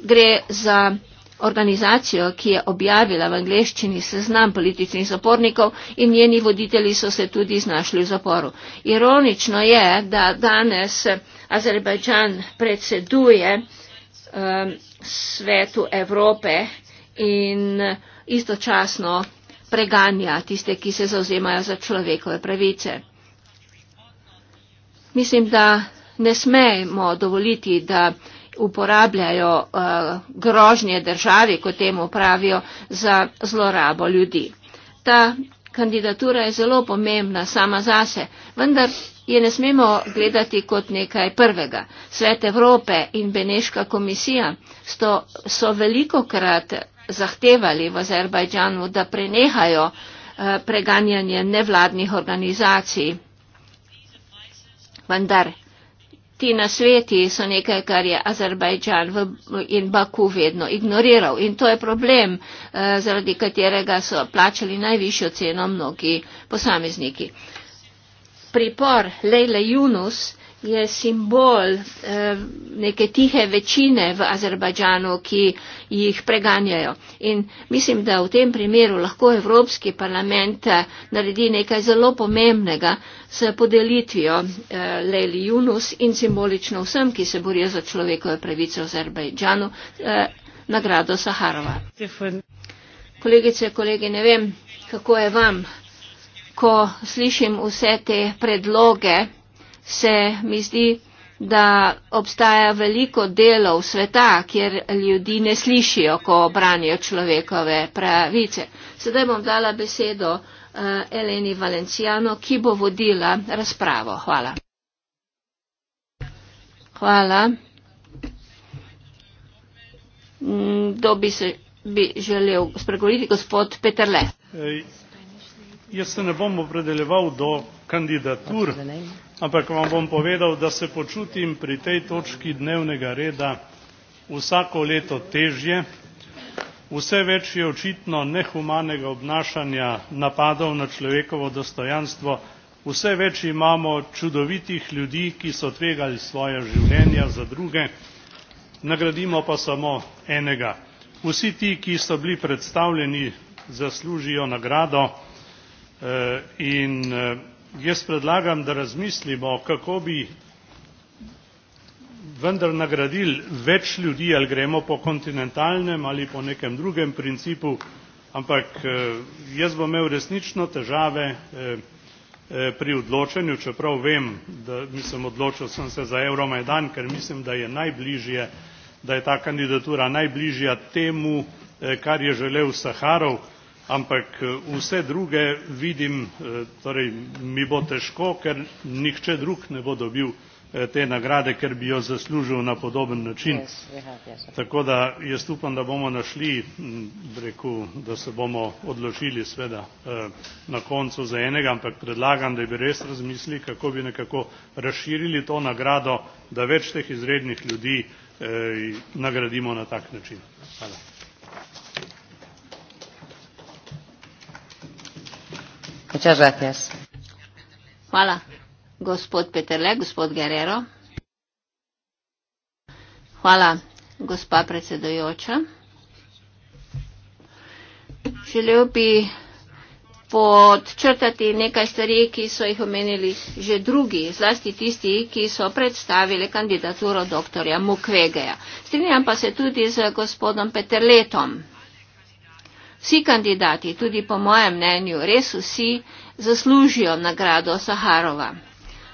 Gre za organizacijo, ki je objavila v angleščini seznam političnih zapornikov in njeni voditelji so se tudi znašli v zaporu. Ironično je, da danes Azerbajdžan predseduje um, svetu Evrope in istočasno preganja tiste, ki se zauzemajo za človekove pravice. Mislim, da ne smemo dovoliti, da uporabljajo uh, grožnje državi, kot temu pravijo, za zlorabo ljudi. Ta kandidatura je zelo pomembna sama zase, vendar je ne smemo gledati kot nekaj prvega. Svet Evrope in Beneška komisija sto, so veliko krat zahtevali v Azerbajdžanu, da prenehajo uh, preganjanje nevladnih organizacij vendar ti na sveti so nekaj, kar je Azerbajdžan in Baku vedno ignoriral. In to je problem, eh, zaradi katerega so plačali najvišjo ceno mnogi posamezniki. Pripor Leila Junus je simbol eh, neke tihe večine v Azerbajdžanu, ki jih preganjajo. In mislim, da v tem primeru lahko Evropski parlament eh, naredi nekaj zelo pomembnega s podelitvijo eh, Leli Junus in simbolično vsem, ki se borijo za človekove pravice v Azerbajdžanu, eh, nagrado Saharova. Kolegice, kolegi, ne vem, kako je vam, ko slišim vse te predloge, se mi zdi, da obstaja veliko delov sveta, kjer ljudi ne slišijo, ko branijo človekove pravice. Sedaj bom dala besedo uh, Eleni Valencijano, ki bo vodila razpravo. Hvala. Hvala. Mm, kdo bi, bi želel spregovoriti, gospod Peterle? Ej, jaz se ne bom opredeljeval do kandidatur. Okay, ampak vam bom povedal, da se počutim pri tej točki dnevnega reda vsako leto težje, vse več je očitno nehumanega obnašanja napadov na človekovo dostojanstvo, vse več imamo čudovitih ljudi, ki so tvegali svoje življenja za druge, nagradimo pa samo enega. Vsi ti, ki so bili predstavljeni, zaslužijo nagrado eh, in eh, jaz predlagam da razmislimo kako bi vendar nagradili več ljudi ali gremo po kontinentalnem ali po nekem drugem principu ampak eh, jaz bom imel resnično težave eh, eh, pri odločanju čeprav vem da mislim odločil sem se za euromajdan ker mislim da je najbližje da je ta kandidatura najbližja temu kar je želel saharov ampak e, vse druge vidim e, torej mi bo težko ker nihče drug ne bo dobil e, te nagrade ker bi jo zaslužil na podoben način tako da jaz upam da bomo našli reku da se bomo odločili seveda na koncu za enega ampak predlagam da bi res razmislili kako bi nekako razširili to nagrado da več teh izrednih ljudi nagradimo na tak način hvala Muchas gracias. Hola, gospod Peterle, gospod Guerrero. Hola, gospa predsedujoča. Želel bi podčrtati nekaj stvari, ki so jih omenili že drugi, zlasti tisti, ki so predstavili kandidaturo dr. Mukvegeja. Strinjam pa se tudi z gospodom Peterletom vsi kandidati, tudi po mojem mnenju, res vsi zaslužijo nagrado Saharova.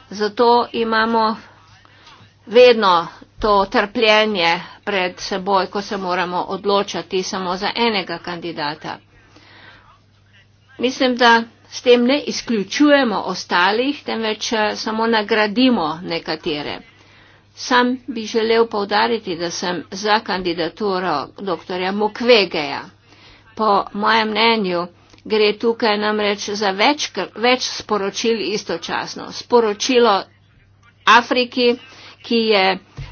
Zato imamo vedno to trpljenje pred seboj, ko se moramo odločati samo za enega kandidata. Mislim, da s tem ne izključujemo ostalih, temveč eh, samo nagradimo nekatere. Sam bi želel povdariti, da sem za kandidaturo dr. Mukvegeja po mojem mnenju, gre tukaj namreč za več, več sporočil istočasno. Sporočilo Afriki, ki je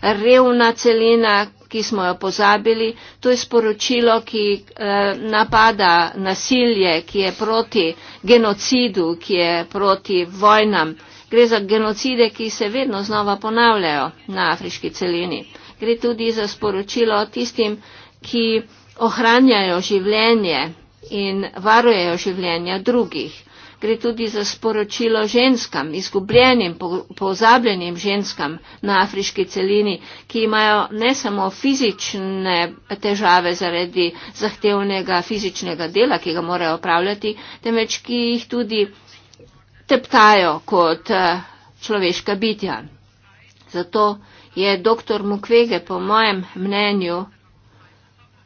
revna celina, ki smo jo pozabili, to je sporočilo, ki eh, napada nasilje, ki je proti genocidu, ki je proti vojnam. Gre za genocide, ki se vedno znova ponavljajo na afriški celini. Gre tudi za sporočilo tistim, ki ohranjajo življenje in varujejo življenja drugih. Gre tudi za sporočilo ženskam, izgubljenim, pozabljenim ženskam na afriški celini, ki imajo ne samo fizične težave zaradi zahtevnega fizičnega dela, ki ga morajo opravljati, temveč ki jih tudi teptajo kot eh, človeška bitja. Zato je dr. Mukwege po mojem mnenju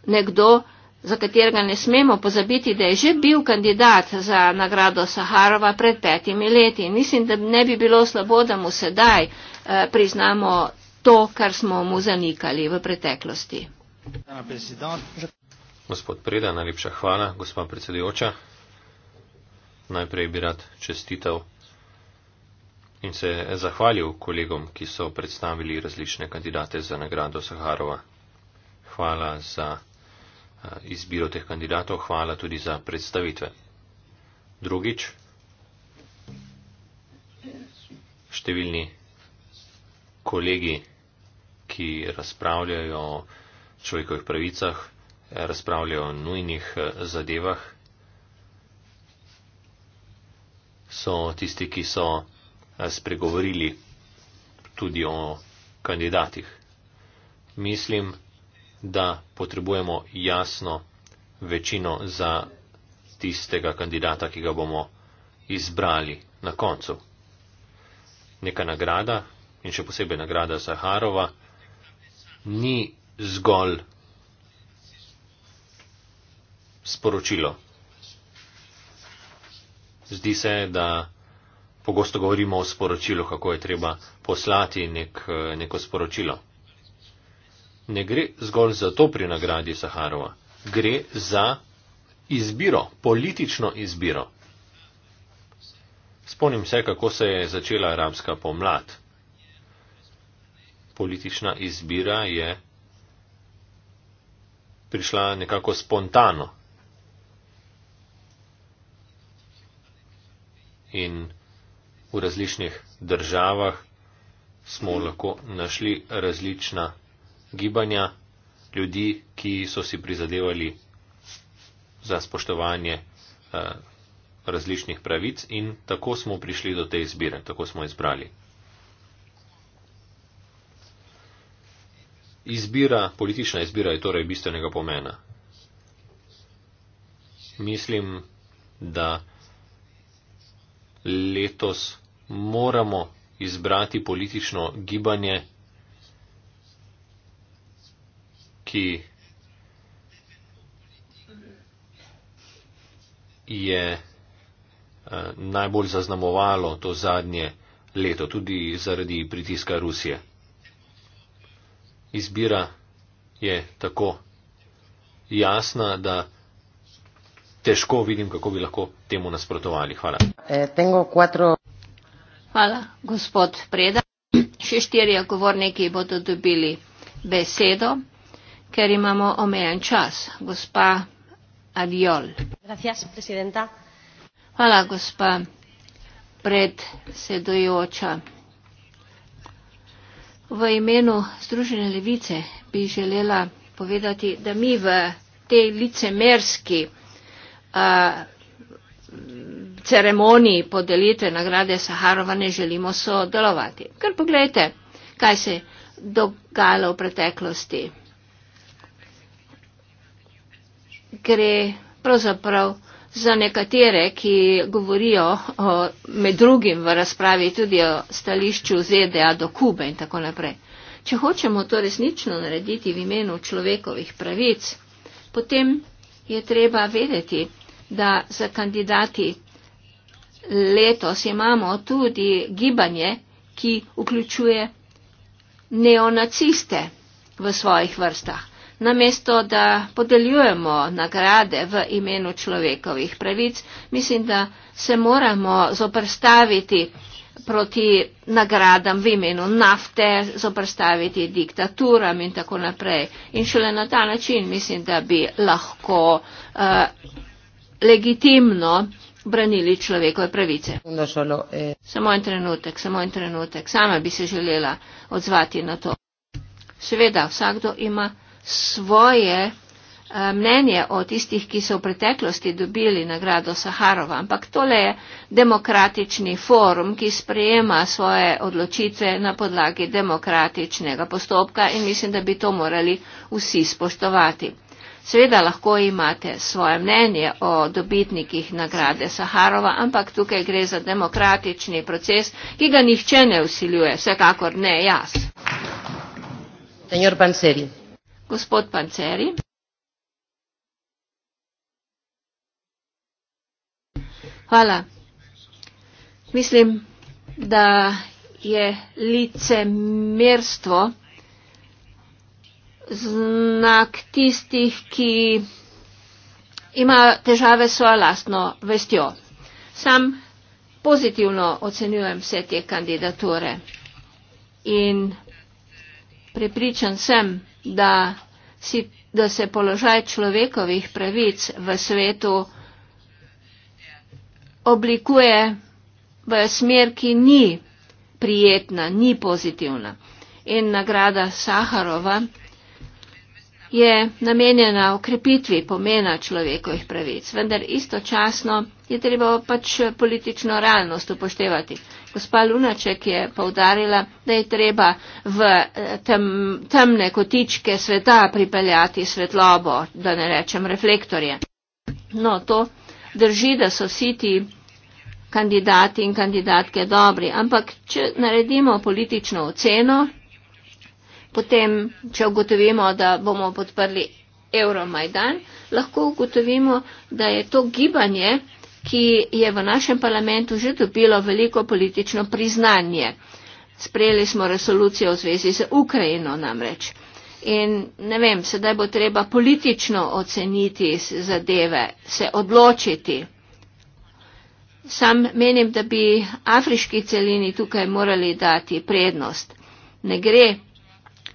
nekdo, za katerega ne smemo pozabiti, da je že bil kandidat za nagrado Saharova pred petimi leti. Mislim, da ne bi bilo slabo, da mu sedaj eh, priznamo to, kar smo mu zanikali v preteklosti. Gospod Preda, najlepša hvala, gospa predsedujoča. Najprej bi rad čestitev in se zahvalil kolegom, ki so predstavili različne kandidate za nagrado Saharova. Hvala za. Eh, izbiro teh kandidatov, hvala tudi za predstavitve. Drugič, številni kolegi, ki razpravljajo o človekovih pravicah, razpravljajo o nujnih eh, zadevah, so tisti, ki so eh, spregovorili tudi o kandidatih. Mislim, da potrebujemo jasno večino za tistega kandidata, ki ga bomo izbrali na koncu. Neka nagrada in še posebej nagrada Saharova ni zgolj sporočilo. Zdi se, da pogosto govorimo o sporočilu, kako je treba poslati nek, neko sporočilo ne gre zgolj za to pri nagradi Saharova, gre za izbiro, politično izbiro. Spomnim se, kako se je začela arabska pomlad. Politična izbira je prišla nekako spontano. In v različnih državah smo lahko našli različna gibanja ljudi, ki so si prizadevali za spoštovanje eh, različnih pravic in tako smo prišli do te izbire, tako smo izbrali. Izbira, politična izbira je torej bistvenega pomena. Mislim, da letos moramo izbrati politično gibanje, ki je eh, najbolj zaznamovalo to zadnje leto, tudi zaradi pritiska Rusije. Izbira je tako jasna, da težko vidim, kako bi lahko temu nasprotovali. Hvala. Eh, Hvala, gospod Preda. Še štirje govorniki bodo dobili besedo ker imamo omejen čas. Gospa Adiol. Hvala, gospa predsedujoča. V imenu Združene levice bi želela povedati, da mi v tej licemerski a, ceremoniji podelitve nagrade Saharova ne želimo sodelovati. Ker pogledajte, kaj se dogajalo v preteklosti. gre pravzaprav za nekatere, ki govorijo o, med drugim v razpravi tudi o stališču ZDA do Kube in tako naprej. Če hočemo to resnično narediti v imenu človekovih pravic, potem je treba vedeti, da za kandidati letos imamo tudi gibanje, ki vključuje neonaciste v svojih vrstah. Namesto, da podeljujemo nagrade v imenu človekovih pravic, mislim, da se moramo zoprstaviti proti nagradam v imenu nafte, zoprstaviti diktaturam in tako naprej. In šele na ta način mislim, da bi lahko uh, legitimno branili človekove pravice. No, eh. Samo en trenutek, samo en trenutek. Sama bi se želela odzvati na to. Seveda, vsakdo ima svoje eh, mnenje o tistih, ki so v preteklosti dobili nagrado Saharova, ampak tole je demokratični forum, ki sprejema svoje odločitve na podlagi demokratičnega postopka in mislim, da bi to morali vsi spoštovati. Seveda lahko imate svoje mnenje o dobitnikih nagrade Saharova, ampak tukaj gre za demokratični proces, ki ga nihče ne usiljuje, vsekakor ne jaz. Senor Banseri. Gospod Panceri. Hvala. Mislim, da je licemerstvo znak tistih, ki ima težave s svojo lastno vestjo. Sam pozitivno ocenjujem vse te kandidature in prepričan sem, da, si, da se položaj človekovih pravic v svetu oblikuje v smer, ki ni prijetna, ni pozitivna. In nagrada Saharova je namenjena okrepitvi pomena človekovih pravic, vendar istočasno je treba pač politično realnost upoštevati. Gospa Lunaček je povdarila, da je treba v eh, tem, temne kotičke sveta pripeljati svetlobo, da ne rečem reflektorje. No, to drži, da so vsi ti kandidati in kandidatke dobri, ampak če naredimo politično oceno, potem, če ugotovimo, da bomo podprli Euromajdan, lahko ugotovimo, da je to gibanje, ki je v našem parlamentu že dobilo veliko politično priznanje. Sprejeli smo resolucijo v zvezi z Ukrajino namreč. In ne vem, sedaj bo treba politično oceniti zadeve, se odločiti. Sam menim, da bi afriški celini tukaj morali dati prednost. Ne gre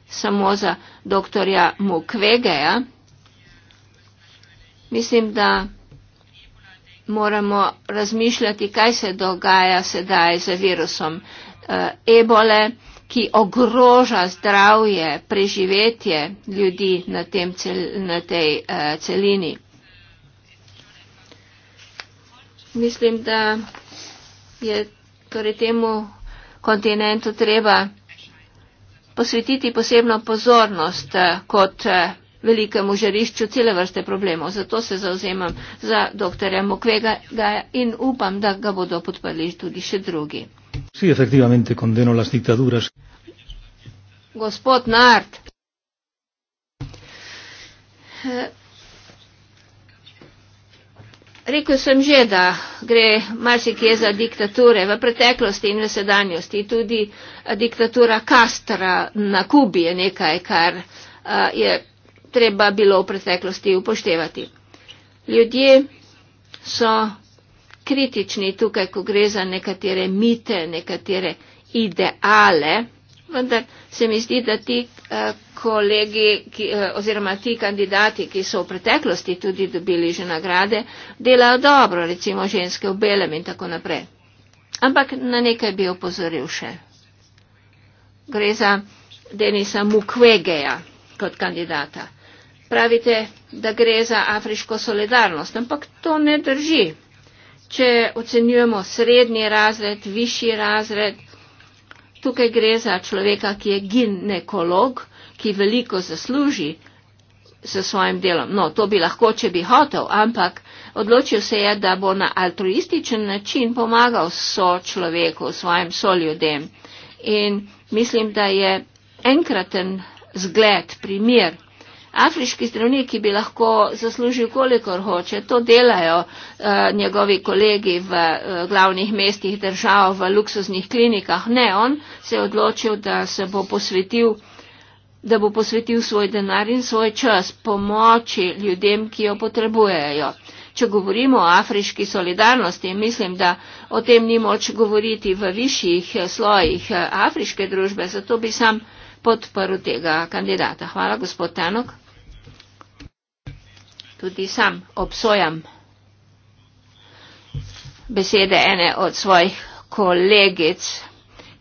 samo za doktorja Mukvegeja. Mislim, da moramo razmišljati, kaj se dogaja sedaj z virusom uh, ebole, ki ogroža zdravje, preživetje ljudi na, tem cel, na tej uh, celini. Mislim, da je torej temu kontinentu treba posvetiti posebno pozornost uh, kot uh, velikemu žarišču cele vrste problemov. Zato se zauzemam za doktorja Mukvega in upam, da ga bodo podprli tudi še drugi. Sí, efectivamente, condeno las dictaduras. Gospod Nart. Rekel sem že, da gre marsikje za diktature v preteklosti in v sedanjosti. Tudi diktatura Kastra na Kubi je nekaj, kar eh, je treba bilo v preteklosti upoštevati. Ljudje so kritični tukaj, ko gre za nekatere mite, nekatere ideale, vendar se mi zdi, da ti eh, kolegi ki, eh, oziroma ti kandidati, ki so v preteklosti tudi dobili že nagrade, delajo dobro, recimo ženske v belem in tako naprej. Ampak na nekaj bi opozoril še. Gre za Denisa Mukwegeja kot kandidata pravite, da gre za afriško solidarnost, ampak to ne drži. Če ocenjujemo srednji razred, višji razred, tukaj gre za človeka, ki je ginekolog, ki veliko zasluži s svojim delom. No, to bi lahko, če bi hotel, ampak odločil se je, da bo na altruističen način pomagal so človeku, svojim soljudem. In mislim, da je enkraten zgled, primer, Afriški zdravniki bi lahko zaslužil, kolikor hoče. To delajo eh, njegovi kolegi v eh, glavnih mestih držav, v luksuznih klinikah. Ne, on se je odločil, da se bo posvetil da bo posvetil svoj denar in svoj čas pomoči ljudem, ki jo potrebujejo. Če govorimo o afriški solidarnosti, mislim, da o tem ni moč govoriti v višjih eh, slojih eh, afriške družbe, zato bi sam podprl tega kandidata. Hvala, gospod Tanok. Tudi sam obsojam besede ene od svojih kolegic,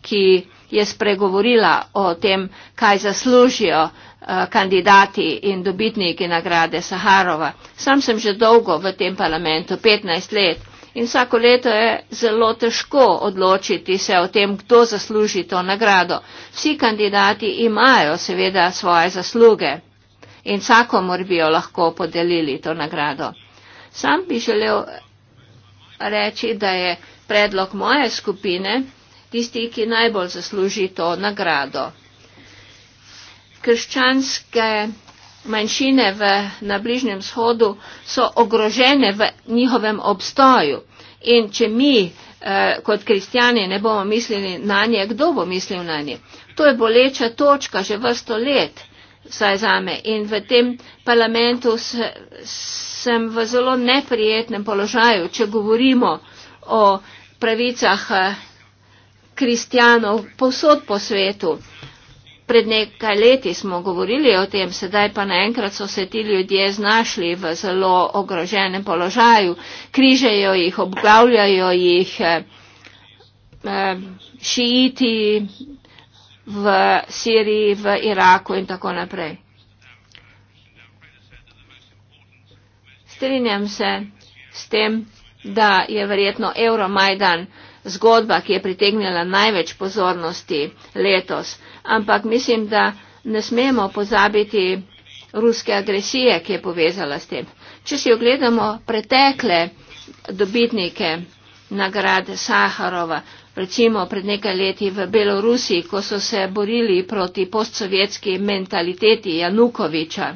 ki je spregovorila o tem, kaj zaslužijo eh, kandidati in dobitniki nagrade Saharova. Sam sem že dolgo v tem parlamentu, 15 let, in vsako leto je zelo težko odločiti se o tem, kdo zasluži to nagrado. Vsi kandidati imajo seveda svoje zasluge in vsakomor bi jo lahko podelili to nagrado. Sam bi želel reči, da je predlog moje skupine tisti, ki najbolj zasluži to nagrado. Krščanske manjšine v, na Bližnjem shodu so ogrožene v njihovem obstoju. In če mi eh, kot kristijani ne bomo mislili na nje, kdo bo mislil na nje? To je boleča točka že vrsto let, saj zame. In v tem parlamentu se, sem v zelo neprijetnem položaju, če govorimo o pravicah eh, kristijanov povsod po svetu. Pred nekaj leti smo govorili o tem, sedaj pa naenkrat so se ti ljudje znašli v zelo ogroženem položaju. Križejo jih, obgavljajo jih eh, eh, šiiti v Siriji, v Iraku in tako naprej. Strinjam se s tem, da je verjetno Euromajdan zgodba, ki je pritegnila največ pozornosti letos. Ampak mislim, da ne smemo pozabiti ruske agresije, ki je povezala s tem. Če si ogledamo pretekle dobitnike nagrade Saharova, recimo pred nekaj leti v Belorusiji, ko so se borili proti postsovjetski mentaliteti Janukoviča.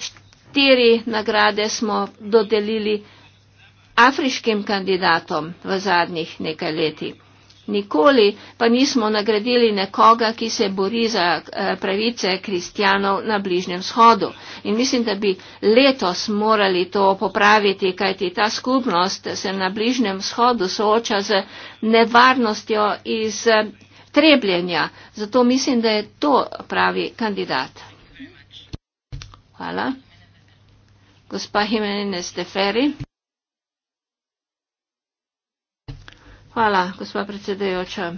Štiri nagrade smo dodelili afriškim kandidatom v zadnjih nekaj leti. Nikoli pa nismo nagradili nekoga, ki se bori za eh, pravice kristjanov na Bližnjem shodu. In mislim, da bi letos morali to popraviti, kajti ta skupnost se na Bližnjem shodu sooča z nevarnostjo iz eh, trebljenja. Zato mislim, da je to pravi kandidat. Hvala. Gospa Jimenez Steferi. Hvala, gospod predsedujoča.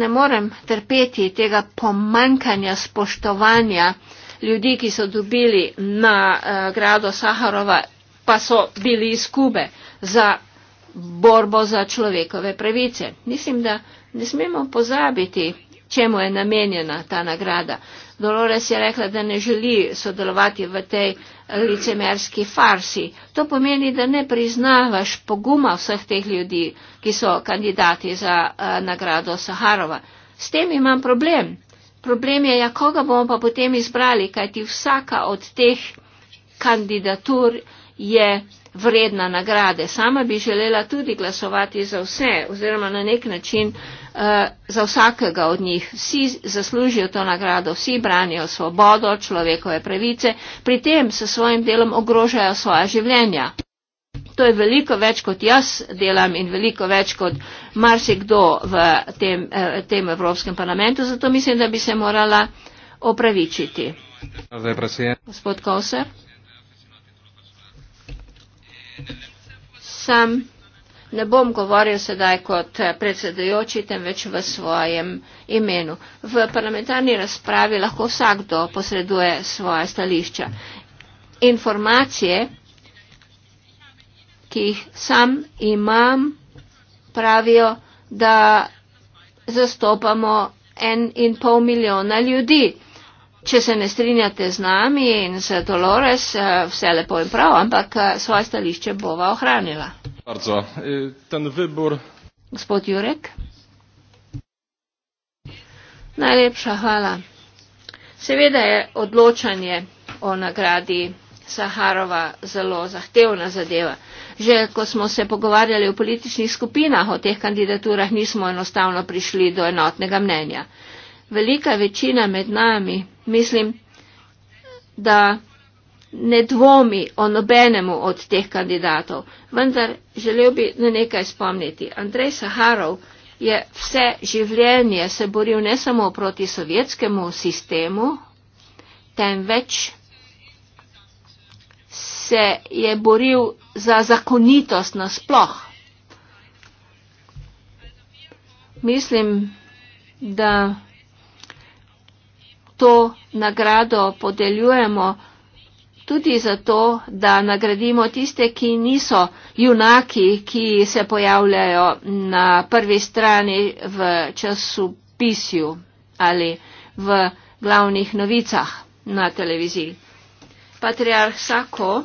Ne morem trpeti tega pomankanja spoštovanja ljudi, ki so dobili na uh, eh, grado Saharova, pa so bili iz Kube za borbo za človekove pravice. Mislim, da ne smemo pozabiti, čemu je namenjena ta nagrada. Dolores je rekla, da ne želi sodelovati v tej licemerski farsi. To pomeni, da ne priznavaš poguma vseh teh ljudi, ki so kandidati za a, eh, nagrado Saharova. S tem imam problem. Problem je, ja, koga bomo pa potem izbrali, kajti vsaka od teh kandidatur je vredna nagrade. Sama bi želela tudi glasovati za vse oziroma na nek način. Eh, za vsakega od njih. Vsi zaslužijo to nagrado, vsi branijo svobodo, človekove pravice, pri tem s svojim delom ogrožajo svoja življenja. To je veliko več kot jaz delam in veliko več kot marsikdo v tem, eh, tem Evropskem parlamentu, zato mislim, da bi se morala opravičiti. Gospod Koser. Sam ne bom govoril sedaj kot eh, predsedujoči, temveč v svojem imenu. V parlamentarni razpravi lahko vsakdo posreduje svoje stališča. Informacije, ki jih sam imam, pravijo, da zastopamo en in pol milijona ljudi. Če se ne strinjate z nami in z Dolores, eh, vse lepo in prav, ampak eh, svoje stališče bova ohranila. Gospod Jurek. Najlepša hvala. Seveda je odločanje o nagradi Saharova zelo zahtevna zadeva. Že ko smo se pogovarjali v političnih skupinah o teh kandidaturah, nismo enostavno prišli do enotnega mnenja. Velika večina med nami, mislim, da ne dvomi o nobenemu od teh kandidatov, vendar želel bi na nekaj spomniti. Andrej Saharov je vse življenje se boril ne samo proti sovjetskemu sistemu, temveč se je boril za zakonitost nasploh. Mislim, da to nagrado podeljujemo, tudi zato, da nagradimo tiste, ki niso junaki, ki se pojavljajo na prvi strani v časopisju ali v glavnih novicah na televiziji. Patriarh Sako,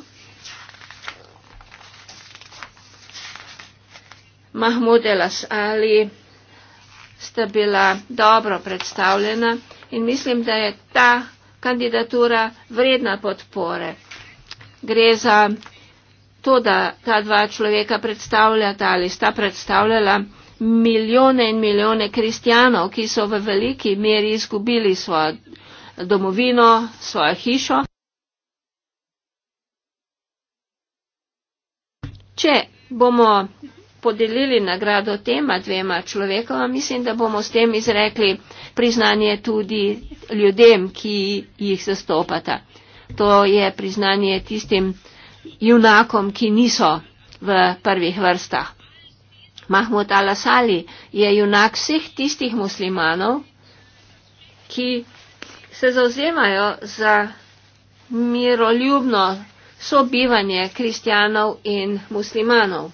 Mahmud Elas ali sta bila dobro predstavljena in mislim, da je ta kandidatura vredna podpore. Gre za to, da ta dva človeka predstavljata ali sta predstavljala milijone in milijone kristijanov, ki so v veliki meri izgubili svojo domovino, svojo hišo. Če bomo podelili nagrado tema dvema človekoma, mislim, da bomo s tem izrekli priznanje tudi ljudem, ki jih zastopata. To je priznanje tistim junakom, ki niso v prvih vrstah. Mahmud Al-Asali je junak vseh tistih muslimanov, ki se zauzemajo za miroljubno sobivanje kristjanov in muslimanov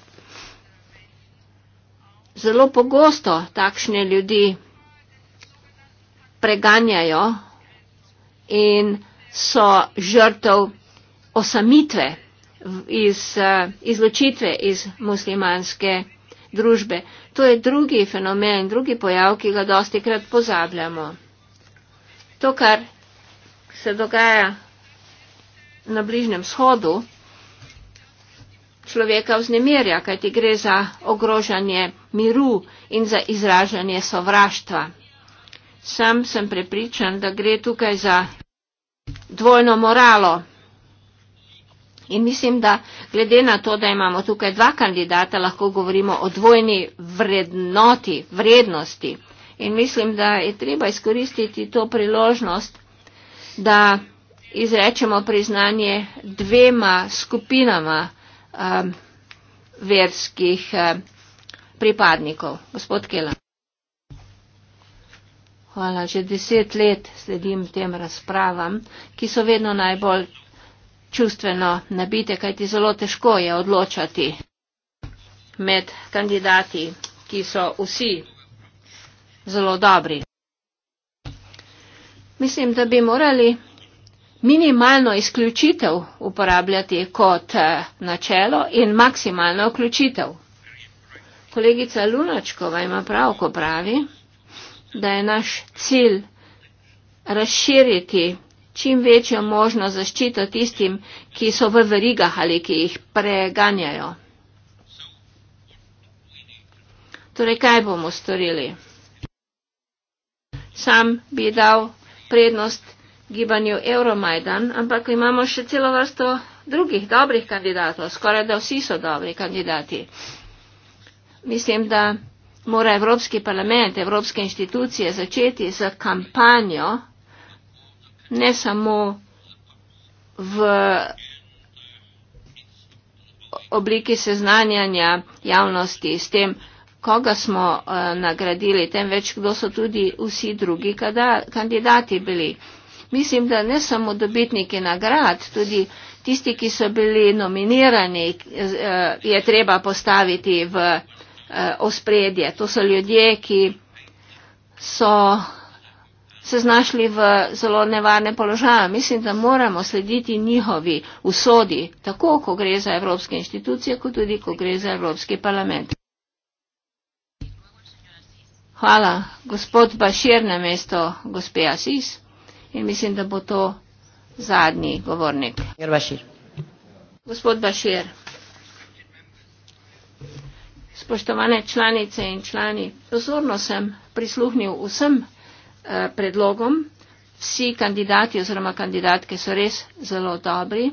zelo pogosto takšne ljudi preganjajo in so žrtev osamitve, iz, eh, izločitve iz muslimanske družbe. To je drugi fenomen, drugi pojav, ki ga dosti krat pozabljamo. To, kar se dogaja na Bližnem shodu, človeka vznemirja, kajti gre za ogrožanje miru in za izražanje sovraštva. Sam sem prepričan, da gre tukaj za dvojno moralo. In mislim, da glede na to, da imamo tukaj dva kandidata, lahko govorimo o dvojni vrednoti, vrednosti. In mislim, da je treba izkoristiti to priložnost, da izrečemo priznanje dvema skupinama um, verskih um, pripadnikov. Gospod Kela. Hvala. Že deset let sledim tem razpravam, ki so vedno najbolj čustveno nabite, kajti zelo težko je odločati med kandidati, ki so vsi zelo dobri. Mislim, da bi morali minimalno izključitev uporabljati kot eh, načelo in maksimalno vključitev. Kolegica Lunačkova ima prav, ko pravi, da je naš cilj razširiti čim večjo možno zaščito tistim, ki so v verigah ali ki jih preganjajo. Torej, kaj bomo storili? Sam bi dal prednost gibanju Euromajdan, ampak imamo še celo vrsto drugih dobrih kandidatov, skoraj da vsi so dobri kandidati. Mislim, da mora Evropski parlament, Evropske institucije začeti z kampanjo, ne samo v obliki seznanjanja javnosti s tem, koga smo uh, nagradili, temveč kdo so tudi vsi drugi kandidati bili. Uh, mislim, da ne samo dobitniki nagrad, tudi tisti, ki so bili nominirani, eh, je treba postaviti v eh, ospredje. To so ljudje, ki so se znašli v zelo nevarne položaje. Mislim, da moramo slediti njihovi usodi, tako ko gre za evropske inštitucije, kot tudi ko gre za evropski parlament. Hvala. Gospod Bašir na mesto gospe Asis in mislim, da bo to zadnji govornik. Bašir. Gospod Bašir. Spoštovane članice in člani, pozorno sem prisluhnil vsem eh, predlogom. Vsi kandidati oziroma kandidatke so res zelo dobri.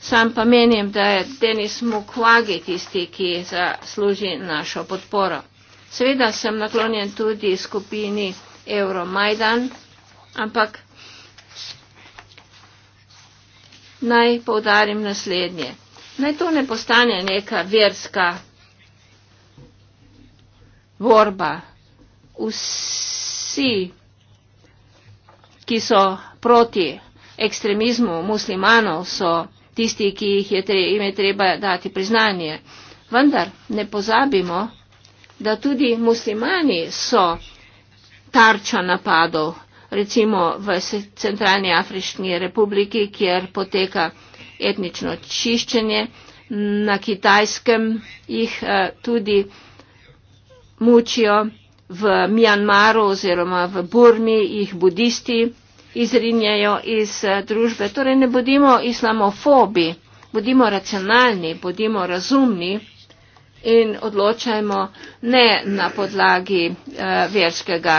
Sam pa menim, da je Denis Mukwagi tisti, ki zasluži našo podporo. Seveda sem naklonjen tudi skupini Euromajdan ampak naj povdarim naslednje. Naj to ne postane neka verska borba. Vsi, ki so proti ekstremizmu muslimanov, so tisti, ki jih je tre, ime treba dati priznanje. Vendar ne pozabimo, da tudi muslimani so tarča napadov recimo v Centralni Afriški republiki, kjer poteka etnično čiščenje, na kitajskem jih eh, tudi mučijo, v Mjanmaru oziroma v Burmi jih budisti izrinjajo iz eh, družbe. Torej ne bodimo islamofobi, bodimo racionalni, bodimo razumni in odločajmo ne na podlagi uh, verskega.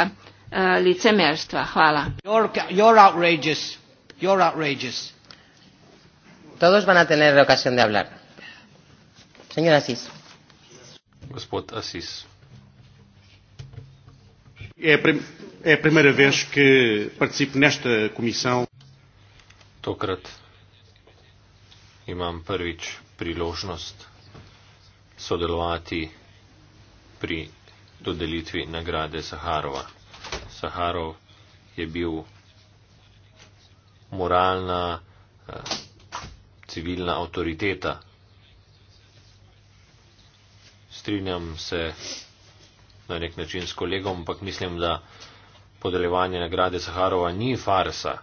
Eh, licemerstva. Hvala. You're, you're You're outrageous. Todos van a tener la ocasión de hablar. Señor Asís. Gospod Asís. É a, prim é a primeira vez que participo nesta comissão. Tocrat. Imam prvič priložnost sodelovati pri dodelitvi nagrade Saharova. Saharo je bil moralna, eh, civilna avtoriteta. Strinjam se na nek način s kolegom, ampak mislim, da podeljevanje nagrade Saharova ni farsa.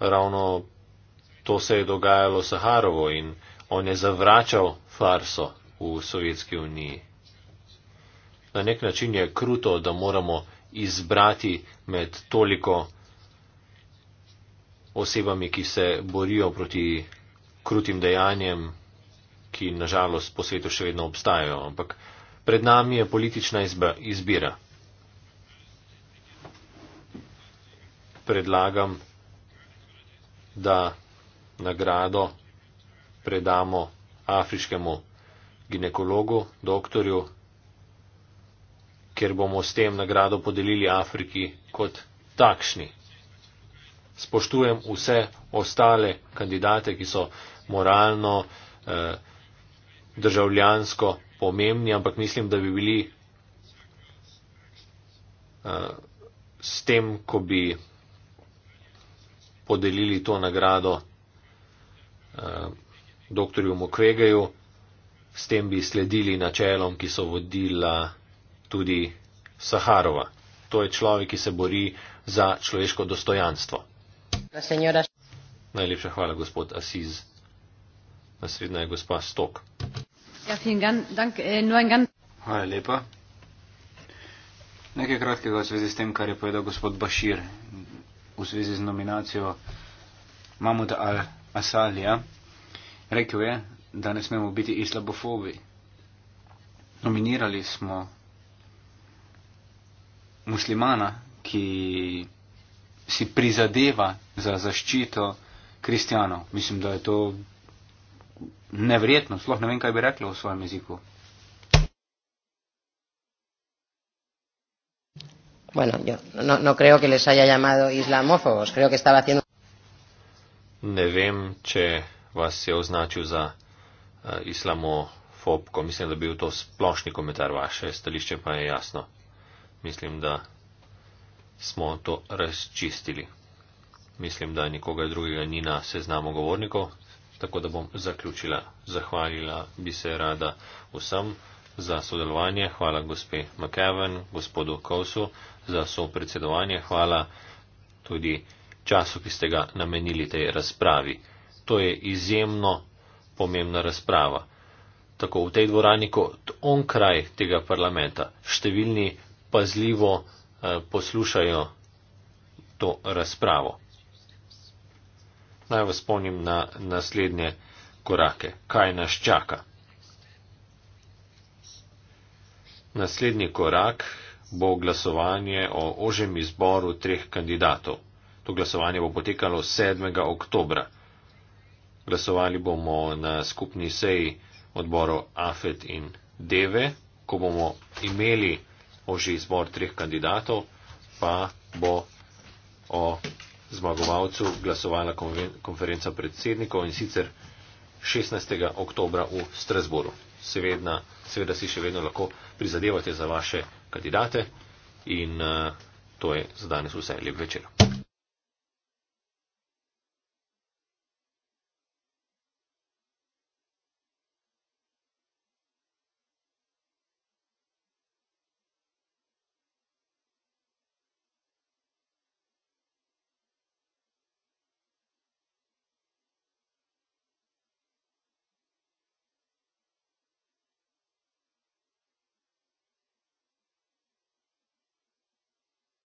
Ravno to se je dogajalo Saharovo in on je zavračal farso v Sovjetski uniji. Na nek način je kruto, da moramo izbrati med toliko osebami, ki se borijo proti krutim dejanjem, ki nažalost po svetu še vedno obstajajo, ampak pred nami je politična izbira. Predlagam, da nagrado predamo afriškemu ginekologu, doktorju, ker bomo s tem nagrado podelili Afriki kot takšni. Spoštujem vse ostale kandidate, ki so moralno, eh, državljansko pomembni, ampak mislim, da bi bili eh, s tem, ko bi podelili to nagrado eh, dr. Mukvegeju, s tem bi sledili načelom, ki so vodila tudi Saharova. To je človek, ki se bori za človeško dostojanstvo. Na Najlepša hvala, gospod Asiz. Naslednja je gospa Stok. Ja, gan, dank, eh, hvala lepa. Nekaj kratkega v zvezi s tem, kar je povedal gospod Bašir v zvezi z nominacijo Mamuda Al-Asalija. Rekl je, da ne smemo biti islamofobi. Nominirali smo muslimana, ki si prizadeva za zaščito kristijanov. Mislim, da je to nevrjetno, sploh ne vem, kaj bi rekli v svojem jeziku. Bueno, yo no, no creo que les haya llamado islamófobos, creo que estaba haciendo. Ne vem, če vas je označil za Eh, islamofobko. Mislim, da bi bil to splošni komentar vaše, stališče pa je jasno. Mislim, da smo to razčistili. Mislim, da nikoga drugega ni na seznamu govornikov, tako da bom zaključila. Zahvalila bi se rada vsem za sodelovanje. Hvala gospe McEwen, gospodu Kousu za sopredsedovanje. Hvala tudi času, ki ste ga namenili tej razpravi. To je izjemno pomembna razprava. Tako v tej dvorani kot onkraj tega parlamenta. Številni pazljivo eh, poslušajo to razpravo. Naj vas spomnim na naslednje korake. Kaj nas čaka? Naslednji korak bo glasovanje o ožem izboru treh kandidatov. To glasovanje bo potekalo 7. oktobra. Glasovali bomo na skupni seji odborov AFET in DEVE, ko bomo imeli oži izbor treh kandidatov, pa bo o zmagovalcu glasovala konferenca predsednikov in sicer 16. oktobra v Strasburu. Seveda, seveda si še vedno lahko prizadevate za vaše kandidate in uh, to je za danes vse. Lep večer.